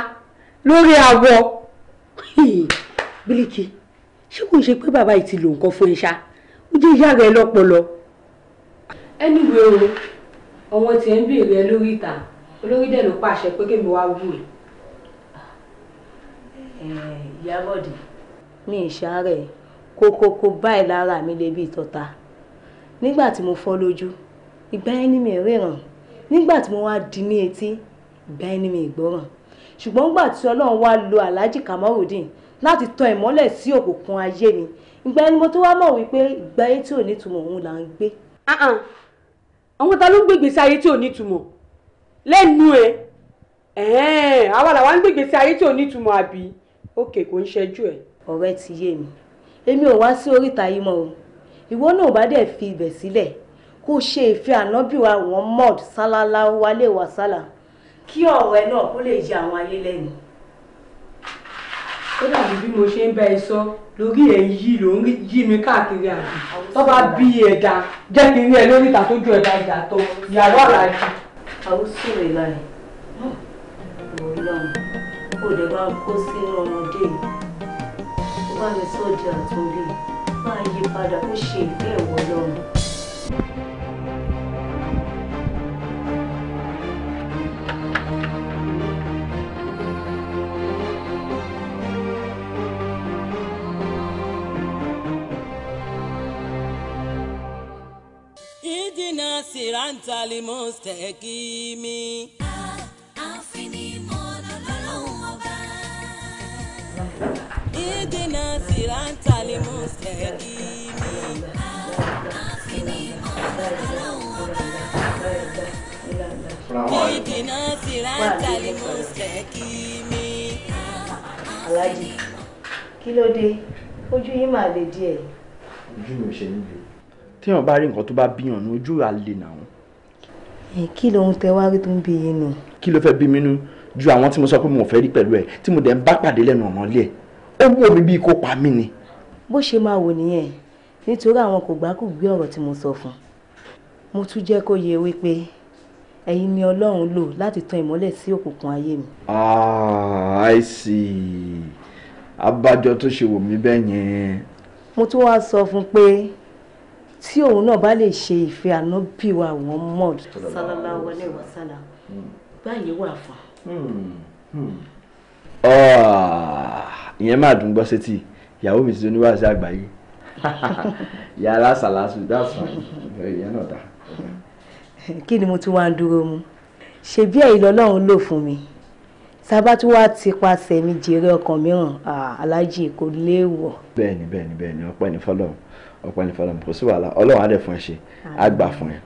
lórí awọ bílíkì ṣé kò ń ṣe pé bàbá yìí ti lò nǹkan fún ẹ ṣá ó jẹ́ ìyá rẹ lọ́pọlọ. ẹnìwé o ọmọ tiẹ̀ ń béèrè ẹ lórí ìta olórí dẹ̀ ló pàṣẹ pé kémi wá wù ẹ́. ìyábọ̀dé mi ìṣàárẹ̀ kókókó báyìí lára mi lè bí ìtọ́ta nígbà tí mo fọ́ lójú ìgbà ẹni mi ríran nígbà tí mo wá di ní etí ìgbà ẹni mi ìgbọ́ràn ṣùgbọ́n nígbà tí ọlọ́run wá lo alhaji kamorudin láti tan ìmọ́lẹ̀ sí òkùnkùn ayé ni ìgbà ẹni mo tó wá mọ̀ wípé ìgbà ayé tí ò nítumọ̀ òun là ń gbé. Ah, ah. àwọn ta ló ń gbègbè sí ayé tí ò nítumọ̀ lẹ́nu ẹ̀ àwa làwa ń gbègbè sí ayé tí ò nítumọ̀ àbí òkè kò ń ṣẹ́jú ẹ̀. ọ̀rẹ́ ti yé mi èmi ò wá sí oríta yìí mọ́ o ìwọ náà ò bá dẹ̀ fi ibẹ̀ sílẹ̀ kó ṣe ìfẹ́ ànábìwá wọn mọ́ọ̀d sálálá wálé wàsálà kí ọ̀rọ̀ náà kó lè yẹ àwọn ayé lẹ́nu ó dàbí bí mo ṣe ń bá ẹ lórí ẹ ló ń yí mi káàkiri àbí tó bá bí ẹ̀dá jẹ́ kí n rí ẹ lórí ìta tó ju ẹ̀dá ìjà tó yàrá àlàjì. àwọn sùúrù ìlànà ọlọ́run kò dé bá kó sínú ọmọdé yìí ó bá mi máa yí padà ó ṣe ìfẹ́ ìwọ ìnà sìrántà lè mọ̀ sẹ́kì mi. ìdènà sìrántà lè mọ̀ sẹ́kì mi. ìdènà sìrántà lè mọ̀ sẹ́kì mi. aláàjì kí ló dé ojú yín máa le díẹ̀. ojú mi ò ṣe níbi téèyàn bá rí nǹkan tó bá bíyàn nu ojú àlè nàá. ẹ kí lóhun tẹ wá rí tó ń bí yín nù. kí ló fẹ́ bí mi nú ju àwọn tí mo sọ pé mo fẹ́ rí pẹ̀lú ẹ̀ tí mo dẹ̀ ń bá pàdé lẹ́nu ọ̀nà ilé ẹ̀ ó wù mí bíi kó pa mí ni. bó ṣe máa wò nìyẹn nítorí àwọn kò gbákù gbé ọ̀rọ̀ tí mo sọ fún mo tún jẹ́ kó yé wípé ẹ̀yin ni ọlọ́run lò láti tan ìmọ́lẹ̀ sí òkùnkùn ayé mi. ah i see abájọ tó ṣe wò mí bẹ́ẹ̀ yẹn. mo tún wá sọ fún pé tí òun náà bá lè ṣe ìfẹ́ ànábìwà àwọn mọ́ọ̀dù. sálálá wọlé wàsálà báyìí wà fún. Hmm, hmm. ah, ìyẹn máa dùn gbọ́ sétí ìyàwó mi ti tó níwájú àgbáyé yàrá sàlásù dáàsùn ìyẹn náà dá. kí ni mo tún wá ń dúró mu ṣebí ẹ̀yìn lọ́lọ́run lò fún mi sábà tí wàá ti paṣẹ mi jèrè ọkàn mìíràn ah, aláàjì kò léèwọ̀. bẹ́ẹ̀ni bẹ́ẹ̀ni bẹ́ẹ̀ni ọpẹ́ ní fọ́lọ́run ọpẹ́ ní fọlọmù kò sí wàhálà Ọlọ́run á dẹ fún ẹ ṣe á gbà fún ẹ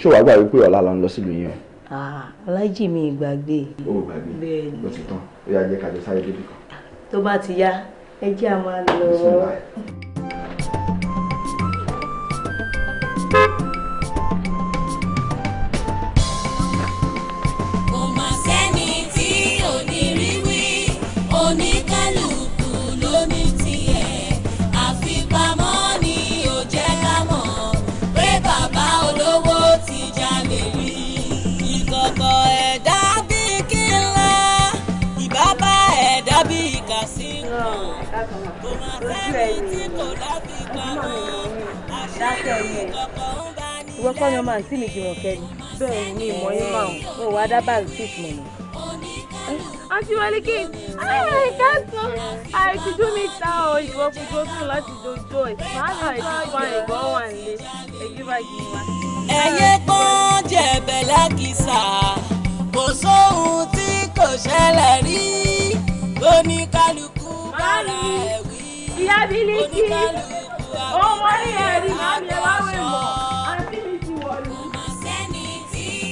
ṣé wàá gbà wípé ọlá lọ ń lọ sílùú yìí o. Ah, alájì mi ìgbàgbé. o gbàgbé bẹ́ẹ̀ ni o ti tán ó yà jẹ kájọ sáré débi kan. tó bá ti yá ẹ jẹ́ àwọn àlọ́. ìwọ kọ́ ni ọmọ àǹtí mi jìmọ̀ kẹ́ni. bẹ́ẹ̀ ni ìmọ̀ yín máa ń. o wà á dá báàgì ni. àti wọlé kí ẹ kẹ́sàn-án mi ta ọ ìwọ kújú fún láti dojú ẹ máa ń àìkú fún àìgbọ́ wà nílé ẹjú báyìí wá. ẹyẹ pọ́n jẹ̀bẹ̀ lákìsà kò sóhun tí kò ṣẹlẹ̀ rí oníkálukú bára ẹ̀ wí ọmọ ní ẹ̀rí máa ń yẹ láwé mọ̀ àǹtí mi ti wọ̀lú.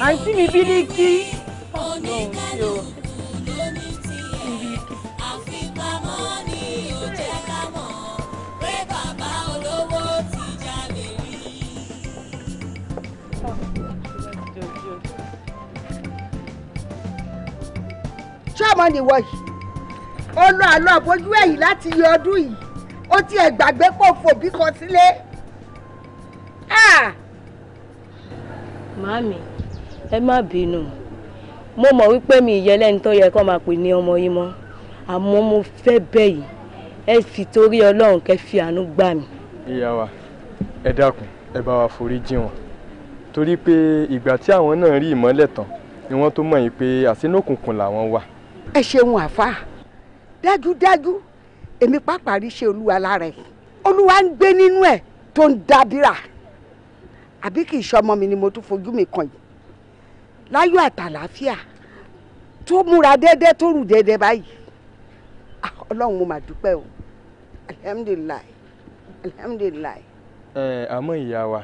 àǹtí bí ní kí. ṣọ́ọ̀mọ́ ni wọ̀nyí ó lọ àlọ́ àbójú ẹ̀yìn láti yọ ọdún yìí ó tiẹ̀ gbàgbé pò fòbí kan sílé. màámi ẹ má bínú mo mọ̀ wípé mi ìyẹlẹ́ni tó yẹ kó máa pè ní ọmọ yìí mọ́ àmọ́ mo fẹ́ bẹ̀ yìí ẹ fi torí ọlọ́run kẹ́ fi àánú gbà mí. ìyá wa ẹ dákun ẹ bá wa forí jì wọ́n torí pé ìgbà tí àwọn náà rí ìmọ́lẹ̀ tán ni wọ́n tó mọ̀ yìí pé àsínúkùnkùn làwọn wà. ẹ ṣeun àáfàá dájúdájú èmi pàápàá rí ṣe olúwa lára ẹ̀ olúwa ń gbé nínú ẹ̀ tó ń dábìrà àbí kì í ṣọmọ mi ni mo tún fojú mi kàn yìí láyọ̀ àtàlàáfíà tó múra déédéé tó rù déédéé báyìí ah, ọlọ́run mo mà dúpẹ́ o alihamudulilayi alihamudulilayi. ẹ àmọ́ ìyá wa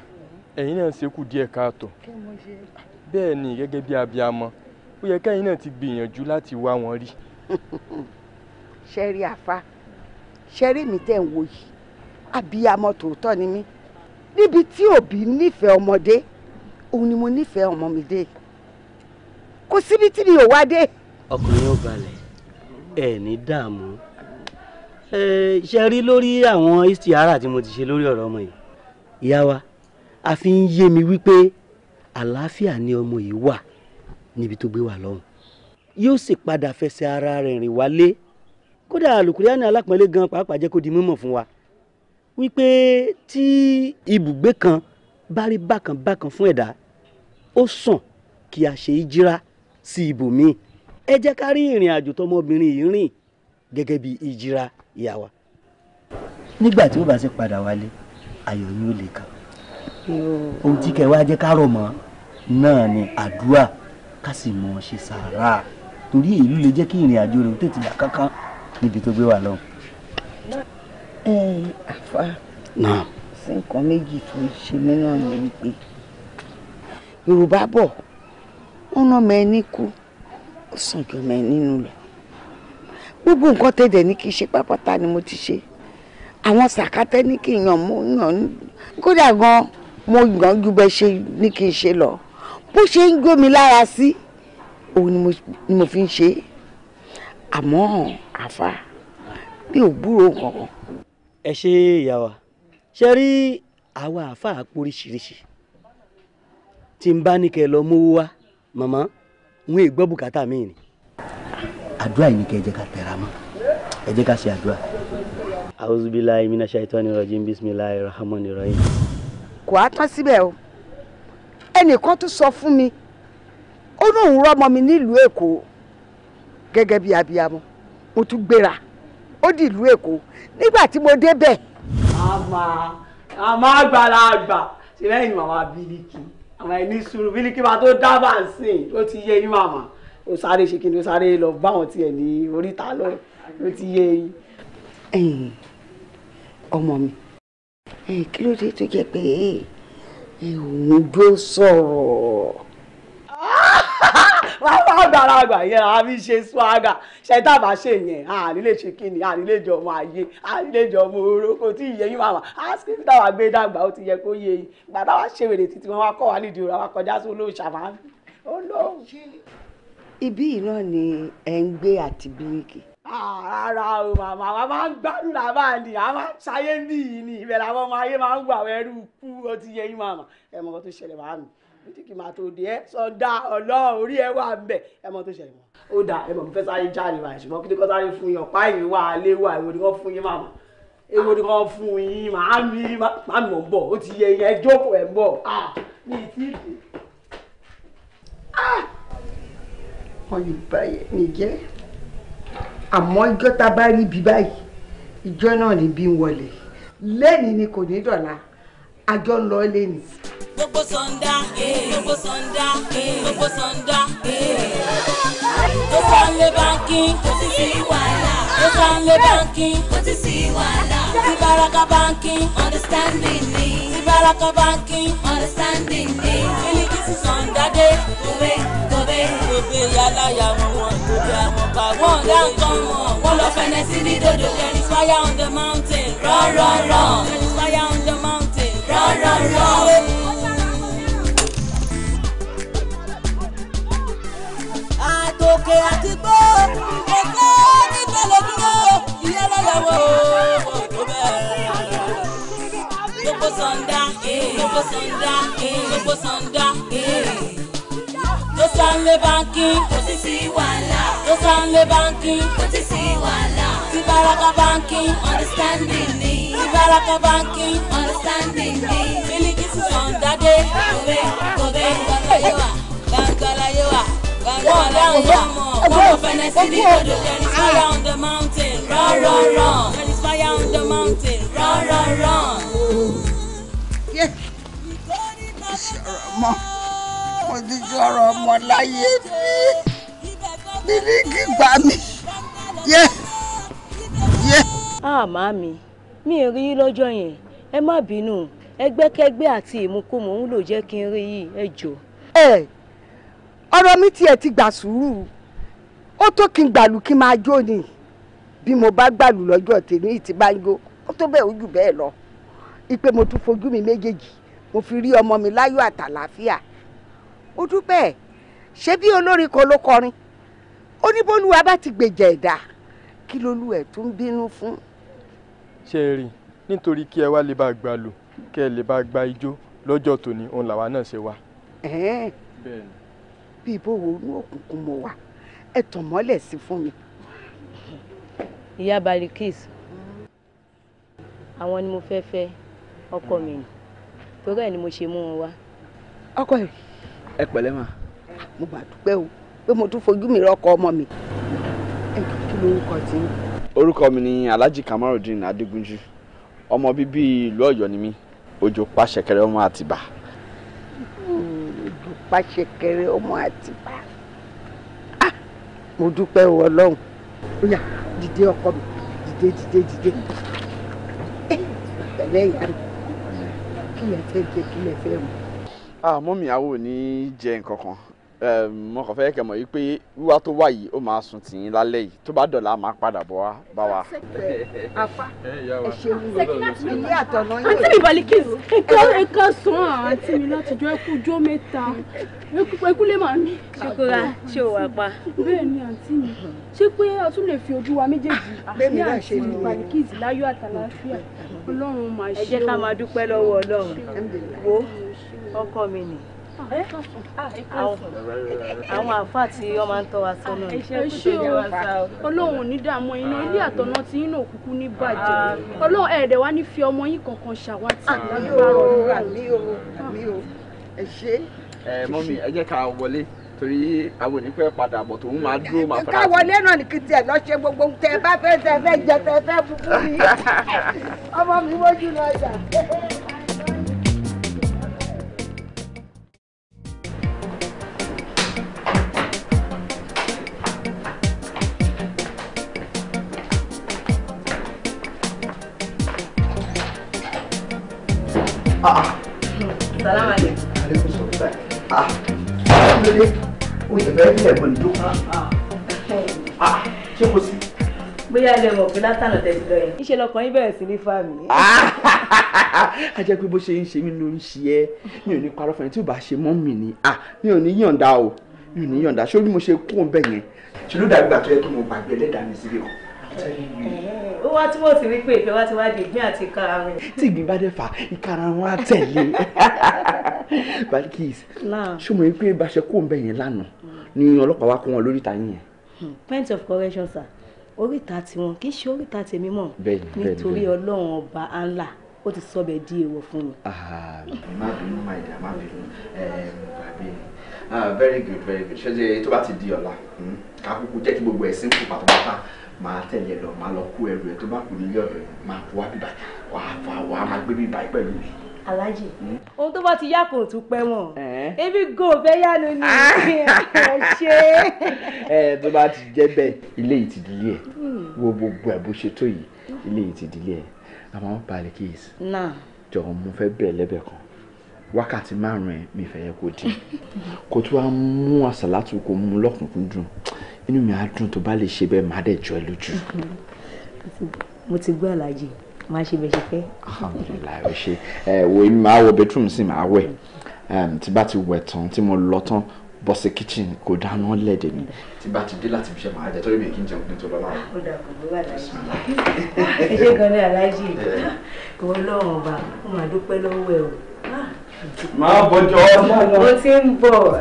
ẹ̀yin náà ṣekú díẹ̀ káàtó bẹ́ẹ̀ ni gẹ́gẹ́ bí abiyamọ ó yẹ kẹ́yin náà ti gbìyànjú láti wá wọn rí. ṣe rí àfa ṣẹ́rí mi tẹ̀ ń wo yìí abiyamọ tòótọ́ ni mí níbi tí òbí nífẹ̀ẹ́ ọmọdé òun ni mo nífẹ̀ẹ́ ọmọ mi dé kò síbi tí mi ò wá dé. ọkùnrin ó balẹ̀ ẹ ní dààmú ṣe rí lórí àwọn istiara tí mo ti ṣe lórí ọ̀rọ̀ ọmọ yìí ìyá wa a fi ń yé mi wípé àlàáfíà ni ọmọ yìí wà níbi tó gbé wà lọ́hùn yóò sì padà fẹsẹ̀ ara rẹ̀ rìn wálé kódà àlùkùránì alápọ̀nlé gan pàápàá jẹ́ kó di mímọ̀ fún wa wípé tí ibùgbé kan bá rí bákan bákan fún ẹ̀dá ó sàn kí a ṣe ìjírá sí ibòmíì ẹ jẹ́ ká rí ìrìn àjò tọmọbìnrin yìí rìn gẹ́gẹ́ bí ìjírá ìyá wa. nígbà tí ó bá ṣe padà wálé ayọ̀ ni ó lè kàn ohun tí kẹwàá jẹ́ ká rọ̀ mọ́ náà ni àdúrà ká sì mọ̀ ṣe sàárà torí èyí ló lè jẹ́ kí ìrìn àjò rẹ̀ ó tètè dà kankan níbi tó gbé wà lọ. àfa sí nǹkan méjì tó ń ṣe mí náà ni wípé yorùbá bọ̀ wọ́n ná mọ ẹni kú ó sàn jọ mọ ẹni nù lọ gbogbo nǹkan tẹ̀dẹ̀ ní kí n ṣe pápátá ni mo ti ṣe àwọn sàkátẹ́ ní kí n yàn mo yàn kódà gan mo yàn ju bẹ́ẹ̀ ṣe ní kí n ṣe lọ bó ṣe ń gbómi lára sí òun ni mo fi ń ṣe é àmọ́ àfa mi ò gbúrò kankan. ẹ ṣe ìyá wa ṣe rí àwa àfa àporíṣiríṣi tí n bá ní kẹ lọ mówó wá màmá wọn è gbọ́ bùkátà mi ni. àdúrà yìí ni kẹ́ ẹ jẹ́ ká tẹra mọ́ ẹ jẹ́ ká ṣe àdúrà. auzubillahi mina shaitani rajim bismillahi rahmani rahim. kò á tán síbẹ̀ o ẹnìkan tún sọ fún mi ó lóun rọ́mọ mi nílùú èkó gẹ́gẹ́ bí abiyamọ mo tún gbéra ó di ìlú èkó nígbà tí mo débẹ̀. àmà àmà àgbàlagbà ṣe lẹ́yìn màmá bíríkì àmà ẹni sùúrù bíríkì máa tó dábàá sí i ó ti yé yín màmá ó sáré ṣe kí ni ó sáré lọ báwọn tiẹ̀ ní oríta lọ ó ti yé yín. ọmọ mi kí ló dé tó jẹ́ pé òun dó sọ̀rọ̀. wàá gba ara gbà yẹn a fi ṣe swaga ṣe a bá ṣe yẹn a nílé ṣe kíni a nílé jọ ọmọ ayé a nílé jọ ọmọ oró kò tí ì yẹ yín màmá a sì fi táwa gbé dàgbà ó ti yẹ kó yé yín gbàdá wa ṣe wèrè títí wọn wá kọ́ wa nídìí òra wa kọjá sí olóhùn ṣàmáfì olóhùn. ibí yìí ni ẹ ń gbé àti bíríkì. rárá o màmá wa máa ń gbádùn làbá ni a máa ń ṣayé níyì ni ìbẹ̀rẹ̀ àwọn ọmọ ayé máa ń gbà wẹ́rù kú ó ti yẹ yín màmá ẹ̀ mọ̀ tó ṣẹlẹ̀ màmá títí màá tó di ẹ sọdá ọlọ́run orí ẹ wà ń bẹ ẹ mọ tó ṣẹlẹ̀ mọ́. ó dà ẹ mọ̀ mo fẹ́ sáré jáde wá ṣùgbọ́n kí ni kò sáré fún yín ọ̀pá ìwé wa alẹ́ wa èwo ni wọ́n fún yín màmá èwo ni wọ́n fún yín màá mi màá mi mọ̀ ń bọ̀ ó ti yẹ yẹn jókòó ẹ̀ ń bọ̀ ní ìtìtì. wọn yóò bá yẹ nìjẹ́ àmọ́ ìjọ tá a bá rí bí báyìí ìjọ náà ni bí ń wọlé lẹ́ni ni kò ní dọ̀la àjọ ń lọ lẹ́ni gbogbo sọ̀ndà eh. gbogbo sọ̀ndà eh. gbogbo sọ̀ndà. Eh. tó sá ń lé báńkì kò sí sí wàhálà. tó sá ń lé báńkì kò sí sí wàhálà. sí baraka báńkì understanding ni. sí baraka báńkì understanding ni. Miliki sọ̀ndà dé kòbé kòbé. kòbé yàrá yàwọn wọn kòbé àwọn bá wọn dá nǹkan wọn. wọ́n lọ fẹ́nẹ́ sí ní dodo. there is fire on the mountain. run there is fire on the mountain. run òkè àti gbó èkó nígbà ló dúró ìyẹn lọ́yàwó òdò bẹ́ẹ̀. gbogbo sọ̀ndà gbogbo sọ̀ndà gbogbo sọ̀ndà. tó sanlé báńkì kò sí sí wàhálà. tó sanlé báńkì kò sí sí wàhálà. ti baraka báńkì understanding ni. ti baraka báńkì understanding ni. bílíkì sísan dáadé kò bẹ́ẹ̀ kò bẹ́ẹ̀ kò bẹ́ẹ̀ yóò wà down, Run, run, run. There is fire on the mountain. Run, run, run. Yeah. Ìṣòro ọmọ, mo ti ṣòro ọmọ láyé mi. Bílíkì Yeah. Yeah. Ah, màámi, mi ò rí lọ́jọ́ yẹn, ẹ má bínú, ẹgbẹ́kẹ́gbẹ́ àti ìmukúmu ń lò jẹ́ kí n rí yìí, ẹ jọ̀ọ́ ọ̀rọ̀ mi tiẹ̀ ti gbà sùúrù ó tó kí n gbàlù kí n máa jó ni bí mo bá gbàlù lọ́jọ́ tèmi ìtì bá ń jó ó tó bẹ́ẹ̀ ó jù bẹ́ẹ̀ lọ ìpè mo tún fojú mi méjèèjì mo fi rí ọmọ mi láyọ̀ àtàlàáfíà ó dúpẹ́ ṣé bí olórin kan ló kọrin ó ní bólúwa bá ti gbèjà ẹ̀dá kí lolú ẹ̀ tún bínú fún. ṣé ẹ rí nítorí kí ẹ wá lè bá gbàlù kí ẹ lè bá gba ijó lọ́jọ́ tòní òun làwa náà ṣe wá. bẹ́ẹ̀ ni bí ìbòwò inú òkùnkùn mo wà ẹ tàn mọ́lẹ̀ sí fún mi. ìyá barikis àwọn ni mo fẹ́ fẹ́ ọkọ mi ni torí ẹ̀ ni mo ṣe mú wọn wá. ọkọ yìí. ẹ pẹ̀lẹ́ mà. mo bá dúpẹ́ o pé mo tún fojú mi rọ́kọ ọmọ mi. ẹ kí lorúkọ tí. orúkọ mi ni alhaji kamarudin adigunju ọmọ bíbí ìlú Ọ̀yọ́ ni mí òjò pàṣẹkẹrẹ ọmọ àtìbà. Mm pàṣẹkẹrẹ ọmọ àtìpá mo dúpẹ́ wọ ọlọ́run ó yá dìde ọkọ mi dìde dìde dìde eh, pẹ̀lẹ́ ìyá mi kí lẹ fẹ́ jẹ kí lẹ fẹ́ mu. àmọ́ mi àwò ní jẹ nǹkan kan mo kàn fẹ́ kẹ́ mọ̀ yìí pé wíwá tó wà yìí ó máa sùn tì yín lálẹ́ yìí tó bá dọ̀la a máa padà bọ̀ wá bá wa. apá ẹ ṣeun ilé àtọ̀nà yìí. àǹtí mi balẹ̀ kí ẹ̀ka sùn àǹtí mi láti jọ ẹkú jó mẹ́ta ẹkú lè máa ní. ṣokora ṣé o wà pa. bẹ́ẹ̀ ni àǹtí mi ṣé pé a tún lè fi ojú wa méjèèjì ní ah. àǹtí mi balẹ̀ kí ìsìláyọ̀ àtàlàáfíà ọlọ́run máa ṣe o. ẹ jẹ́ ká máa dúpẹ́ lọ́wọ́ ọlọ́run wo ọkọ mi nìyí àwọn àfa tí wọn máa ń tọ́ wa sọ́nà ọlọ́run ò ní dààmú iná ilé àtọ̀nà tí iná òkùnkùn ní bàjẹ́ ọlọ́run ẹ̀ẹ́dẹ̀ wá ní fi ọmọ yín kankan ṣàwátì lágbára ọ̀rọ̀ ẹ ṣe. ẹ mọ́mí ẹ jẹ́ ká wọlé torí àwọn onípẹ́ padà bọ̀ tòun máa dúró máa fara. ká wọlé náà ní kí tiẹ̀ lọ ṣe gbogbo tẹ bá fẹ́ tẹ fẹ́ jẹ tẹ fẹ́ fúfú mi ọmọ mi wójú lọ jà. ṣe ìfẹ́ ilẹ̀ gbòòlì tó ṣé kò sí. bóyá ilé ọmọ òfin látànà tẹ̀sí lọ yẹn. ìṣe lọkàn yín bẹ̀rẹ̀ sí ní fáàmì. Ah, a jẹ́ pé bó ṣe ń ṣe mí ló ń ṣe ẹ́ mi ò ní parọ́ fún ẹ tí ò bá ṣe mọ́ mi ni ah, mi ò ní yọ̀ǹda o mi ò ní yọ̀ǹda ṣé bí mo ṣe kó o bẹ̀ yẹn. ṣe ló dàgbà tó yẹ kí mo gbàgbé ẹlẹ́dàá mi síbí o ó wá túbọ̀ sí wípé ìfẹ́ wá ti wá di ìgbín àti karahun. tí ìgbín bá dé fà ìkarahun á tẹ̀lé Balkis ṣó mọ̀ wípé bá ṣe kó ń bẹ̀ yẹn lánàá ni ọlọ́pàá wa kó wọn lóríta yẹn. Hmm. point of correction sir oríta tiwọn kì í ṣe oríta tèmi mọ́ nítorí ọlọ́run ọba Allah ó ti sọ bẹ́ẹ̀ di èèwọ̀ fún mi. má bínú má ìdá má bínú gbàgbé ah, very good very good ṣé tó bá ti di ọ̀la hmm, kàkúkú jẹ́ kí gbogbo ẹ̀sìn kú pátápátá máa tẹ̀lé lọ máa lọ kó ẹrù ẹ̀ tó bá kù nílé ọ̀dọ̀ máa kó wá bíbá wà á fà máa gbé bíbá yìí pẹ̀lú mi. alájì hmm? ohun tó bá ti yá kò tún pẹ́ wọ̀n ebi go fẹ́ yánu ni ẹ ṣe. ẹ tó bá ti jẹ́ bẹ́ẹ̀ ilé yìí ti dilé ẹ̀ hmm. wo gbogbo ẹ̀ bó ṣe tó yìí ilé yìí ti dilé ẹ̀ àmọ́ balẹ̀ kíyèsí. náà mo fẹ́ bẹ̀rẹ̀ lẹ́bẹ̀ẹ́ kan wákàtí márùn ẹ mi fẹ́ yẹ kó di kó tó wá mú àsàlátù kó mú lọ́kùnkún dùn inú mi á dùn tó bá lè ṣe bẹ́ẹ̀ má dẹ̀ jọ ẹ lójú. mo ti gbọ́ àlàjì máa ṣe bẹ́ẹ̀ ṣe fẹ́. alhamdulilayi o ṣe ẹ wo mi máa wọ bedroom sí máa wẹ̀ tí bá ti wẹ̀ tán tí mo lọ tán bọ́ sí kitchen kò dáná lẹ́dẹ̀ mi tí bá ti dé láti fi ṣe máa jẹ torí mi kì í jẹun nítorí ọlọ́run. ó dà kò bó wà láyé ẹ ṣe kan ní aláàjì ìwọ ọlọ́run ọba ó máa dúpẹ́ lọ́wọ́ ẹ o. Ah! ma bọjọ. mo ti ń bọ̀.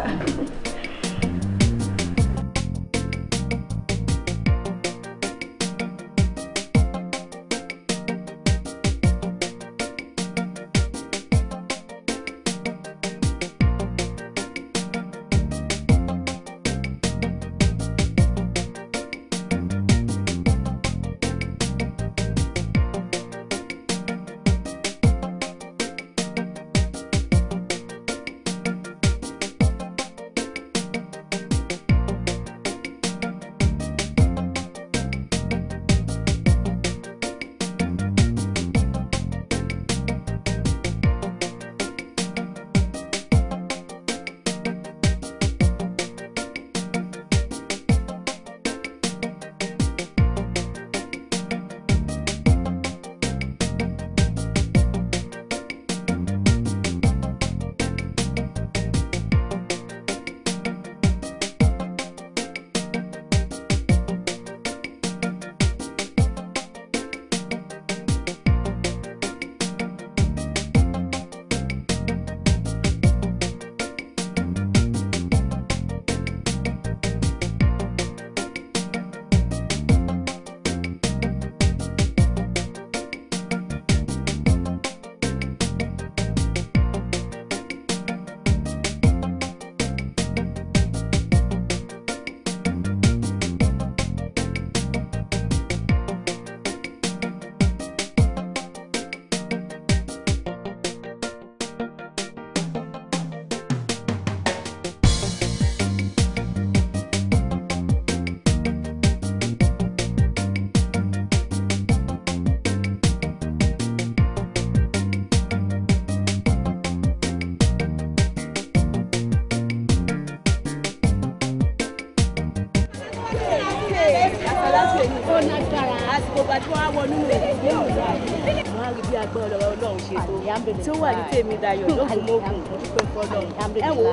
dayọ̀ lókùnmókùn dúpẹ́ fọ́dọ̀ ẹ wò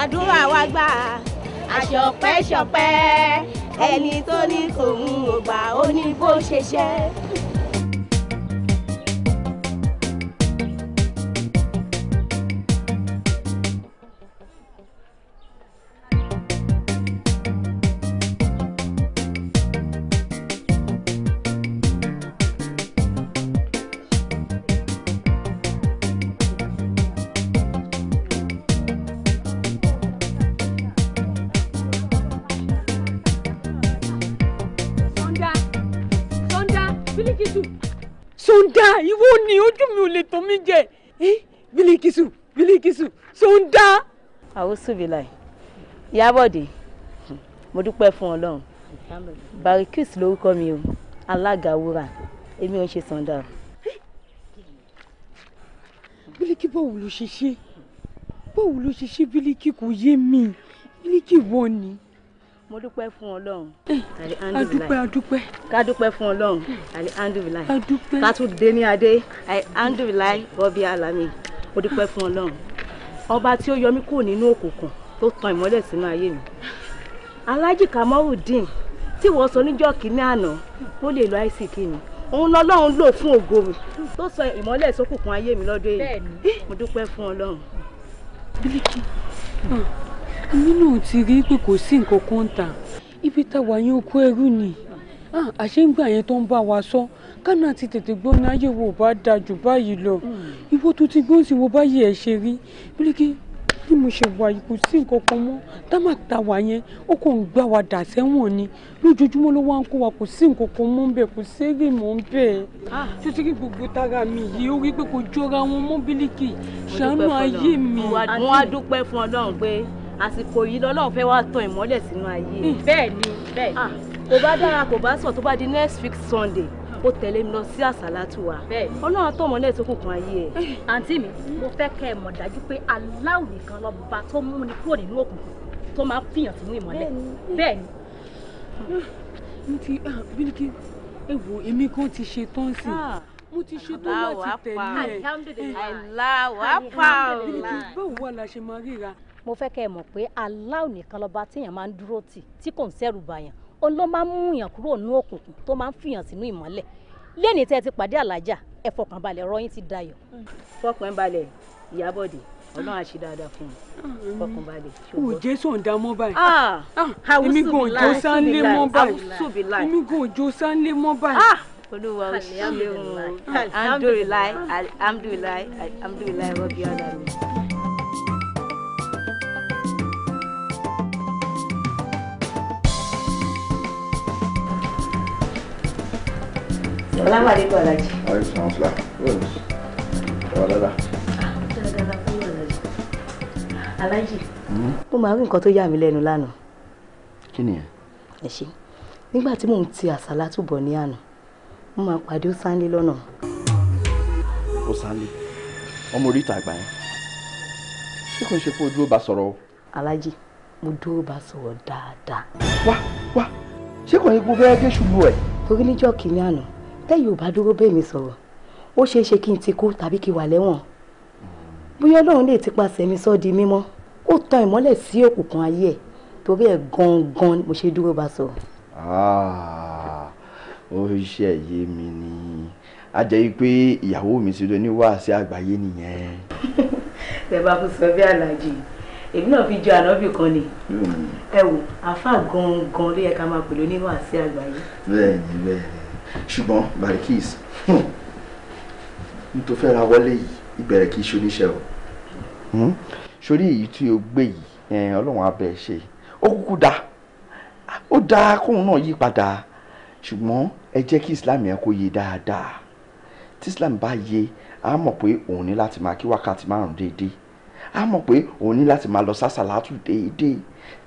àdúrà wa gbà àṣọpẹ́ ṣọpẹ́ ẹni tó ní kò mú ògbà ó ní bó ṣe ṣẹ́. subila Ìyábọ̀dé mo dúpẹ́ fún Ọlọ́run barikis lórúkọ mi o alága wúrà èmi ò ń ṣe sànda. bílíkì báwo ló ṣe ṣe báwo ló ṣe ṣe bílíkì kò yé mi bílíkì wọ ni. mo dúpẹ́ fún Ọlọ́run. Eh, adúpẹ́ adúpẹ́. ká dúpẹ́ fún Ọlọ́run alihamdulilayi. adúpẹ́. ká tún dé ní adé alihamdulilayi rọ́bì alami mo dúpẹ́ fún Ọlọ́run ọba tí ó yọ mí kúrò nínú òkùnkùn tó tan ìmọ́lẹ̀ sínú ayé mi aláàjì kamorudin tí wọ́n sọ níjọ́ kínní àná ó lè lo àìsíkì mi òun lọ́lọ́run lò fún ògo mi tó sọ ìmọ́lẹ̀ sókùnkùn ayé mi lọ́dún èyí mo dúpẹ́ fún ọlọ́run. bílíkì ah, èmi náà ti rí pé kò sí nǹkan kan ń tà ibi táwa yẹn ó kó ẹrú ni ah, àṣé ń gbà yẹn tó ń bá wa sọ. So kánà ti tètè gbóná ayé wo bá dáa jù báyìí lọ hmm. ìwọ tó ti gbóhùn sí wo báyìí ẹ ṣe rí Bílíkì bí mo ṣe wà yìí kò sí nǹkan kan mọ́ támàtà wà yẹn ó kàn ń gbá wa dà sẹ́wọ̀n ni lójoojúmọ́ ló wá ń kó wa kò sí nǹkan kan mọ́ bẹ́ẹ̀ kò sẹ́rì mọ́ bẹ́ẹ̀. Ah. títí gbogbo tara mi yìí ó rí pé kò jọra wọn mọ́ Bílíkì ṣàánú ayé mi. wọ́n á dúpẹ́ fún Ọlọ́run pé àsìkò yìí lọ́lọ́run fẹ́ wá tan ìmọ́lẹ̀ sínú ayé. Hmm. bẹ́ẹ̀ ni bẹ́ẹ̀ ni ah. kò bá dára kò bá sọ tó bá di next week Sunday ó tẹ̀lé mi lọ sí àsálàtù wa ọlọ́run àtọmọ náà tó kù kan ayé ẹ̀. àǹtí mi mo fẹ́ kẹ́ ẹ mọ̀ dájú pé aláwọ̀ nìkan lọ́ba tó mú ni kúrò nínú òkùnkùn tó máa ń fìyàn sínú ìmọ́lẹ̀ bẹ́ẹ̀ ni. mi ti bílíkì ah, ẹ wo èmi kan ti ṣe tán sí ah. mo ti ṣe tó láti tẹ̀lé ẹ eh, aláwọ̀ apá ọ̀la bílíkì báwo mo fẹ́ kẹ́ ẹ mọ̀ pé aláwọ̀ nìkan lọ́ba téèyàn máa ń dúró tì tí kò ń ṣẹ̀rù bàyàn òun ló máa ń mú yàn kúrò nínú òkùnkùn tó máa ń fìyàn sínú ìmọ́lẹ̀ lẹ́ni tẹ́ ẹ ti pàdé àlàjà ẹ fọkàn balẹ̀ ọ̀rọ̀ yín ti dayọ̀. Mm. fọkàn balẹ̀ ìyábọ̀dé ọlọ́run á ṣe dáadáa fún mi fọkàn balẹ̀. o jésù ń dá mọ́ báyìí ah, ah, èmi kò jó sáńlé mọ́ báyìí èmi kò jó sáńlé mọ́ báyìí. olúwa ò ṣe é o alhamdulilayi alhamdulilayi alhamdulilayi rọ́bì ọ̀dà mi. Salamu alaikum Alhaji. Alaikum salam salam. Wa dada. Alhaji. Mo máa rí nǹkan tó yà mí lẹ́nu lánàá. Kí ni ẹ? Ẹ ṣe. Nígbà tí mò ń ti àsálà túbọ̀ ní àná, mo máa pàdé ó sáńlé lọ́nà. Ó sáńlé? Ọmọ orí ìta àgbà yẹn? Ṣé kò ń ṣe fún ojú ó bá sọ̀rọ̀ o? Alhaji, mo dúró bá sọ̀rọ̀ dáadáa. Wá wá, ṣé kò ń gbogbo ẹgbẹ́ ṣubú ẹ̀? Torí níjọ́ kìíní àná, tẹ́yìn ò bá dúró bẹ́ẹ̀ mi sọ̀rọ̀ ó ṣeé ṣe kí n ti kú tàbí kí wà lẹ́wọ̀n bóyá ọlọ́run lè ti paṣẹ mi sọ́ di mímọ́ ó tan ìmọ́lẹ̀ sí òkùnkùn ayé ẹ̀ torí ẹ̀ gangan mo ṣe dúró bá sọ. Ah, ó ṣe yé mi ni a jẹ́ pé ìyàwó mi ti lọ ní wáàsí àgbáyé nìyẹn. ẹ bá kú sọ bí aláàjì èmi náà fi jọ ànábì kan ni ẹ wò àáfàá gangan ló yẹ ká máa pè lóníwàásí àgbáyé. bẹ́ẹ̀ni bẹ́ẹ̀ni ṣùgbọ́n barikis hmm, n tó fẹ́ ra wọlé yìí ìbẹ̀rẹ̀ kì í ṣe oníṣẹ́ o. Hmm, sórí èyí tí o gbé yìí ọlọ́run abẹ́ ṣe ó kúkú dáa ó dáa kóun náà yí padà ṣùgbọ́n ẹ jẹ́ kí islam yẹn kó yé dáadáa tí islam bá yé a mọ̀ pé òun ní láti máa kí wákàtí márùn déédéé a mọ̀ pé òun ní láti máa lọ sásàlátù déédéé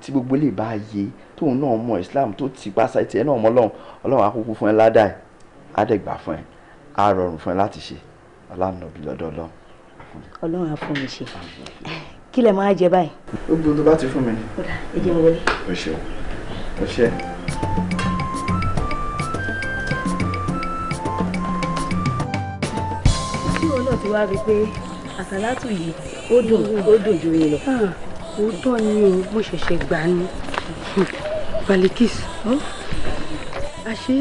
tí gbogbo lè bá yé tóun náà mọ islam tó ti pàṣẹ tiẹ̀ náà mọ ọlọ́run ọlọ́run akókó fún ẹ ládàá ẹ̀ á dẹ̀ gbà fún ẹ á rọrùn fún ẹ láti ṣe ọlànàbí lọ́dọ̀ ọlọ́run. ọlọ́run á fún mi ṣe kí lẹ máa jẹ báyìí. ó gbọ́dọ̀ bá ti fún mi. ẹ jẹun wọlé. o ṣeun o ṣe. tí òun náà ti wá rí i pé àsálàtù yìí ó dùn ó dùn ju yìí lọ. Ah, ó tọ́ ni o mo ṣẹ̀ṣẹ̀ gbà ni. Balikis àṣé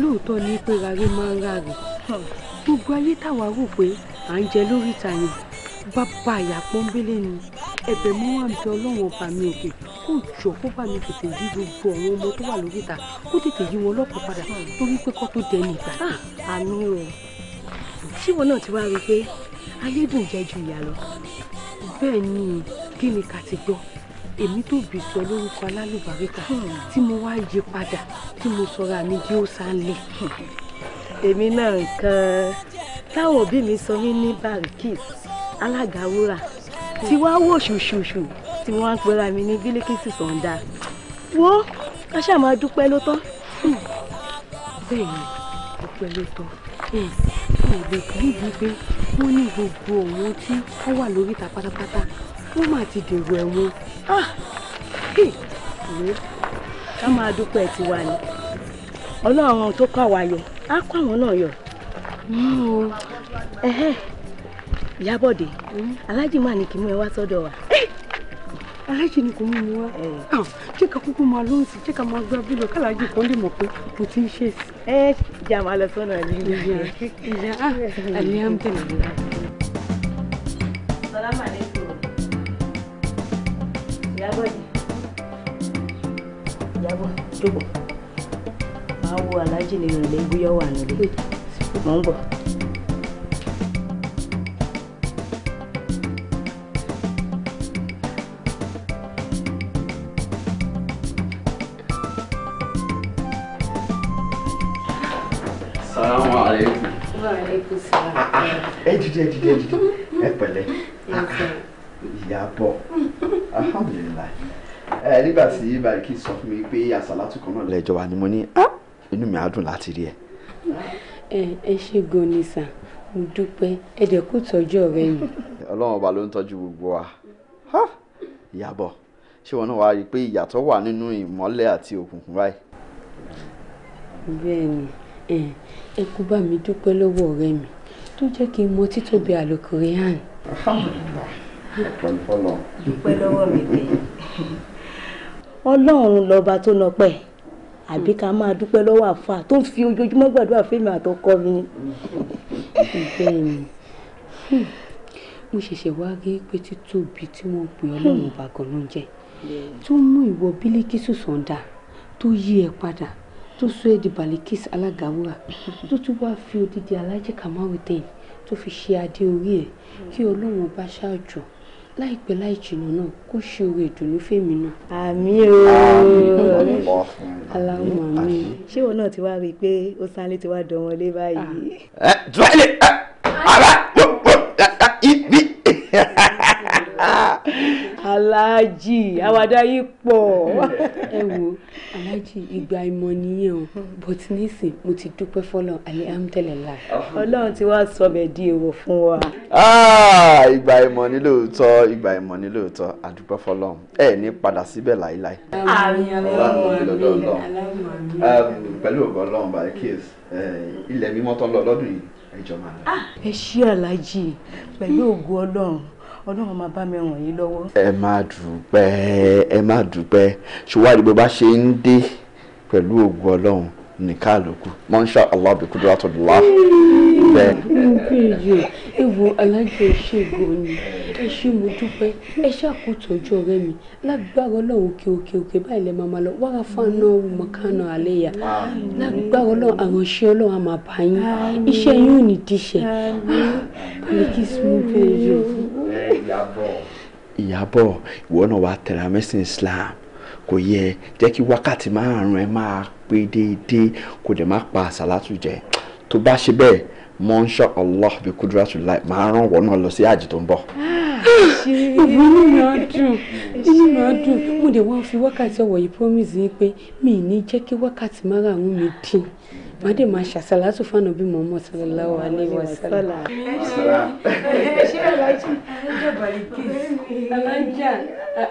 lóòótọ́ ní pé ráré máa ń ráre hmm. gbogbo ayé táwa rò pé à ń jẹ lóríta yẹn bàbá àyà pọ́nbélé ni ẹ̀bẹ̀ mú wà bí ọlọ́run ọba mi òkè kó jọ kó bá mi tètè yí gbogbo àwọn ọmọ tó wà lóríta kó tètè yí wọn lọ́pọ̀ padà hmm. torí pé kó tó dẹni ìgbà. àmì o ṣíwọ náà ti wá rí i pé ayédùn jẹ ju ìyá lọ bẹ́ẹ̀ ni kí ni ká ti gbọ́ èmi tó bì sọ lórúkọ alálùbáríkà tí mo wá yí padà tí mo sọra mi bí ó sálẹ̀ èmi náà nǹkan táwọn òbí mi sọ mí ní barikis alága wúrà tí wàá wò ṣùṣùṣù tí wọ́n á pera mi ní bílíkìsì sọ̀ǹda wo ká ṣáà máa dúpẹ́ ló tọ́ bẹ́ẹ̀ ni dúpẹ́ ló tọ́ ìgbè níbi pé wọ́n ní gbogbo òun tí ó wà lóríta pátápátá wọ́n mà ti dèrò ẹ̀wọ̀n Ah, ká máa dúpẹ́ tiwa ni ọlọ́run tó kọ́ àwa yọ á kọ́ àwọn náà yọ hmm. ìyábọ̀dé hmm. alájì máa ní kí mú ẹ wá sọ́dọ̀ wa. Eh! alájì ni kò mú mi wá ah, jẹ́ ká kúkú máa lóhùn sí jẹ́ ká máa gbá bílò kálájì kan lè mọ̀ pé mo ti ń ṣe sí. ẹ jà máa lọ sọ́nà ìyá àlẹ́ àmì tẹ̀lé mi. dùbọ̀ máa wo aláàjì ní ìrọ̀lẹ́ bóyá wà nílé mò ń bọ̀. salaamaleykum. waaleykum salaam. ẹ dìde ẹ dìde ẹ dìde ẹ pẹ̀lẹ́ ìyá bọ alhamdulilayi ẹ nígbà tí bariki sọ fún mi pé àsálàtù kan náà lẹ́jọ́ wa ni mo ní ah! inú mi á dùn láti rí ẹ. ẹ ṣe gan ni sà mo dúpẹ́ ẹ dẹ̀ kú tọ́jú ọ̀rẹ́ mi. ọlọ́run ọba ló ń tọ́jú gbogbo wa ìyàbọ̀ ṣé wọn náà wàá rí i pé ìyàtọ̀ wà nínú ìmọ́lẹ̀ àti òkùnkùn báyìí. bẹ́ẹ̀ni ẹ kú bá mi dúpẹ́ lọ́wọ́ ọ̀rẹ́ mi tó jẹ́ kí n mọ títóbi àlòkùnrin ọ̀pọ̀lọpọ̀ lọ. dúpẹ́ lọ́wọ́ mi bẹ́ẹ̀ ọlọ́run lọ́ba tó nọpẹ́ àbí ká máa dúpẹ́ lọ́wọ́ àfa tó ń fi ojoojúmọ́ gbàdúrà fẹ́mi àtọkọ mi. Hmm. mo ṣẹ̀ṣẹ̀ wá rí pé títóbi tí wọ́n pè ọlọ́run ọba gan-an jẹ́ tó mú ìwọ Bílíkísù Sàǹdà tó yí ẹ padà tó sọ ẹ di Balikis Alágàwúrà tó tún wá fi odidi Alájì Kamárùdín tó fi ṣe adé orí ẹ kí ọlọ́run ọba ṣáàjò láìpẹ́ láì jìnnà náà kó ṣe oore ìdùnnú fèmí náà. àmì ooo aláwọ̀ àmì. ṣé òun náà ti wá rí i pé ó sáré ti wá dán wọn ah. eh, lé báyìí. ẹ tí wọ́n lè ara ibi. aláàjì àwàdà yìí pọ̀ ẹ wo aláàjì ìgbà ìmọ̀ nìyẹn o but nísìn mo ti dúpẹ́ fọlọ́ alihamdulilayi ọlọ́run ti wá sọ bẹ́ẹ̀ di èèwọ̀ fún wa. Ah, ìgbà ìmọ̀ ni lóòótọ́ ìgbà ìmọ̀ ni lóòótọ́ àdúpẹ́ fọlọ́ ẹ ní padà síbẹ̀ láíláí. àmín ọlọ́run mi pẹ̀lú ògbọ́n ọlọ́run bàrẹ́ kíyèsí ilẹ̀ mímọ́ tó ń lọ lọ́dún yìí ẹ jọ máa lọ. Ah! ẹ ṣí alaji, pẹ̀lú ògùn ọlọ́run ọlọ́run máa bá mi ràn yín lọ́wọ́. ẹ máa dúpẹ́ ẹ máa dúpẹ́ ṣùwádìí bó bá ṣe ń dé pẹ̀lú ògùn ọlọ́run nìkan àlòkù mọ́ńṣá alábìkúdúrà tó lọ́wọ́ ewo alájọ ẹṣẹ gan ni ẹ ṣé mo dúpẹ́ ẹ ṣàkótọjú ọ̀rẹ́ mi lágbára Ọlọ́run òkè òkè òkè báyìí lẹ máa lọ wàrà fáná mọkànà àléyà lágbára Ọlọ́run àránṣẹ Ọlọ́run àmà báyìí iṣẹ́ yín ò ní díṣẹ́ ah, Bilkis mo fẹ́ yọ. Ìyábọ̀ ìwọ náà wàá tẹ̀ra mẹ́sìn Islam kò yẹ jẹ́ kí wákàtí márùn-ún ẹ máa pé déédéé kò dẹ̀ má pa àṣà látújẹ tó bá ṣe bẹ́ẹ̀ mo ń ṣọ allah bí kúdúrà tó láì máa ràn wọ́n náà lọ sí àjì tó ń bọ̀. Ah, ìwé inú mi á dùn inú mi á dùn mo dé wá fi wákàtí ọ̀wọ̀ yìí promise yín pé mi ní jẹ́ kí wákàtí márààrún mi dín má dé máa ṣàṣàlátù fáànà bí mo mọ̀ sallallahu alaihi wasallam.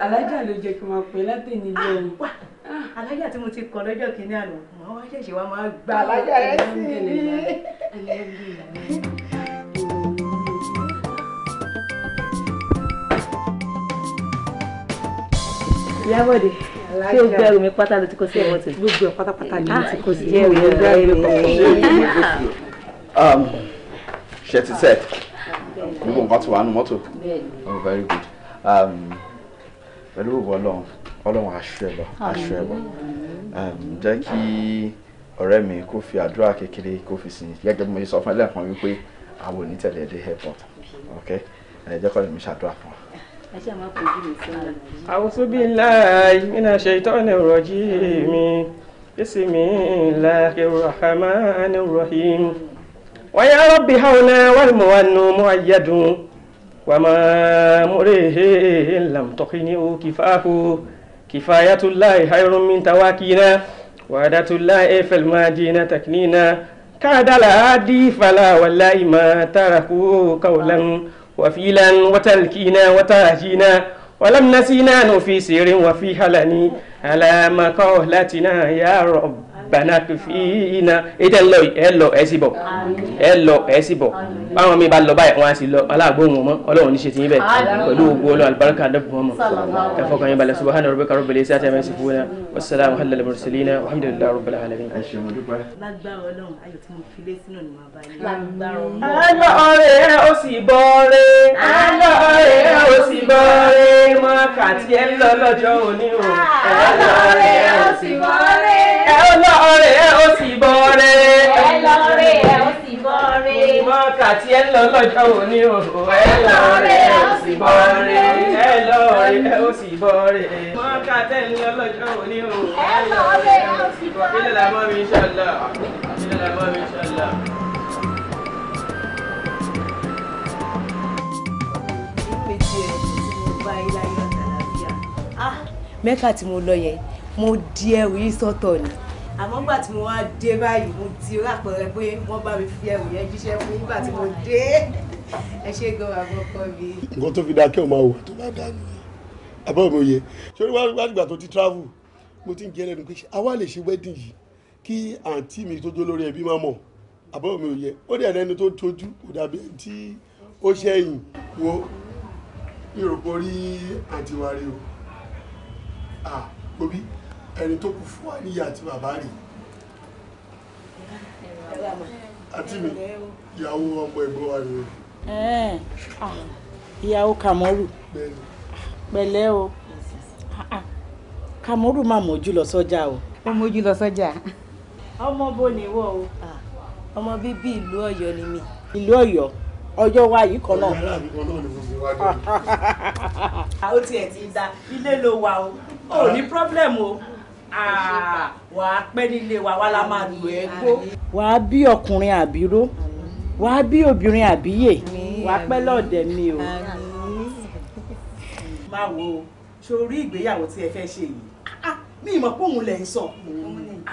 alájà ló jẹ́ kí n máa pè láti ní ilé òun. Ah, ah. alájà tí mo ti kọ lọ́jọ́ kìíní àná màá wá ṣẹ̀ṣẹ̀ wá máa gba alájà rẹ̀ sí i. Ìyábọ̀dé tí ó gbẹrù mi pátá ló ti kó sí ẹ̀wọ̀n tì. gbogbo ẹ̀ pátápátá ni mo ti kó sí ẹ̀wọ̀n tì. Ah. Um, ṣé ìwé kọ̀ọ̀kan ṣe ti set gbogbo nǹkan ti wà nù mọ́tò. oh very good um, pẹ̀lú òwò ọlọ́run ọlọ́run aṣọ ẹ̀ lọ aṣọ ẹ̀ lọ jẹ́ kí ọ̀rẹ́ mi kó fi àdúrà kékeré kó fi sìn gẹ́gẹ́ bí mo ṣe sọ fún ẹ lẹ́ẹ̀kan wípé àwọn ò ní tẹ̀lé dé airport ok ẹ jẹ́ kọ́ lè mi ṣàdúrà fún ọ. أعوذ بالله من الشيطان الرجيم بسم الله الرحمن الرحيم ويا رب هونا والمؤن مؤيد وما مريه لم تخنه كفاه كفاية الله خير من تواكينا وعدة الله في المدينة تكنينا كاد العادي فلا والله ما تركوا قولا وفيلا وتلكينا وتهجينا ولم نسينا نفي سير وفي هلن على مقولتنا يا رب banatu fiina ètò ńlọ yìí ẹ lọ ẹ sì bọ̀ ẹ lọ ẹ sì báwọn mi bá lọ báyìí wọn á sì lọ aláàgbóhùn mọ Ọlọ́run ní ṣe ti yín ògbó Ọlọ́run alibarika adébù mọ ẹ fọkàn yín balẹ̀ subahana rabbika rabbil izzati amma yasifuna wasalaamu alal mursalina alhamdulillahi rabbil alamin. lágbára Ọlọ́run ayọ̀ tí mo fi lé sínú ni ó sì bọ́ ọ̀rẹ́ ó sì bọ́ mọ kàtí ẹ lọ lọ́jọ́ ọ̀rẹ́ ẹ ó sì bọ̀ ọ̀rẹ́. ẹ lọ́ọ̀rẹ́ ẹ ó sì bọ̀ ọ̀rẹ́. mo kàtí ẹ lọ lọ́jọ́ òní o. ẹ lọ́ọ̀rẹ́ ẹ ó sì bọ̀ ọ̀rẹ́. ẹ lọ́ọ̀rẹ́ ẹ ó sì bọ̀ ọ̀rẹ́. mo kàtí ẹ lọ lọ́jọ́ òní o. ẹ lọ́ọ̀rẹ́ ẹ ó sì bọ̀ ọ̀rẹ́. ilé làbọ̀ mi ṣọlá. ilé làbọ̀ mi ṣọlá. Ah, mẹ́ka tí mo lọ yẹn mo di ẹrù yìí sọ́tọ̀ ni àmọ́ gbà tí mo wá dé báyìí mo ti rà pẹ̀rẹ̀ pé wọ́n bá mi fi ẹrù yẹn jíṣẹ́ fún nígbà tí mo dé ẹ ṣe gan àkọ́kọ́ mi. nǹkan tó fi dáa kí o máa wà tó bá dáa nìyẹn àbọ̀ mi ò yẹ sórí wá nígbà tó ti travel mo ti ń jẹ́ lẹ́nu pé àwa lè ṣe wedding yìí kí àǹtí mi tó jó lórí ẹbí má mọ̀ àbọ̀ mi ò yẹ ó dẹ̀ lẹ́nu tó tójú kò dàbí ẹni tí ó ṣẹ̀yìn wo mi ò borí àǹtí wa rí o ah òbí ẹni tó kù fún wa níyà àti bàbá rè àti mi ìyàwó ọmọ ẹ̀gbọ́n wa rè. Ah, ìyàwó Kàmọ́rù pẹ̀lẹ́ o ah, ah. Kàmọ́rù máa mọ̀jú lọ sọ́jà o. ó mọ̀jú lọ sọ́jà. ọmọ bo ni wọ o ọmọ bíbí ìlú Ọ̀yọ́ ni mi. ìlú Ọ̀yọ́ ọjọ́ wa yìí kan náà. ọ̀yọ́ àbí kan náà ni mo fi wá dé. ó tiẹ̀ ti da ilé ló wà o ò ní pírọ́blẹ̀mù o wà á pẹ́ nílé wa wá la máa lù ẹ́ gbó. wà á bí ọkùnrin àbíró wà á bí obìnrin àbíyè wà á pẹ́ lọ́ọ̀dẹ̀ mi o. máa wo sórí ìgbéyàwó tí ẹ fẹ́ ṣe yìí ah, mi ìmọ̀ pé òun lẹ̀ ń sọ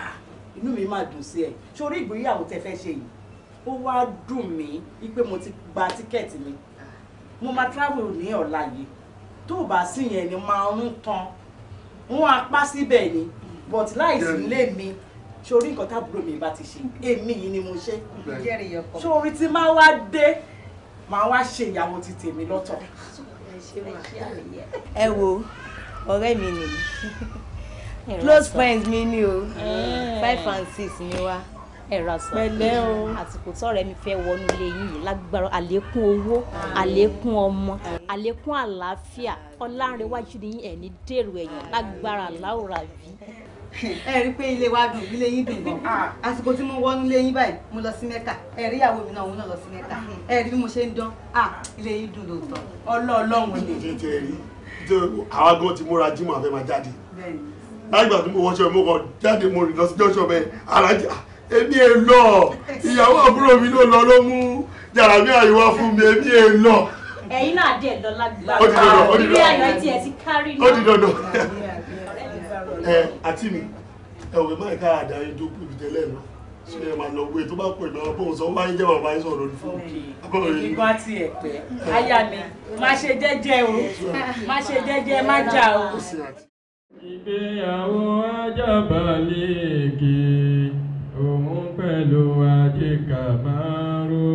ah, inú mi máa dùn sí ẹ sórí ìgbéyàwó tẹ fẹ́ ṣe yìí ó wá dùn mí wípé mo ti gba tíkẹ́ẹ̀tì mi mo máa travel ní ọ̀la yìí tó bá sí yẹn ni máa ń tan wọn apá síbẹ̀ ni but láìsí ilé mi sórí nǹkan tábúrò mi bá ti ṣe èmi yìí ni mo ṣe sórí tí máa wá dé máa wá ṣe ìyàwó ti tèmi lọ́tọ̀. ẹ wo ọ̀rẹ́ mi nìyí close friends mi ni o eh. five and six ni wa ẹ̀rọ sọ pẹ̀lẹ́ o àsìkò tọ́rẹ́ mi fẹ́ wọnú ilé yìí lágbára àlékún owó àlékún ọmọ àlékún àlàáfíà ọlárẹ̀wájú ni ẹ̀ní dèrò ẹ̀yìn lágbára láwùrà bí ẹ rí pé ilé wa dùn ilé yín dùn gan ah. àsìkò tí mo wọnú ilé yín báyìí mo lọ sí mẹ́kà ẹ rí ìyàwó mi náà òun náà lọ sí mẹ́kà hmm. ẹ rí bí mo ṣe ń dán ah, ilé yín dùn lóòótọ́ ọlọ́ọ̀lọ́hún ni. ṣe tẹ rí àwa gan ti múra jí màá fẹ́ máa jáde lágbà tí mo wọṣọ mo kàn jáde mo rìn lọ sí jọ́ṣọ bẹ́ẹ̀ alájà ah, èmi ẹ lọ ìyàwó àbúrò mi ló lọ ló mú yàrá mi àyíwá fún mi èmi ẹ lọ. ẹ̀yin náà dẹ̀ lọ lágbàá ilé ayọ̀ tí ẹ ti kárí ó di dandan ẹ àti mi ẹ òwe máa ká àdáyé dúpọ̀ ibi tẹ́lẹ̀ náà ṣe máa lọ wé tó bá pè náà bóun sọ wáyé jẹ́ bàbá yín sọ̀rọ̀ lórí fún mi. èyí bá ti ẹ̀ pẹ́ aya mi má ṣe jẹ́jẹ́ o má ṣe jẹ́jẹ́ má jà o. ìgbéyàwó ajábalẹ̀ èké òun pẹ̀lú ajé kàmárù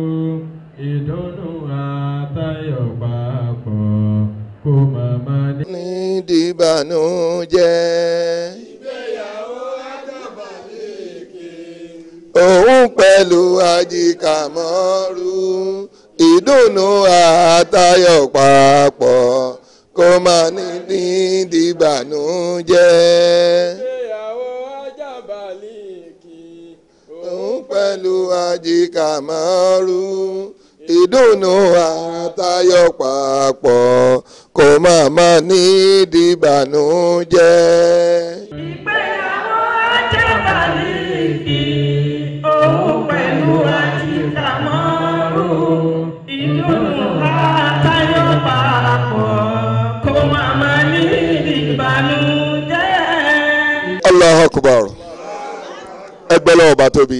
ìdùnnú àtayọ̀ papọ̀ kó màmá ní. ní dìbànújẹ́. òun pẹ̀lú àjìkàmọ́rú ìdùnnú àtayọ̀ papọ̀ kó má ní ní dìbànújẹ́. ìyàwó ajábàlì kì í òun pẹ̀lú àjìkàmọ́rú ìdùnnú àtayọ̀ papọ̀ kó má má ní dìbànújẹ́. akubar ẹgbẹ́lẹ́ ọba tóbi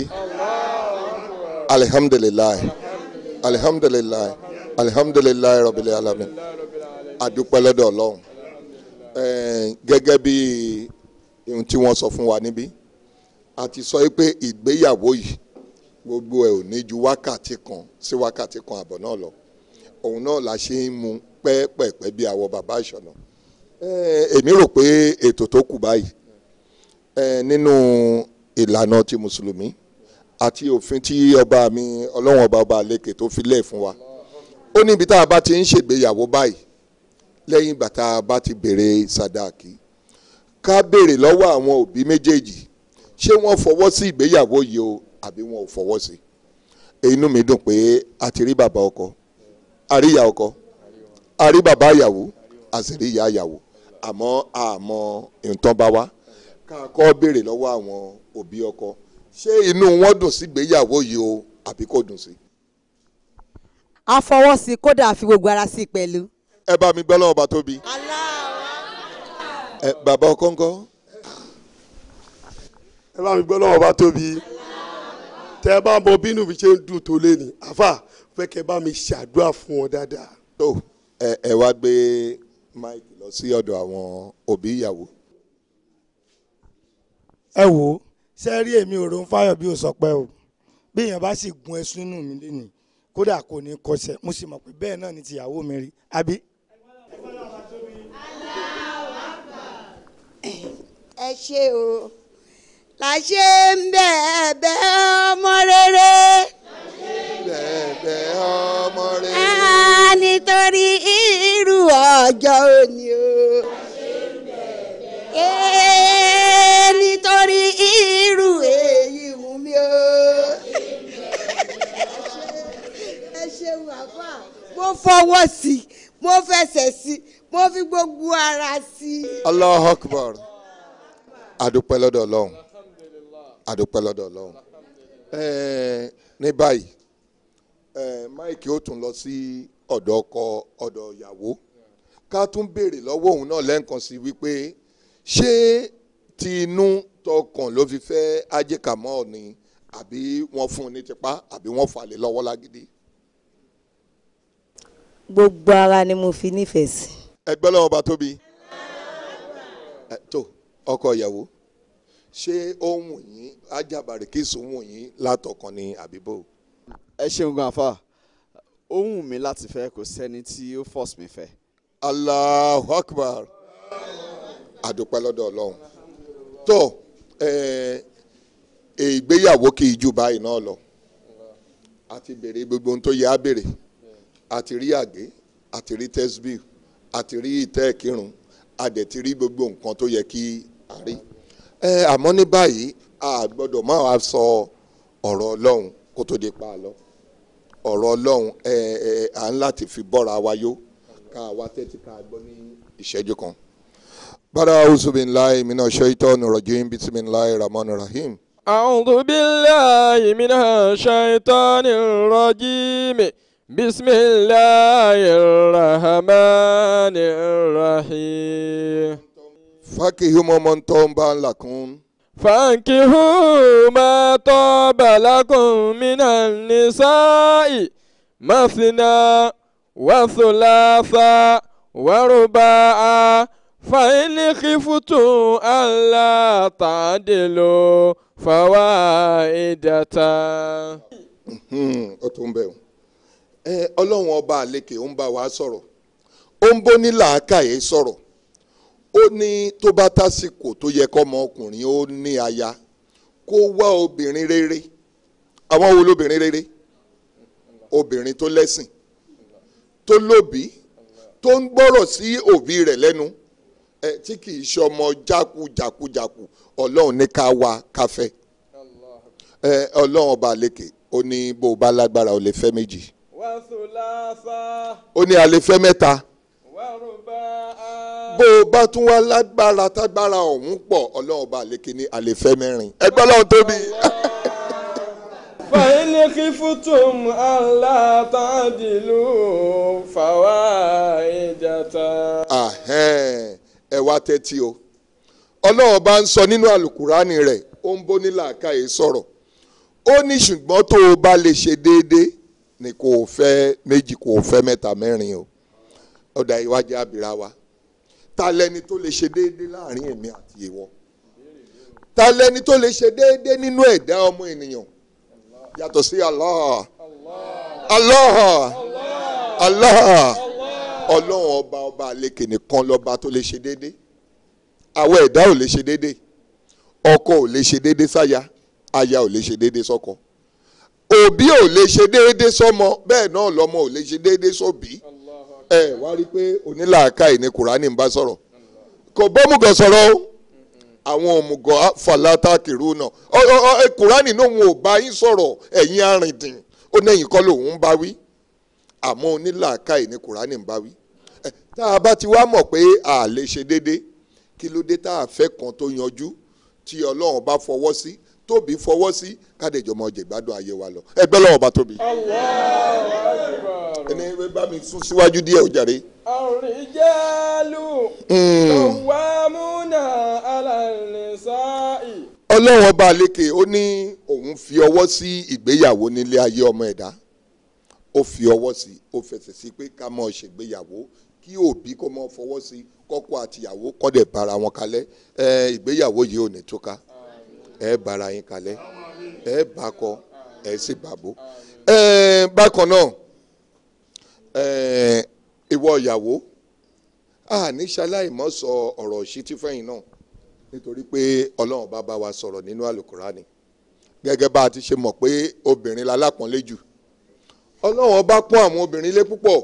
alihamdulilayi alihamdulilayi alihamdulilayi rọ̀bìlẹ̀ alamin adúpẹ́lẹ́dọ̀ ọlọ́run gẹ́gẹ́ bí ohun tí wọ́n sọ fún wa níbí a ti sọ pé ìgbéyàwó yìí gbogbo ẹ̀ ò ní ju wákàtí kan sí wákàtí kan àbọ̀ náà lọ òun náà la ṣe ń mu pẹ́ẹ́pẹ́ẹ́pẹ́ bí àwọ̀ bàbá ìṣọ̀nà èmi rò pé ètò tó kù báyìí nínú ìlànà ti mùsùlùmí àti òfin tí ọba mi ọlọ́wọ́n ọba ọba àlekè tó fi lẹ̀ fún wa ó ní ibi tá a bá ti ń ṣègbéyàwó báyìí lẹ́yìn ìgbà tá a bá ti béèrè sàdáàkì ká béèrè lọ́wọ́ àwọn òbí méjèèjì ṣé wọ́n fọwọ́ sí ìgbéyàwó yìí o àbí wọn ò fọwọ́ sí inú mi dùn pé a ti rí bàbá ọkọ a rí ìyá ọkọ a rí bàbá ìyàwó a sì rí ìyá ìyàwó àmọ́ àmọ́ ìtàn bá wa ká kọ́ béèrè lọ́wọ́ àwọn òbí ọkọ ṣé inú wọn dùn sí ìgbéyàwó yìí o àbí kò dùn sí. a fọwọ́ sí kódà àfi gbogbo ara sí pẹ̀lú. ẹ bá mi gbọ́ lọ́wọ́ bá tóbi. ẹ bàbá ọkọ ńkọ́. ẹ bá mi gbọ́ lọ́wọ́ tóbi. tẹ bá mọ bínú mi ṣe ń dùn tó lé ní àfà fẹ́ kẹ́ bá mi ṣàdúrà fún wọn dáadáa. ẹ wá gbé máìkì lọ sí ọ̀dọ̀ àwọn òbí ìyàwó ẹ wò ó ṣe rí èmi ò ron fáyọ̀ bí o sọ pé o bí èèyàn bá sì gun ẹṣin inú mi lénìí kódà kò ní kọsẹ̀ mo sì mọ̀ pé bẹ́ẹ̀ náà ni tìyàwó mi rí àbí. ẹ ṣe o la ṣe ń bẹ́ẹ̀ bẹ́ẹ̀ ọmọ la ṣe ń bẹ́ẹ̀ bẹ́ẹ̀ ọmọ rere. nítorí irú ọjọ́ òní o. la ń bẹ́ẹ̀ ọmọ rere nítorí irú èyí wù mí o. ẹ ṣeun àfà mo fọwọ́ sí i mo fẹsẹ̀ sí i mo fi gbogbo ara sí i. Allahu Akbar adúpẹ́ lọ́dọ̀ ọlọ́run adúpẹ́ lọ́dọ̀ ọlọ́run ní báyìí Mike ó tún lọ sí ọ̀dọ̀ ọkọ ọ̀dọ̀ ìyàwó ká tún béèrè lọ́wọ́ òun náà lẹ́ǹkan sí wípé ṣé ti inú tọkàn ló fi fẹ́ ajẹ́kàmọ́ ni àbí wọ́n fún un ní tipá àbí wọ́n fà lé lọ́wọ́ lágídí. gbogbo ara ni mo fi nífẹ̀ẹ́ sí. ẹgbẹ́ lọ́wọ́ bá tóbi. ẹ tó ọkọ ìyàwó ṣé ó ń wù yín ajábàrè kí sùn wù yín látọkàn ni àbíbò. ẹ ṣeun gan afa ó wù mí láti fẹ́ kò sẹ́ni tí ó force mi fẹ́. Allahu Akbar adúpẹ́ lọ́dọ̀ Ọlọ́run tó ìgbéyàwó kì í ju báyìí náà lọ àti béèrè gbogbo ohun tó yẹ á béèrè àti rí àgé àti rí tẹ́sbíù àti rí ìtẹ́ ìkírun àdẹ̀tí rí gbogbo nǹkan tó yẹ kí a rí àmọ́ ní báyìí a gbọ́dọ̀ máa wá sọ ọ̀rọ̀ ọlọ́run kó tó di pa lọ ọ̀rọ̀ ọlọ́run à ń láti fi bọ́ra wa yó ká wa tẹ́tí ká gbọ́ ní ìṣẹ́jú kan bada auzu billahi minash shaitani rajim bismillahir rahmanir rahim. أعوذ بالله من الشيطان الرجيم بسم الله الرحمن الرحيم فاكهوا من طوبى لكم فانكحوا ما طاب لكم من النساء مثنى وثلاث ورباع فإن خفتم ألا تعدلوا فواحدة. ó tún bẹ́ẹ̀ ẹ ọlọ́run ọba àlekè ó ń bá wa sọ̀rọ̀ ó ń bó ní làákàyè sọ̀rọ̀ ó ní tó bá tásìkò tó yẹ kọ́mọ ọkùnrin ó ní aya kó wá obìnrin rere àwọn wo lóbìnrin rere obìnrin tó lẹ́sìn tó lóbi tó ń gbọ́rọ̀ sí òbí rẹ̀ lẹ́nu ẹ tí kì í ṣe ọmọ jákujàkujàku ọlọ́run ní ká wá ká fẹ́ ẹ ọlọ́run ọba àlekè ó ní bó o bá lágbára ó lè fẹ́ méjì ó ní a mẹ́ta bó o bá tún wá lágbára tágbára ọ̀hún pọ̀ ọlọ́run ọba àlekè ní a lè fẹ́ mẹ́rin ẹgbẹ́ ọlọ́run tóbi. فإن خفتم ألا تعدلوا فواحدة. ẹ wá tẹ́tí o ọlọ́run bá ń sọ nínú àlùkùránì rẹ̀ ó ń bó nílà káyé sọ̀rọ̀ ó ní ṣùgbọ́n tó o bá lè ṣe déédéé ni kò fẹ́ méjì kò fẹ́ mẹ́ta mẹ́rin o ọ̀dà ìwádìí àbírà wa ta lẹni tó lè ṣe déédéé láàrin èmi àti ìwọ ta lẹni tó lè ṣe déédéé nínú ẹ̀dá ọmọ ènìyàn yàtọ̀ sí Allah Allah Allah ọlọ́run ọba ọba àlekè nìkan lọ́ba tó lè ṣe déédéé àwọn ẹ̀dá ò lè ṣe déédéé ọkọ ò lè ṣe déédéé sáya aya ò lè ṣe déédéé sọ́kọ òbí ò lè ṣe déédéé sọ́mọ bẹ́ẹ̀ náà lọ́mọ ò lè ṣe déédéé sóbí ẹ wá rí i pé onílàákàyè ni kùránì ń bá sọ̀rọ̀ kò bọ́mùgọ̀ sọ̀rọ̀ o àwọn òmùgọ̀ fàlàtà kìrú náà kùránì náà òun ò bá yín sọ̀rọ̀ ẹ̀yin arìndìn ó náà yín kọ́ lòun ń bá wí àmọ́ onílàákàyè ní kùránì ń bá wí eh, tá a bá ti wá mọ̀ pé a lè ṣe déédé kí ló dé tá a fẹ́ kan tó yanjú tí ọlọ́run bá fọwọ́ sí tóbi fọwọ́ sí kádéjọmọ jẹ̀gbádùn ayé wa lọ ẹgbẹ́ lọ́wọ́ bá tóbi. ẹni bá mi sún síwájú díẹ̀ ó jàre. àrùjálù lọ́wọ́múnà alàlẹ́sáì. ọlọ́run ọba àlekè ó ní òun fi ọwọ́ sí ìgbéyàwó nílé ayé ọmọ ẹ̀dá ó fi ọwọ́ sí ó fẹsẹ̀ sí pé ká mọ̀ ṣègbéyàwó kí òbí kó mọ̀ fọwọ́ sí kọ́kọ́ àtìyàwó kọ́dẹ̀ bára wọn kalẹ̀ ẹ ìgbéyàwó yìí ò ní túká ẹ bára yín kalẹ̀ ẹ bákọ ẹ sì bàbó ẹ bákan náà ẹ ìwọ ìyàwó a ní ṣaláìmọ́ sọ ọ̀rọ̀ òṣìtí fẹ́yìn náà nítorí pé ọlọ́run bá bá wa sọ̀rọ̀ nínú àlùkùránì gẹ́gẹ́ bá a ti ṣe mọ̀ pé obìnrin lalápọ̀nlé jù. Ọlọ́wọ́n bá pọ́n àwọn obìnrin lé púpọ̀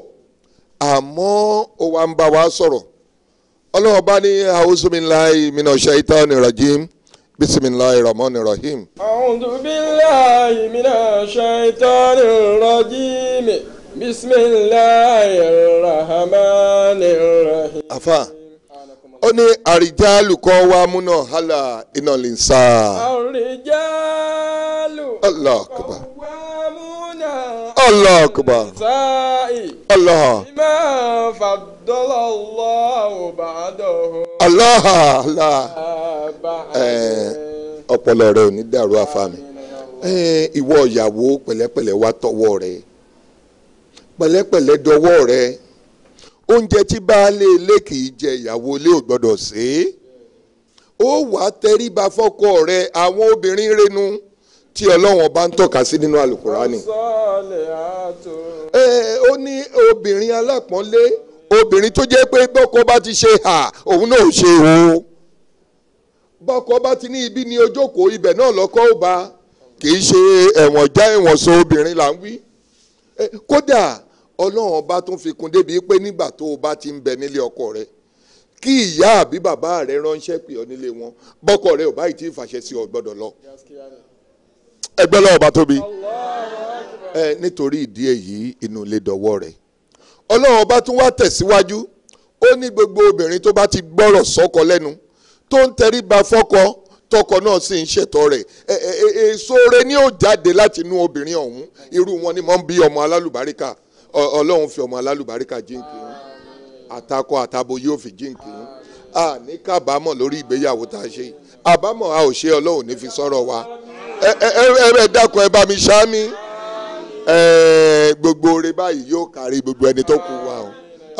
àmọ́ ó wá ń bá wa sọ̀rọ̀ Ọlọ́wọ́n bá ní auzubillahi minash shaitani rajim bisimilahi rahmani rahim. auzubillahi minash shaitani ó ní àrìjálù kan múná hàlà iná lè الله Akbar. الله بما Allah الله بعده الله الله ọpọlọ rẹ ò ní dàrú àfàmì ìwọ ìyàwó pẹ̀lẹ́pẹ̀lẹ́ wá tọwọ́ rẹ pẹ̀lẹ́pẹ̀lẹ́ dọwọ́ rẹ oúnjẹ tí baálé ilé kì í jẹ ìyàwó ilé ò gbọ́dọ̀ ṣe ó wàá tẹríba fọ́kọ rẹ àwọn obìnrin renu tí ọlọ́run ọba ń tọ́ka sí nínú alukurani. ó ní obìnrin alápọ̀nlé obìnrin tó jẹ́ pé bọ́kọ bá ti ṣe hà òun náà ò ṣe o bọ́kọ bá ti ní ibi ní ojókòó ibẹ̀ náà lọ́kọ́ ó bá kì í ṣe ẹ̀wọ̀n já ẹ̀wọ̀n so obìnrin là ń wí kódà ọlọ́run ọba tún fi kún débi pé nígbà tó o bá ti ń bẹ nílé ọkọ rẹ kí ìyá àbí bàbá rẹ ránṣẹ́ pè ọ́ nílé wọn bọ́kọ rẹ ò báyìí tí ì fàṣẹ sí ọ gbọ́dọ̀ lọ ẹgbẹ́ lọ́wọ́ bá tóbi ẹ nítorí ìdí èyí inú ilé dọwọ́ rẹ̀ ọlọ́run ọba tún wá tẹ̀síwájú ó ní gbogbo obìnrin tó bá ti gbọ́rọ̀ sọ́kọ lẹ́nu tó ń tẹríba fọ́kọ tọkọ náà sì ń ṣètò rẹ̀ èso rẹ̀ ni ó jáde láti inú obìnrin ọ̀hún irú wọn ni mo ń bí ọmọ alálùbáríkà ọlọ́run fi ọmọ alálùbáríkà jíǹkì yín àtakọ àtabo yóò fi jíǹkì yín a ní kábàámọ̀ lórí ìgbéyàwó tá a ṣe àbámọ̀ a ò ṣe ọlọ́run ní fi sọ̀rọ̀ wa ẹ dákun ẹ bá mi ṣá mi gbogbo oore báyìí yóò kárí gbogbo ẹni tó kù wa o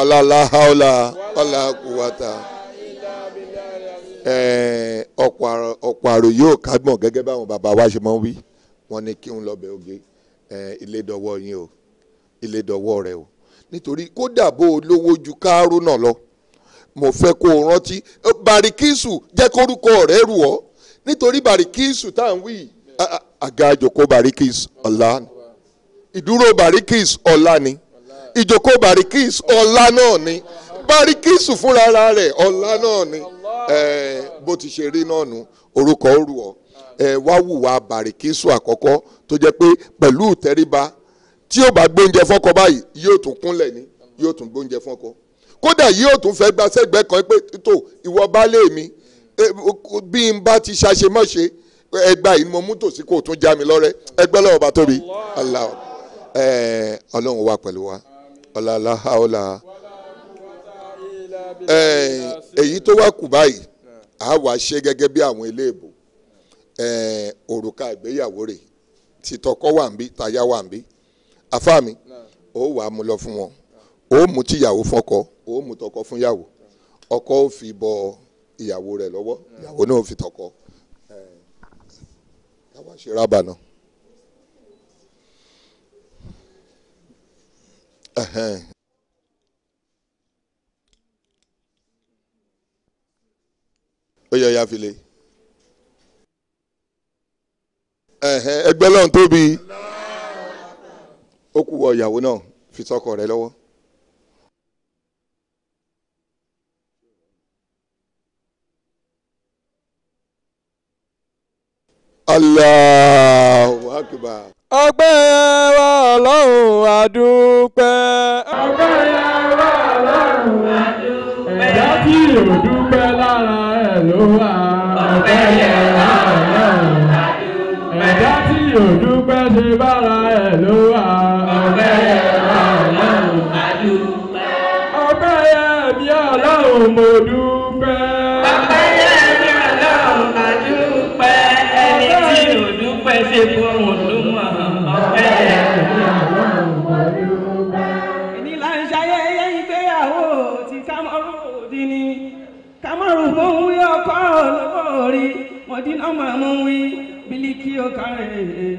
ọlọlá ọlá ọlá kù wá ta ọ̀pọ̀ àrò yóò kágbọ̀n gẹ́gẹ́ báwọn bàbá wa ṣe máa ń wí wọ́n ní kí n lọ bẹ̀ oge ilé dọ̀wọ́ yín o ilé dọ̀wọ́ rẹ o nítorí kódà bó o lówó ju káárò náà lọ mo fẹ́ kó o rántí bàríkìsù jẹ́ kórúkọ rẹ̀ rù ọ́ nítorí bàríkìsù tá à ń wí yìí àga ìjòkó barikis ọ̀la ìdúró barikis ọ̀la ni ìjòkó barikis ọ̀la náà ni barikis fúnra rẹ̀ ọ̀la náà ni bó ti ṣe rí náà nu orúkọ òru ọ wá wùwà barikisu àkọ́kọ́ tó jẹ́ pé pẹ̀lú ìtẹríba tí yóò bá gbóúnjẹ fọ́kọ báyìí yóò tún kúnlẹ̀ ni yóò tún gbóúnjẹ fọ́kọ kódà yóò tún fẹ́ gba sẹ́gbẹ́ kan pé tó ìwọ baálé mi bí n bá ti ṣàṣemọ́ṣe ẹgbà yìí mo mú tòsí kò tún já mi lọ́rẹ́ ẹgbẹ́ lọ́wọ́ bá tóbi Allah ẹ ọlọ́run wà pẹ̀lú wa ọ̀làlá haola ẹ èyí tó wá kù báyìí a wá ṣe gẹ́gẹ́ bí àwọn eléèbò ẹ òrùka ìgbéyàwó rẹ̀ tìtọ́kọ wà ń bí táyà wà ń bí afá mi ó wà á mú lọ fún wọn ó mú tìyàwó fọkọ ó mú tọkọ fún ọkọ ó fi bọ ìyàwó rẹ̀ lọ́wọ́ ìyàwó náà ó fi tọkọ káwá ṣe rábà náà. ó yẹ ya file ẹgbẹ́ lọ́n tóbi ó kú wọ ìyàwó náà fi sọ́kọ rẹ lọ́wọ́. Allahu Akbar. ọpẹ́ wa ọlọ́run àdúpẹ́. ọpẹ́ wa ọlọ́run àdúpẹ́. ẹ̀dá tí ò dúpẹ́ lára ẹ̀ ló wà. ọpẹ́ wa ọlọ́run àdúpẹ́. ẹ̀dá tí ò dúpẹ́ ṣe bára ẹ̀ ló wà. ọpẹ́ wa ọlọ́run àdúpẹ́. ọpẹ́ yẹn mi ọlọ́run mo dúpẹ́. kúndùmọ̀ ọ̀pẹ ìyàwó mọ̀lúbà. èyí là ń ṣayẹyẹ ìgbéyàwó ti kámọ́rù òdì ni kámọ́rù mò ń wí ọkọ lọ́wọ́ rí mọ̀dínà mọ̀ mọ̀ ń wí bílíkì ọ̀kàrẹ̀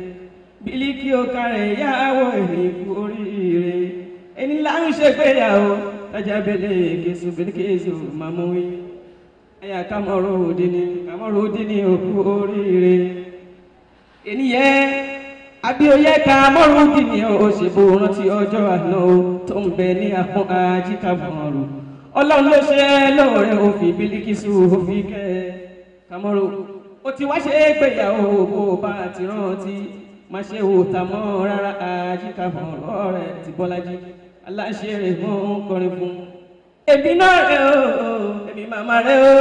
bílíkì ọ̀kàrẹ̀ ìyàwó ẹ̀yìn kú oríire òkú oríire ènìyàn abioye ka mọ́rùndì ni ó ṣe bó rántí ọjọ́ àná tó ń bẹ ní àpọ́n ajíkàmọ́rù ọlọ́run ló ṣe lóore òfin bílíkìsù òfin kẹ kàmọ́rù ó ti wá ṣe é gbéyàwó bó bá ti rántí má ṣe wò tà mọ́ rárá ajíkàmọ́rù ọ̀rẹ́ ti bọ́lájí aláṣẹ rẹ̀ mọ́ ń kọrin fún un. Ebi náà rẹ o èmi màmá rẹ o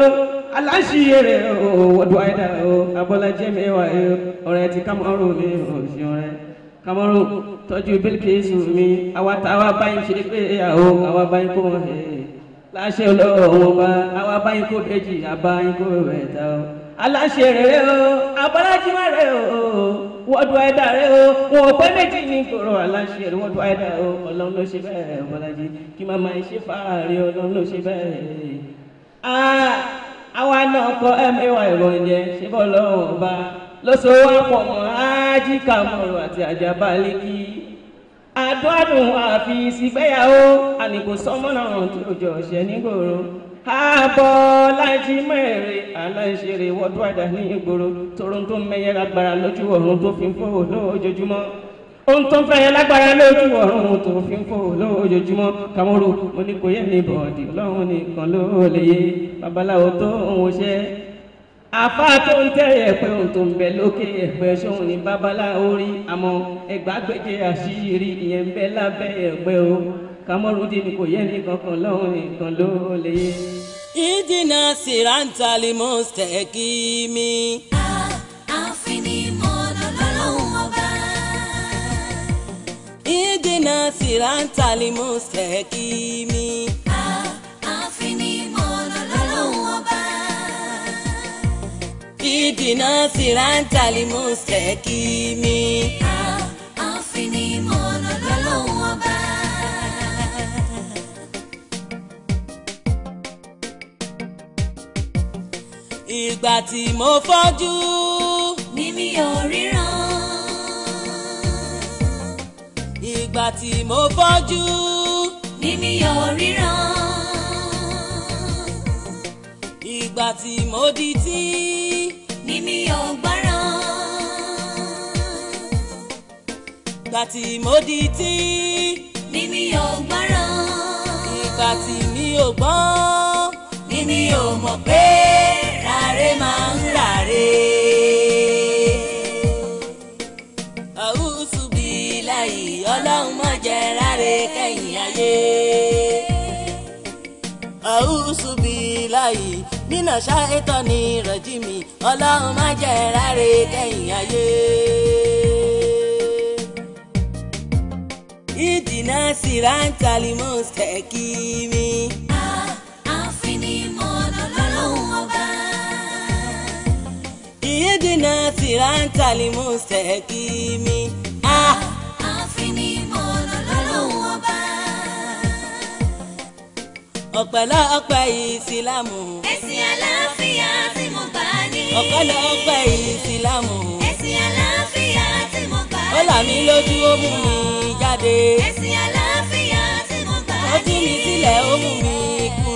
aláṣìíye rẹ o wọ́dọ̀ àìdá o abọ́lájẹ mi wà o ọ̀rẹ́ ti kámọ́rún mi o sí ọ̀rẹ́ kámọ́rún tọ́jú bílíkìsì mi àwa táwa báyìí ṣe pé àwọ àwa báyìí kò hẹ̀ láṣẹ ọlọ́wọ́ wọn bá àwa báyìí kò bẹ́jì àbáyìí kò bẹ̀ẹ̀ o aláṣẹ rere o abọ́lájímọ̀ rẹ o wọ́dù ẹ̀dá rẹ o wọn ò pẹ́ méjì ní kòrò aláṣẹ rẹ wọ́dù ẹ̀dá o ọlọ́run ló ṣe bẹ́ẹ̀ bọ́lájí kí màmá ẹ̀ ṣe fàárẹ̀ ọlọ́run ló ṣe bẹ́ẹ̀. àwa náà kọ mẹ́wàá ìròyìn yẹn ṣé bọ́ lọ́wọ́ ọba lọ́sọ̀wọ́pọ̀ mọ́ ájí kàmọ́rò àti àjàbálẹ́kì àdó àdùn àfi sígbéyàwó àníkò sọ́mọ́nà tó jọ ṣẹ́ nígboro abọ́lájí mẹ́rin aláìṣeré wọ́dúwàdà ní ìgboro torun tó mẹ́yẹ lágbára lójú ọ̀run tó fi ń fò lójoojúmọ́ ohun tó ń fẹ́yẹ lágbára lójú ọ̀run tó fi ń fò lójoojúmọ́ kàmúrò mo ní kò yẹ ní bọ̀ọ̀dì ọlọ́run nìkan ló lè yé babaláwo tó òun ṣe àfa tó ń tẹ̀yẹ̀ pé ohun tó ń bẹ lókè ẹ̀pẹ́ sóhun ní babaláwo rí àmọ́ ẹgbàgbẹ́jẹ àṣírí ìyẹn ń bẹ lábẹ́ ẹ̀pẹ́ o kàmúrò dín ní kò yẹ ní kankan lọ́run nìkan ló lè yé ìdínà sìrántà lè mọ̀ sẹ́kì mi. àfinimọ̀nà lọ́lọ́run ọba. ìdínà sìrántà lè mọ̀ sẹ́kì mi. àfinimọ̀nà lọ́lọ́run ọba. ìdínà sìrántà lè mọ̀ sẹ́kì mi. Ah, ìgbà tí mo fọ́jú. ni mi ò ríran. ìgbà tí mo fọ́jú. ni mi ò ríran. ìgbà tí mo dití. ni mi ò gbọ́ràn. ìgbà tí mo dití. ni mi ò gbọ́ràn. ìgbà tí mi ò gbọ́. ni mi ò mọ̀ pé ràrè máa ń ràrè. àwùjọ bíi láyé ọlọ́run mọ̀ jẹ́ ràrè kẹ́yìn ayé. àwùjọ bíi láyé nínà ṣáìtọ́ ni rọ̀jí mi ọlọ́run má jẹ́ ràrè kẹ́yìn ayé. ìdìnnà sí rántálímọ́sì kẹ́kí mi. ìyédènà tìrà ń tàlí mùsẹ̀kìmí. àfinimọ̀nà lọ́lọ́run ọba. Ah. ọ̀pẹ̀lọ́pẹ̀ ìsìlámù. ẹ̀sìn aláfíà tí mo bá ní. ọ̀pẹ̀lọ́pẹ̀ ìsìlámù. ẹ̀sìn aláfíà tí mo bá ní. ó là mí lójú ó mú mi jáde. ẹ̀sìn aláfíà tí mo bá ní. ó tú mi sílẹ̀ ó mú mi kú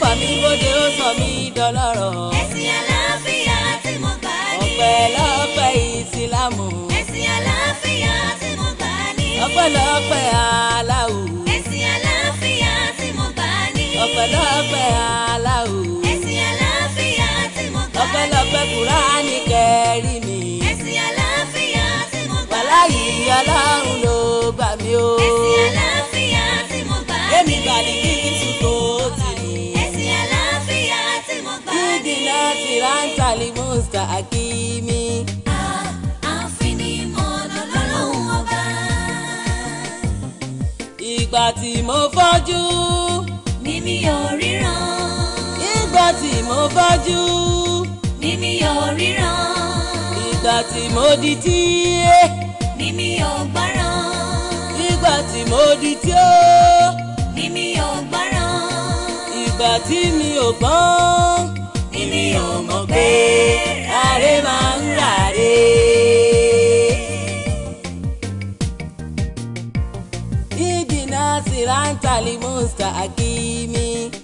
fà mí bóde ó sọ mí dọlọ́rọ̀. ẹ̀sìn àlàáfíà tí mo gbà ní. ọpẹ́ lọ́pẹ́ ìsìlámù. ẹ̀sìn àlàáfíà tí mo gbà ní. ọpẹ́ lọ́pẹ́ aláwù. ẹ̀sìn àlàáfíà tí mo gbà ní. ọpẹ́ lọ́pẹ́ aláwù. ẹ̀sìn àlàáfíà tí mo gbà ní. ọpẹ́ lọ́pẹ́ kúránì ka akimi. àfinimọ̀nà lọ́lọ́run ọba. ìgbà tí mo fọ́jú. mímí ò ríran. ìgbà tí mo fọ́jú. mímí ò ríran. ìgbà tí mo di tí. Eh. mímí ò gbọ́ràn. ìgbà tí mo di tí ó. Oh. mímí ò gbọ́ràn. ìgbà tí mi ò gbọ́n. mímí ò mọ̀ pé ràrè máa ń ràrè. ìdìnnà síláńtà lè mú sàkíní.